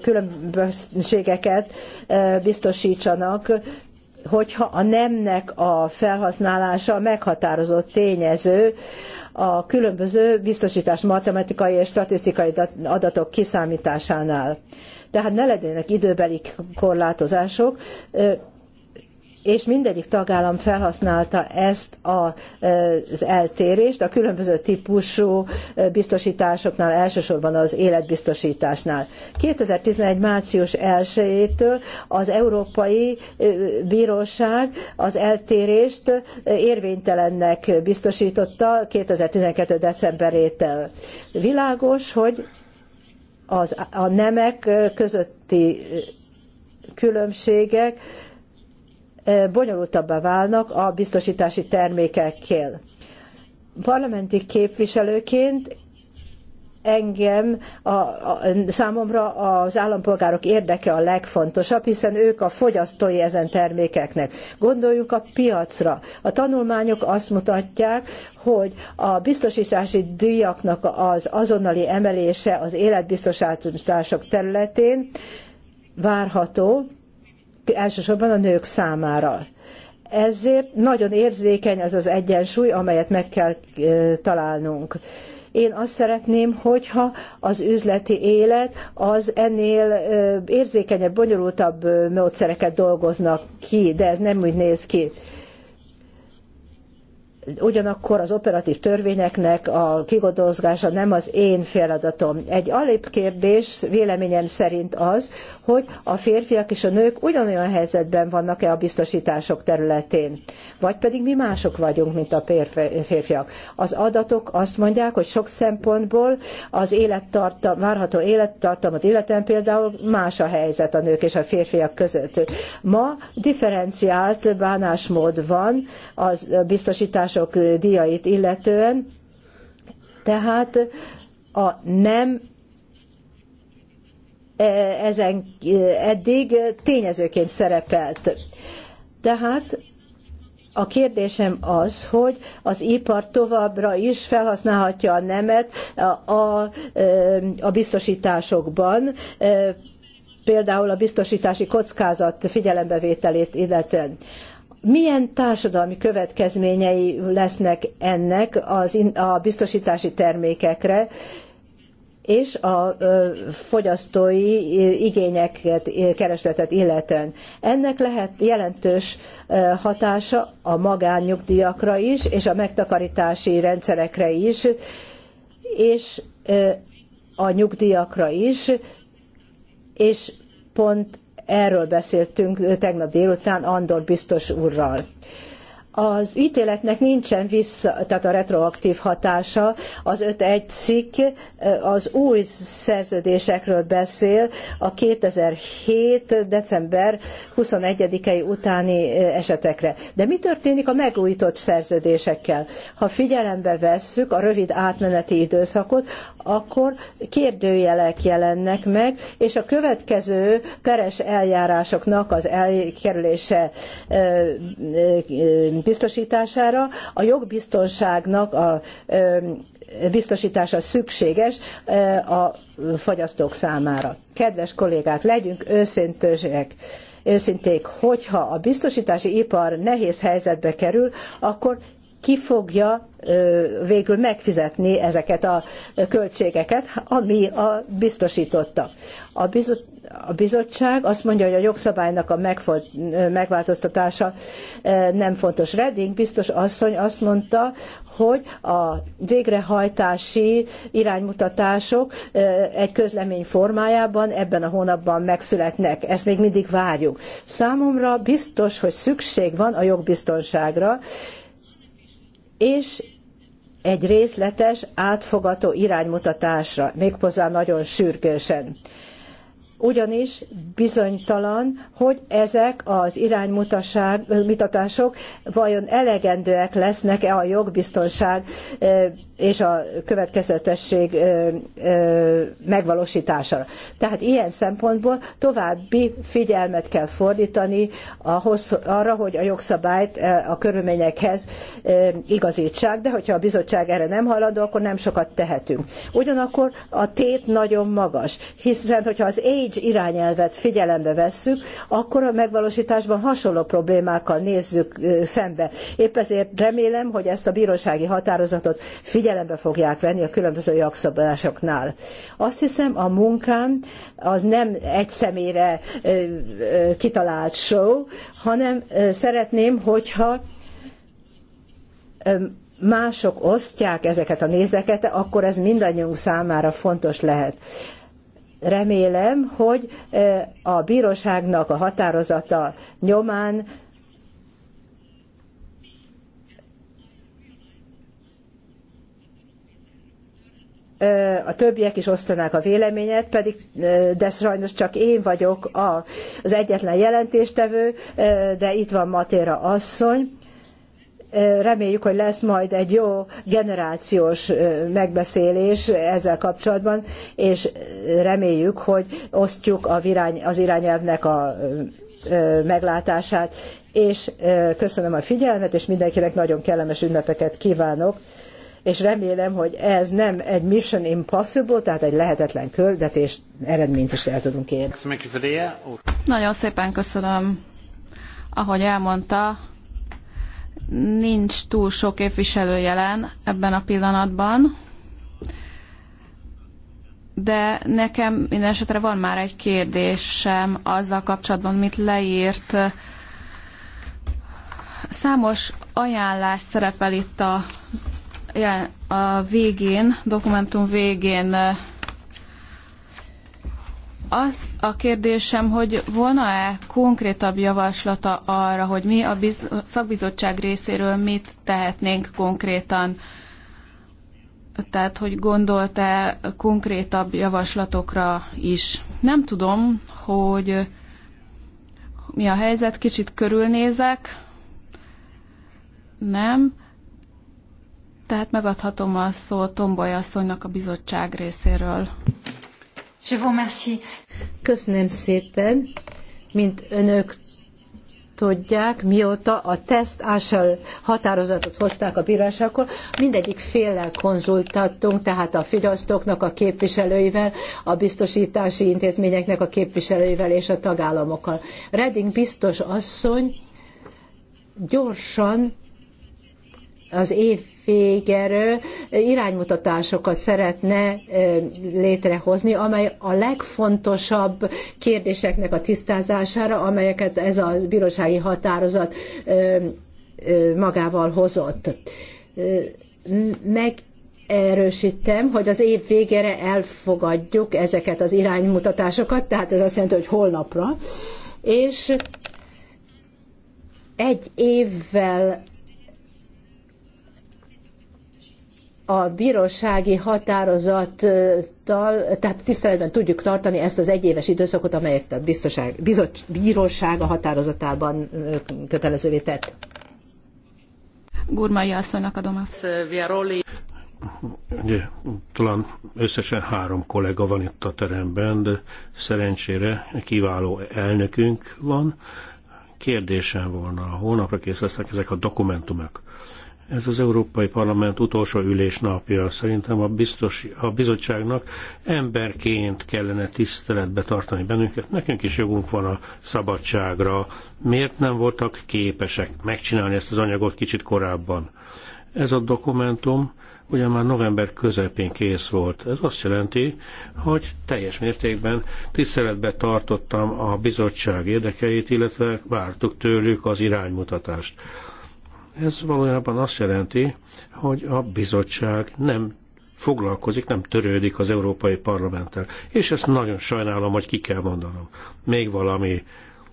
különbségeket biztosítsanak hogyha a nemnek a felhasználása meghatározott tényező a különböző biztosítás matematikai és statisztikai adatok kiszámításánál tehát ne legyenek időbeli korlátozások, és mindegyik tagállam felhasználta ezt az eltérést a különböző típusú biztosításoknál, elsősorban az életbiztosításnál. 2011. március 1-től az Európai Bíróság az eltérést érvénytelennek biztosította 2012. decemberétől. Világos, hogy az, a nemek közötti különbségek eh, bonyolultabbá válnak a biztosítási termékekkel. Parlamenti képviselőként engem, a, a, számomra az állampolgárok érdeke a legfontosabb, hiszen ők a fogyasztói ezen termékeknek. Gondoljuk a piacra. A tanulmányok azt mutatják, hogy a biztosítási díjaknak az azonnali emelése az életbiztosítások területén várható, elsősorban a nők számára. Ezért nagyon érzékeny az az egyensúly, amelyet meg kell találnunk én azt szeretném, hogyha az üzleti élet az ennél érzékenyebb, bonyolultabb módszereket dolgoznak ki, de ez nem úgy néz ki ugyanakkor az operatív törvényeknek a kigodozgása nem az én feladatom. Egy kérdés véleményem szerint az, hogy a férfiak és a nők ugyanolyan helyzetben vannak-e a biztosítások területén, vagy pedig mi mások vagyunk, mint a férfiak. Az adatok azt mondják, hogy sok szempontból az élettartam, várható élettartamot illetően például más a helyzet a nők és a férfiak között. Ma differenciált bánásmód van az biztosítások mások diait illetően. Tehát a nem e, ezen eddig tényezőként szerepelt. Tehát a kérdésem az, hogy az ipar továbbra is felhasználhatja a nemet a, a, e, a biztosításokban, e, például a biztosítási kockázat figyelembevételét illetően milyen társadalmi következményei lesznek ennek az, a biztosítási termékekre, és a fogyasztói igényeket, keresletet illetően. Ennek lehet jelentős hatása a magánnyugdíjakra is, és a megtakarítási rendszerekre is, és a nyugdíjakra is, és pont Erről beszéltünk tegnap délután Andor biztos úrral az ítéletnek nincsen vissza, tehát a retroaktív hatása, az 5.1 cikk az új szerződésekről beszél, a 2007. december 21-ei utáni esetekre. De mi történik a megújított szerződésekkel? Ha figyelembe vesszük a rövid átmeneti időszakot, akkor kérdőjelek jelennek meg, és a következő peres eljárásoknak az elkerülése biztosítására. A jogbiztonságnak a biztosítása szükséges a fogyasztók számára. Kedves kollégák, legyünk őszintősek! őszinték, hogyha a biztosítási ipar nehéz helyzetbe kerül, akkor ki fogja végül megfizetni ezeket a költségeket, ami a biztosította. A a bizottság azt mondja, hogy a jogszabálynak a megváltoztatása e, nem fontos. Redding biztos asszony azt mondta, hogy a végrehajtási iránymutatások e, egy közlemény formájában ebben a hónapban megszületnek. Ezt még mindig várjuk. Számomra biztos, hogy szükség van a jogbiztonságra, és egy részletes, átfogató iránymutatásra, méghozzá nagyon sürgősen ugyanis bizonytalan, hogy ezek az iránymutatások vajon elegendőek lesznek-e a jogbiztonság és a következetesség megvalósítására. Tehát ilyen szempontból további figyelmet kell fordítani ahhoz, arra, hogy a jogszabályt a körülményekhez igazítsák, de hogyha a bizottság erre nem haladó, akkor nem sokat tehetünk. Ugyanakkor a tét nagyon magas, hiszen hogyha az age irányelvet figyelembe vesszük, akkor a megvalósításban hasonló problémákkal nézzük szembe. Épp ezért remélem, hogy ezt a bírósági határozatot figyelembe figyelembe fogják venni a különböző jogszabályoknál. Azt hiszem, a munkám az nem egy személyre kitalált show, hanem szeretném, hogyha mások osztják ezeket a nézeket, akkor ez mindannyiunk számára fontos lehet remélem, hogy a bíróságnak a határozata nyomán a többiek is osztanák a véleményet, pedig de sajnos csak én vagyok az egyetlen jelentéstevő, de itt van Matéra asszony. Reméljük, hogy lesz majd egy jó generációs megbeszélés ezzel kapcsolatban, és reméljük, hogy osztjuk a virány, az irányelvnek a meglátását, és köszönöm a figyelmet, és mindenkinek nagyon kellemes ünnepeket kívánok és remélem, hogy ez nem egy mission impossible, tehát egy lehetetlen küldetés eredményt is el tudunk érni. Nagyon szépen köszönöm, ahogy elmondta, nincs túl sok képviselő jelen ebben a pillanatban, de nekem minden esetre van már egy kérdésem azzal kapcsolatban, mit leírt. Számos ajánlás szerepel itt az a végén, dokumentum végén az a kérdésem, hogy volna-e konkrétabb javaslata arra, hogy mi a szakbizottság részéről mit tehetnénk konkrétan? Tehát, hogy gondolt-e konkrétabb javaslatokra is? Nem tudom, hogy mi a helyzet, kicsit körülnézek. Nem. Tehát megadhatom a szót Tomboly asszonynak a bizottság részéről. Je vous remercie. Köszönöm szépen, mint önök tudják, mióta a teszt ással határozatot hozták a bírásakor, mindegyik féllel konzultáltunk, tehát a fidasztoknak a képviselőivel, a biztosítási intézményeknek a képviselőivel és a tagállamokkal. Reding biztos asszony gyorsan az év végéről iránymutatásokat szeretne létrehozni, amely a legfontosabb kérdéseknek a tisztázására, amelyeket ez a bírósági határozat magával hozott. Meg erősítem, hogy az év végére elfogadjuk ezeket az iránymutatásokat, tehát ez azt jelenti, hogy holnapra, és egy évvel a bírósági határozattal, tehát tiszteletben tudjuk tartani ezt az egyéves időszakot, amelyet a biztoság, bizot, bíróság a határozatában kötelezővé tett. Gurmai asszonynak adom azt. Ugye, talán összesen három kollega van itt a teremben, de szerencsére kiváló elnökünk van. Kérdésem volna, holnapra kész lesznek ezek a dokumentumok ez az Európai Parlament utolsó ülésnapja. Szerintem a, biztos, a bizottságnak emberként kellene tiszteletbe tartani bennünket. Nekünk is jogunk van a szabadságra. Miért nem voltak képesek megcsinálni ezt az anyagot kicsit korábban? Ez a dokumentum ugyan már november közepén kész volt. Ez azt jelenti, hogy teljes mértékben tiszteletbe tartottam a bizottság érdekeit, illetve vártuk tőlük az iránymutatást. Ez valójában azt jelenti, hogy a bizottság nem foglalkozik, nem törődik az Európai Parlamenttel. És ezt nagyon sajnálom, hogy ki kell mondanom. Még valami.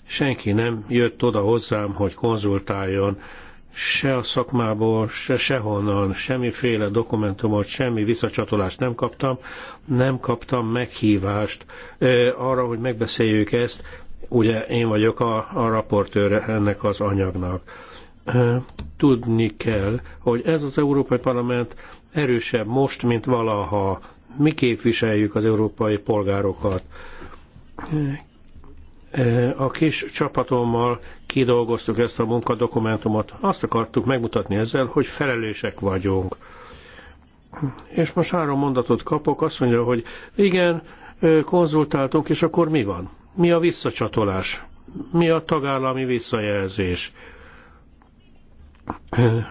Senki nem jött oda hozzám, hogy konzultáljon se a szakmából, se sehonnan, semmiféle dokumentumot, semmi visszacsatolást nem kaptam, nem kaptam meghívást ö, arra, hogy megbeszéljük ezt. Ugye én vagyok a, a raportőr ennek az anyagnak Tudni kell, hogy ez az Európai Parlament erősebb most, mint valaha. Mi képviseljük az európai polgárokat. A kis csapatommal kidolgoztuk ezt a munkadokumentumot. Azt akartuk megmutatni ezzel, hogy felelősek vagyunk. És most három mondatot kapok, azt mondja, hogy igen, konzultáltunk, és akkor mi van? Mi a visszacsatolás? Mi a tagállami visszajelzés?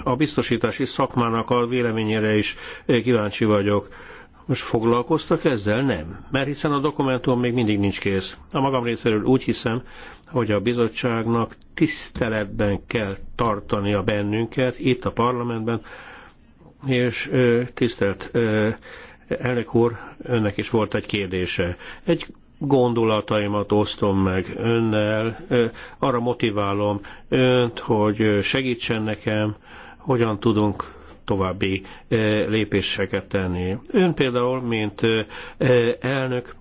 a biztosítási szakmának a véleményére is kíváncsi vagyok. Most foglalkoztak ezzel? Nem. Mert hiszen a dokumentum még mindig nincs kész. A magam részéről úgy hiszem, hogy a bizottságnak tiszteletben kell tartania bennünket itt a parlamentben, és tisztelt elnök úr, önnek is volt egy kérdése. Egy gondolataimat osztom meg önnel, arra motiválom önt, hogy segítsen nekem, hogyan tudunk további lépéseket tenni. Ön például, mint elnök,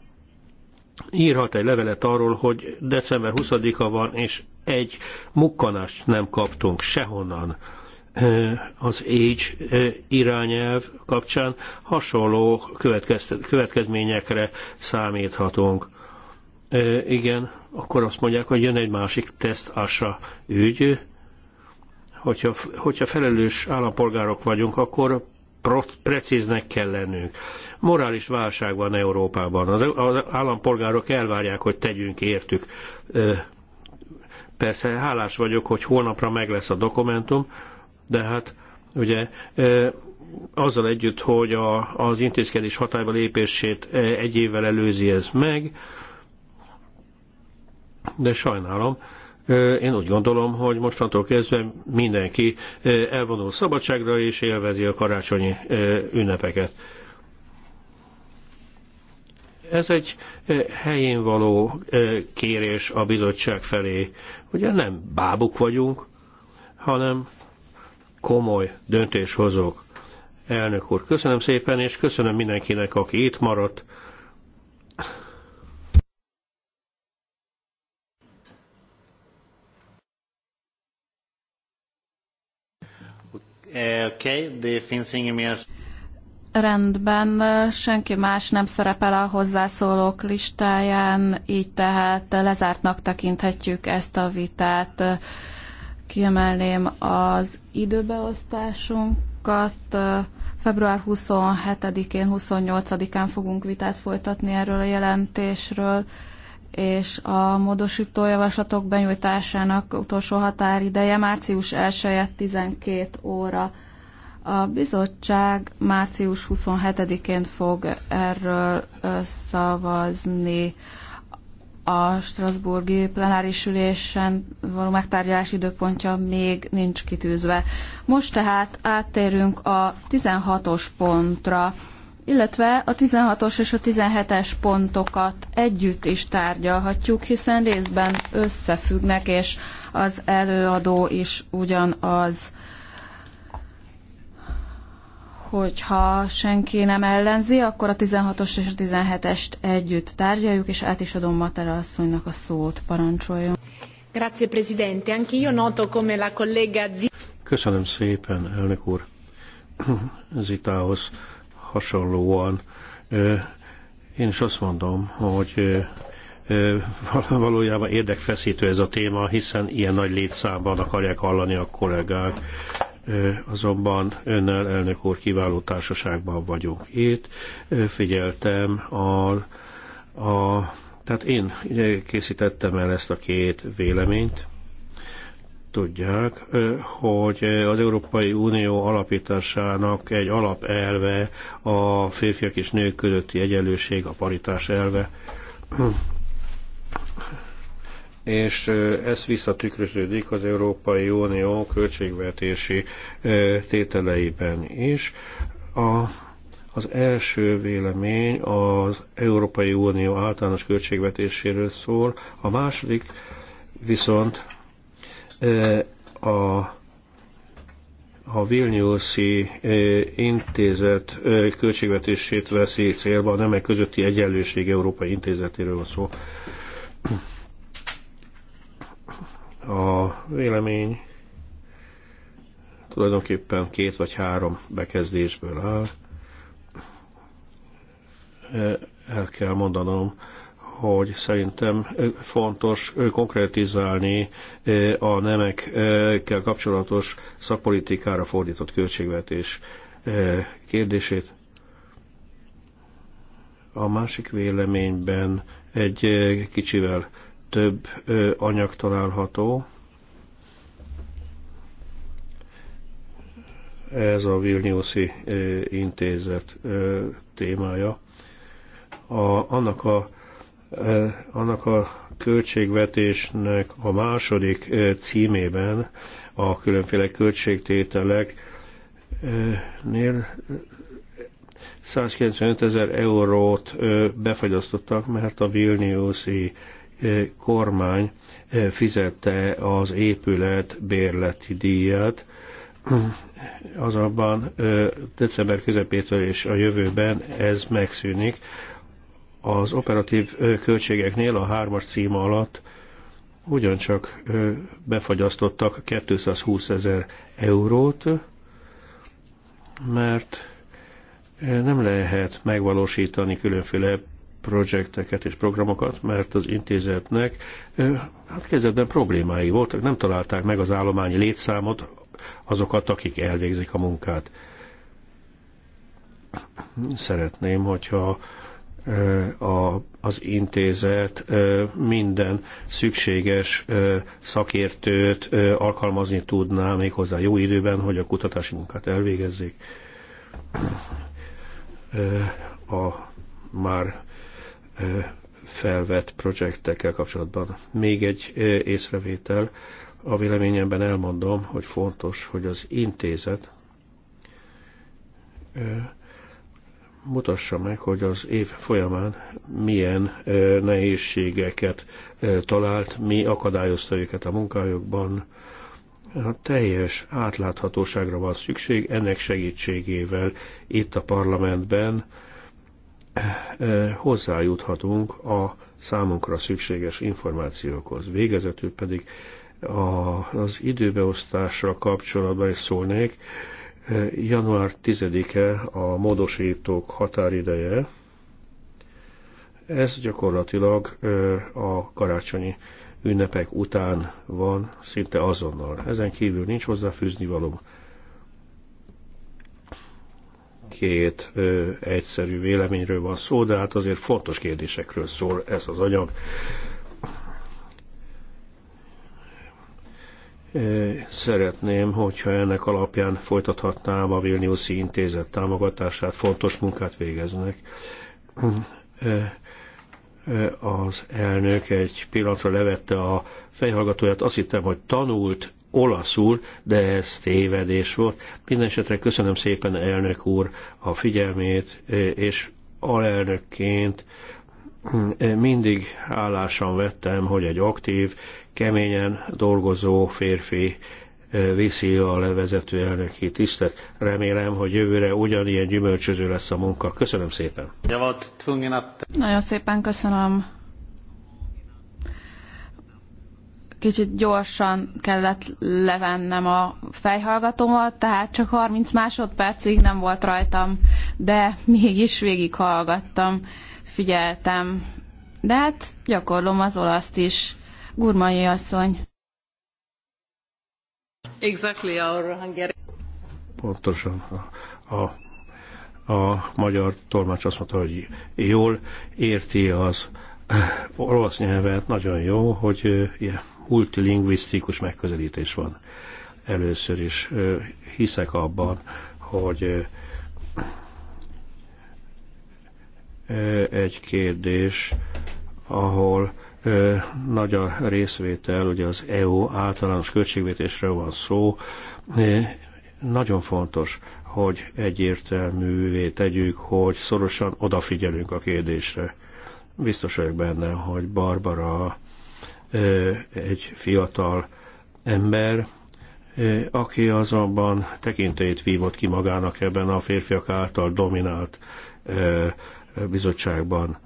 írhat egy levelet arról, hogy december 20-a van, és egy mukkanást nem kaptunk sehonnan az age irányelv kapcsán hasonló következményekre számíthatunk. Igen, akkor azt mondják, hogy jön egy másik teszt ASA ügy. Hogyha, hogyha felelős állampolgárok vagyunk, akkor precíznek kell lennünk. Morális válság van Európában. Az, állampolgárok elvárják, hogy tegyünk értük. Persze hálás vagyok, hogy holnapra meg lesz a dokumentum, de hát ugye azzal együtt, hogy a, az intézkedés hatályba lépését egy évvel előzi ez meg, de sajnálom, én úgy gondolom, hogy mostantól kezdve mindenki elvonul szabadságra és élvezi a karácsonyi ünnepeket. Ez egy helyén való kérés a bizottság felé. Ugye nem bábuk vagyunk, hanem komoly döntéshozók. Elnök úr, köszönöm szépen, és köszönöm mindenkinek, aki itt maradt. Okay, de finns Rendben, senki más nem szerepel a hozzászólók listáján, így tehát lezártnak tekinthetjük ezt a vitát kiemelném az időbeosztásunkat. Február 27-én, 28-án fogunk vitát folytatni erről a jelentésről, és a módosító javaslatok benyújtásának utolsó határideje március 1 12 óra. A bizottság március 27-én fog erről szavazni a Strasburgi plenáris ülésen való megtárgyalás időpontja még nincs kitűzve. Most tehát áttérünk a 16-os pontra, illetve a 16-os és a 17-es pontokat együtt is tárgyalhatjuk, hiszen részben összefüggnek, és az előadó is ugyanaz. Hogyha senki nem ellenzi, akkor a 16-os és a 17-est együtt tárgyaljuk, és át is adom Matera asszonynak a szót. Parancsoljon. Grazie, Presidente. Anch'io noto come la collega Z... Köszönöm szépen, elnök úr. Zitához hasonlóan én is azt mondom, hogy valójában érdekfeszítő ez a téma, hiszen ilyen nagy létszámban akarják hallani a kollégák azonban önnel, elnök úr, kiváló társaságban vagyunk itt. Figyeltem a, a tehát én készítettem el ezt a két véleményt, tudják, hogy az Európai Unió alapításának egy alapelve a férfiak és nők közötti egyenlőség, a paritás elve és ez visszatükröződik az Európai Unió költségvetési tételeiben is. A, az első vélemény az Európai Unió általános költségvetéséről szól, a második viszont a a Vilniuszi intézet költségvetését veszi célba, a nemek közötti egyenlőség Európai Intézetéről van szó. A vélemény tulajdonképpen két vagy három bekezdésből áll. E, el kell mondanom, hogy szerintem e, fontos e, konkrétizálni a nemekkel kapcsolatos szakpolitikára fordított költségvetés kérdését. A másik véleményben egy kicsivel több anyag található. Ez a Vilniuszi intézet témája. A, annak, a, annak a költségvetésnek a második címében a különféle költségtételeknél 195 ezer eurót befagyasztottak, mert a Vilniuszi kormány fizette az épület bérleti díját. azonban december közepétől és a jövőben ez megszűnik. Az operatív költségeknél a hármas címa alatt ugyancsak befagyasztottak 220 ezer eurót, mert nem lehet megvalósítani különféle projekteket és programokat, mert az intézetnek hát kezdetben problémái voltak, nem találták meg az állományi létszámot azokat, akik elvégzik a munkát. Szeretném, hogyha a, az intézet minden szükséges szakértőt alkalmazni tudná méghozzá jó időben, hogy a kutatási munkát elvégezzék. A már felvett projektekkel kapcsolatban. Még egy észrevétel, a véleményemben elmondom, hogy fontos, hogy az intézet mutassa meg, hogy az év folyamán milyen nehézségeket talált, mi akadályozta őket a munkájukban. A teljes átláthatóságra van szükség, ennek segítségével itt a parlamentben hozzájuthatunk a számunkra szükséges információkhoz. Végezetül pedig az időbeosztásra kapcsolatban is szólnék. Január 10-e a módosítók határideje. Ez gyakorlatilag a karácsonyi ünnepek után van, szinte azonnal. Ezen kívül nincs hozzáfűzni való két ö, egyszerű véleményről van szó, de hát azért fontos kérdésekről szól ez az anyag. Szeretném, hogyha ennek alapján folytathatnám a Vilniuszi Intézet támogatását, fontos munkát végeznek. Az elnök egy pillanatra levette a fejhallgatóját, azt hittem, hogy tanult olaszul, de ez tévedés volt. Mindenesetre köszönöm szépen elnök úr a figyelmét, és alelnökként eh, mindig állásan vettem, hogy egy aktív, keményen dolgozó férfi eh, viszi a levezető elnöki tisztet. Remélem, hogy jövőre ugyanilyen gyümölcsöző lesz a munka. Köszönöm szépen. Nagyon szépen köszönöm kicsit gyorsan kellett levennem a fejhallgatómat, tehát csak 30 másodpercig nem volt rajtam, de mégis végighallgattam, figyeltem. De hát gyakorlom az olaszt is. Gurmai asszony. Exactly our Hungary. Pontosan a, a a magyar tolmács azt mondta, hogy jól érti az eh, olasz nyelvet, nagyon jó, hogy eh, ilyen. Yeah multilingvisztikus megközelítés van. Először is hiszek abban, hogy egy kérdés, ahol nagy a részvétel, ugye az EU általános költségvetésről van szó, nagyon fontos, hogy egyértelművé tegyük, hogy szorosan odafigyelünk a kérdésre. Biztos vagyok benne, hogy Barbara egy fiatal ember, aki azonban tekintélyt vívott ki magának ebben a férfiak által dominált bizottságban.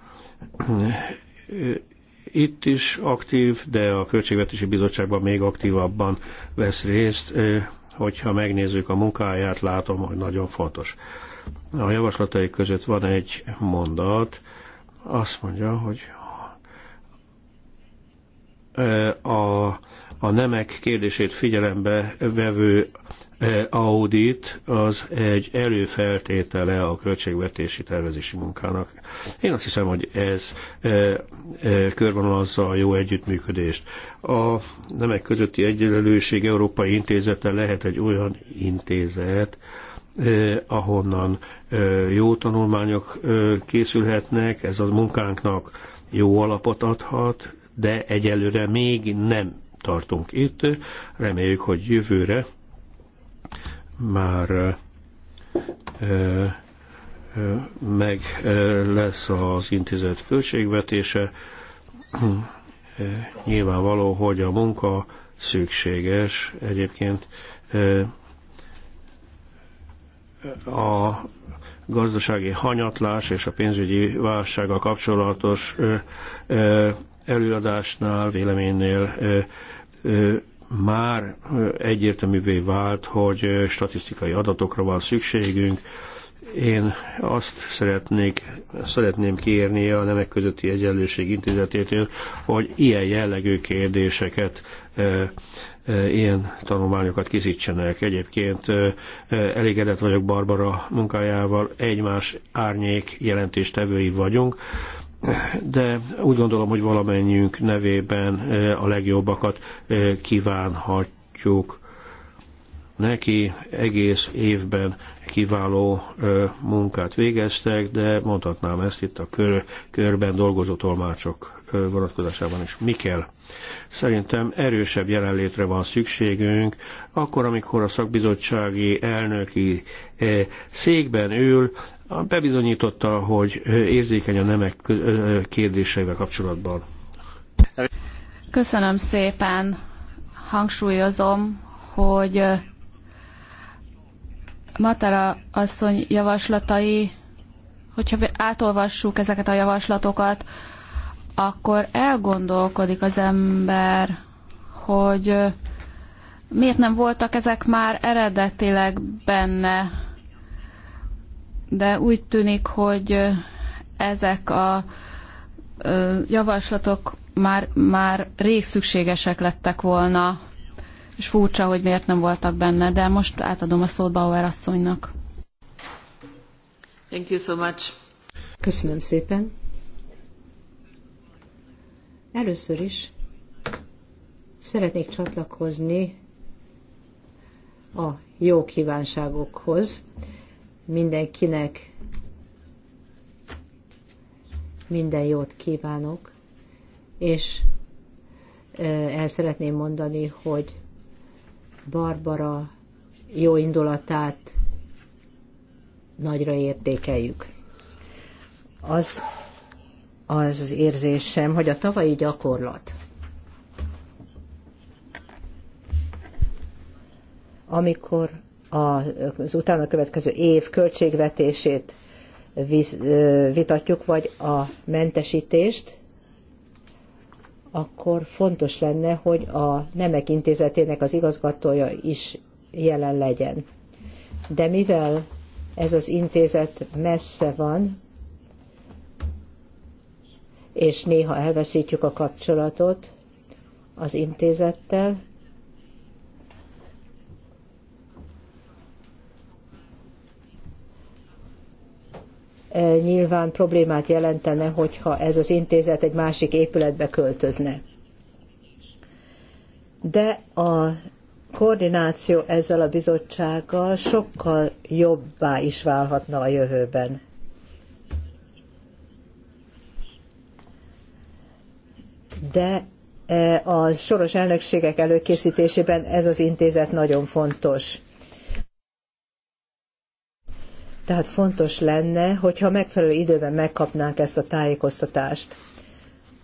Itt is aktív, de a Költségvetési Bizottságban még aktívabban vesz részt, hogyha megnézzük a munkáját, látom, hogy nagyon fontos. A javaslataik között van egy mondat, azt mondja, hogy a, a nemek kérdését figyelembe vevő audit az egy előfeltétele a költségvetési tervezési munkának. Én azt hiszem, hogy ez körvonalazza a jó együttműködést. A nemek közötti egyenlőség Európai Intézete lehet egy olyan intézet, ahonnan jó tanulmányok készülhetnek, ez a munkánknak jó alapot adhat, de egyelőre még nem tartunk itt. Reméljük, hogy jövőre már meg lesz az intézet költségvetése. Nyilvánvaló, hogy a munka szükséges. Egyébként a gazdasági hanyatlás és a pénzügyi válsággal kapcsolatos előadásnál, véleménynél már egyértelművé vált, hogy statisztikai adatokra van szükségünk. Én azt szeretnék, szeretném kérni a Nemek Közötti Egyenlőség Intézetétől, hogy ilyen jellegű kérdéseket ilyen tanulmányokat készítsenek. Egyébként elégedett vagyok Barbara munkájával, egymás árnyék jelentéstevői vagyunk de úgy gondolom, hogy valamennyiünk nevében eh, a legjobbakat eh, kívánhatjuk neki. Egész évben kiváló eh, munkát végeztek, de mondhatnám ezt itt a kör, körben dolgozó tolmácsok vonatkozásában is. Mi kell? Szerintem erősebb jelenlétre van szükségünk, akkor, amikor a szakbizottsági elnöki székben ül, bebizonyította, hogy érzékeny a nemek kérdéseivel kapcsolatban. Köszönöm szépen. Hangsúlyozom, hogy Matara asszony javaslatai, hogyha átolvassuk ezeket a javaslatokat, akkor elgondolkodik az ember, hogy miért nem voltak ezek már eredetileg benne de úgy tűnik, hogy ezek a javaslatok már, már rég szükségesek lettek volna, és furcsa, hogy miért nem voltak benne, de most átadom a szót Bauer asszonynak. Thank you so much. Köszönöm szépen. Először is szeretnék csatlakozni a jó kívánságokhoz, Mindenkinek minden jót kívánok, és el szeretném mondani, hogy Barbara jó indulatát nagyra értékeljük. Az az érzésem, hogy a tavalyi gyakorlat, amikor az utána következő év költségvetését vitatjuk, vagy a mentesítést, akkor fontos lenne, hogy a Nemek Intézetének az igazgatója is jelen legyen. De mivel ez az intézet messze van, és néha elveszítjük a kapcsolatot az intézettel, E, nyilván problémát jelentene, hogyha ez az intézet egy másik épületbe költözne. De a koordináció ezzel a bizottsággal sokkal jobbá is válhatna a jövőben. De e, a soros elnökségek előkészítésében ez az intézet nagyon fontos. Tehát fontos lenne, hogyha megfelelő időben megkapnánk ezt a tájékoztatást.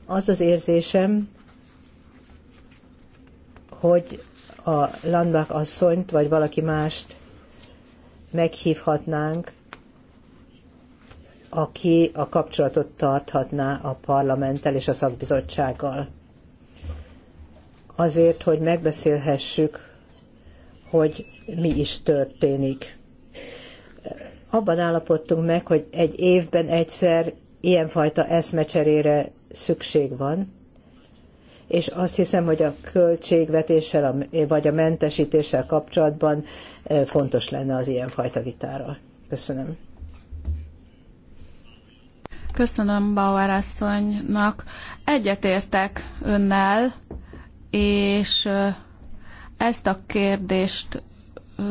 Az az érzésem, hogy a Landbach asszonyt, vagy valaki mást meghívhatnánk, aki a kapcsolatot tarthatná a parlamenttel és a szakbizottsággal. Azért, hogy megbeszélhessük, hogy mi is történik abban állapodtunk meg, hogy egy évben egyszer ilyenfajta eszmecserére szükség van, és azt hiszem, hogy a költségvetéssel vagy a mentesítéssel kapcsolatban e, fontos lenne az ilyenfajta vitára. Köszönöm. Köszönöm Bauer asszonynak. Egyetértek önnel, és e, ezt a kérdést e,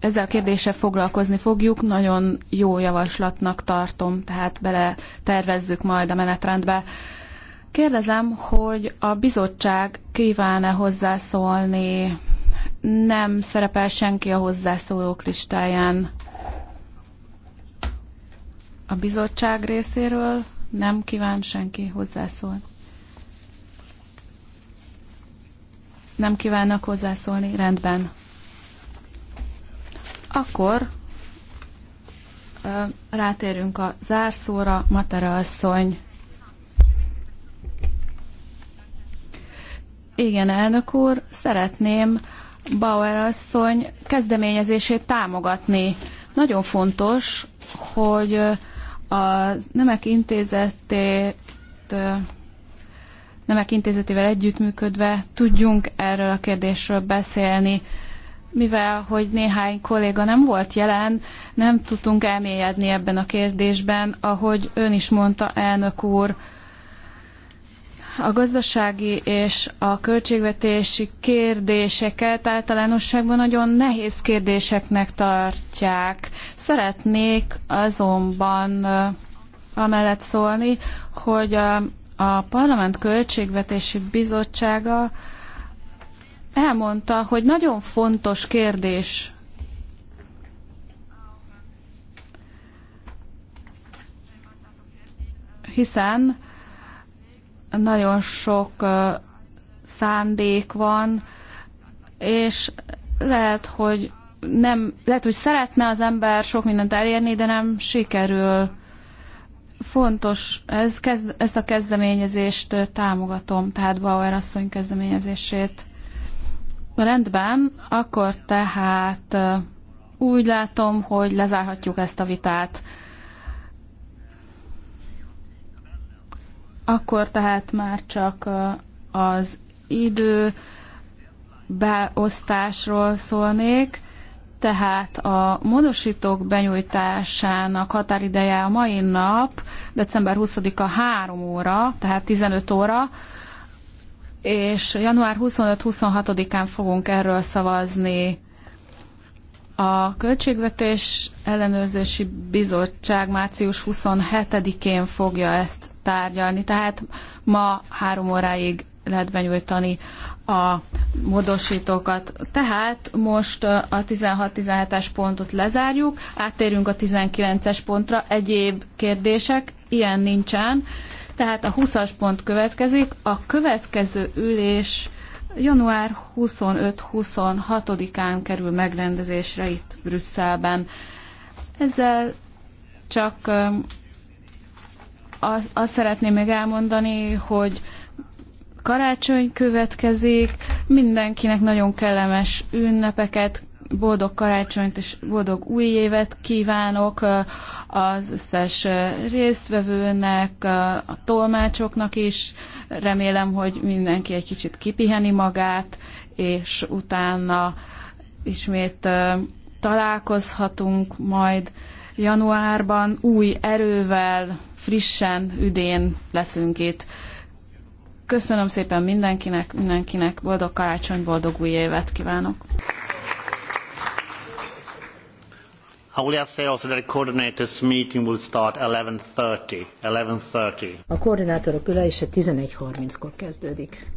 ezzel a kérdéssel foglalkozni fogjuk, nagyon jó javaslatnak tartom, tehát bele tervezzük majd a menetrendbe. Kérdezem, hogy a bizottság kíván-e hozzászólni? Nem szerepel senki a hozzászólók listáján. A bizottság részéről nem kíván senki hozzászólni. Nem kívánnak hozzászólni, rendben. Akkor rátérünk a zárszóra. Matera asszony. Igen, elnök úr, szeretném Bauer asszony kezdeményezését támogatni. Nagyon fontos, hogy a Nemek Intézetét Nemek Intézetével együttműködve tudjunk erről a kérdésről beszélni mivel hogy néhány kolléga nem volt jelen, nem tudtunk elmélyedni ebben a kérdésben, ahogy ön is mondta, elnök úr, a gazdasági és a költségvetési kérdéseket általánosságban nagyon nehéz kérdéseknek tartják. Szeretnék azonban amellett szólni, hogy a, a Parlament Költségvetési Bizottsága elmondta, hogy nagyon fontos kérdés hiszen nagyon sok szándék van, és lehet, hogy nem, lehet, hogy szeretne az ember sok mindent elérni, de nem sikerül. Fontos, ez, kezd, ezt a kezdeményezést támogatom, tehát Bauer asszony kezdeményezését. Rendben, akkor tehát úgy látom, hogy lezárhatjuk ezt a vitát. Akkor tehát már csak az idő beosztásról szólnék, tehát a módosítók benyújtásának határideje a mai nap, december 20-a 3 óra, tehát 15 óra, és január 25-26-án fogunk erről szavazni. A Költségvetés Ellenőrzési Bizottság március 27-én fogja ezt tárgyalni, tehát ma három óráig lehet benyújtani a módosítókat. Tehát most a 16-17-es pontot lezárjuk, áttérünk a 19-es pontra. Egyéb kérdések? Ilyen nincsen. Tehát a 20-as pont következik. A következő ülés január 25-26-án kerül megrendezésre itt Brüsszelben. Ezzel csak az, azt szeretném még elmondani, hogy karácsony következik, mindenkinek nagyon kellemes ünnepeket boldog karácsonyt és boldog új évet kívánok az összes résztvevőnek, a tolmácsoknak is. Remélem, hogy mindenki egy kicsit kipiheni magát, és utána ismét találkozhatunk majd januárban új erővel, frissen, üdén leszünk itt. Köszönöm szépen mindenkinek, mindenkinek boldog karácsony, boldog új évet kívánok! 11.30. A koordinátorok ülése 11.30-kor kezdődik.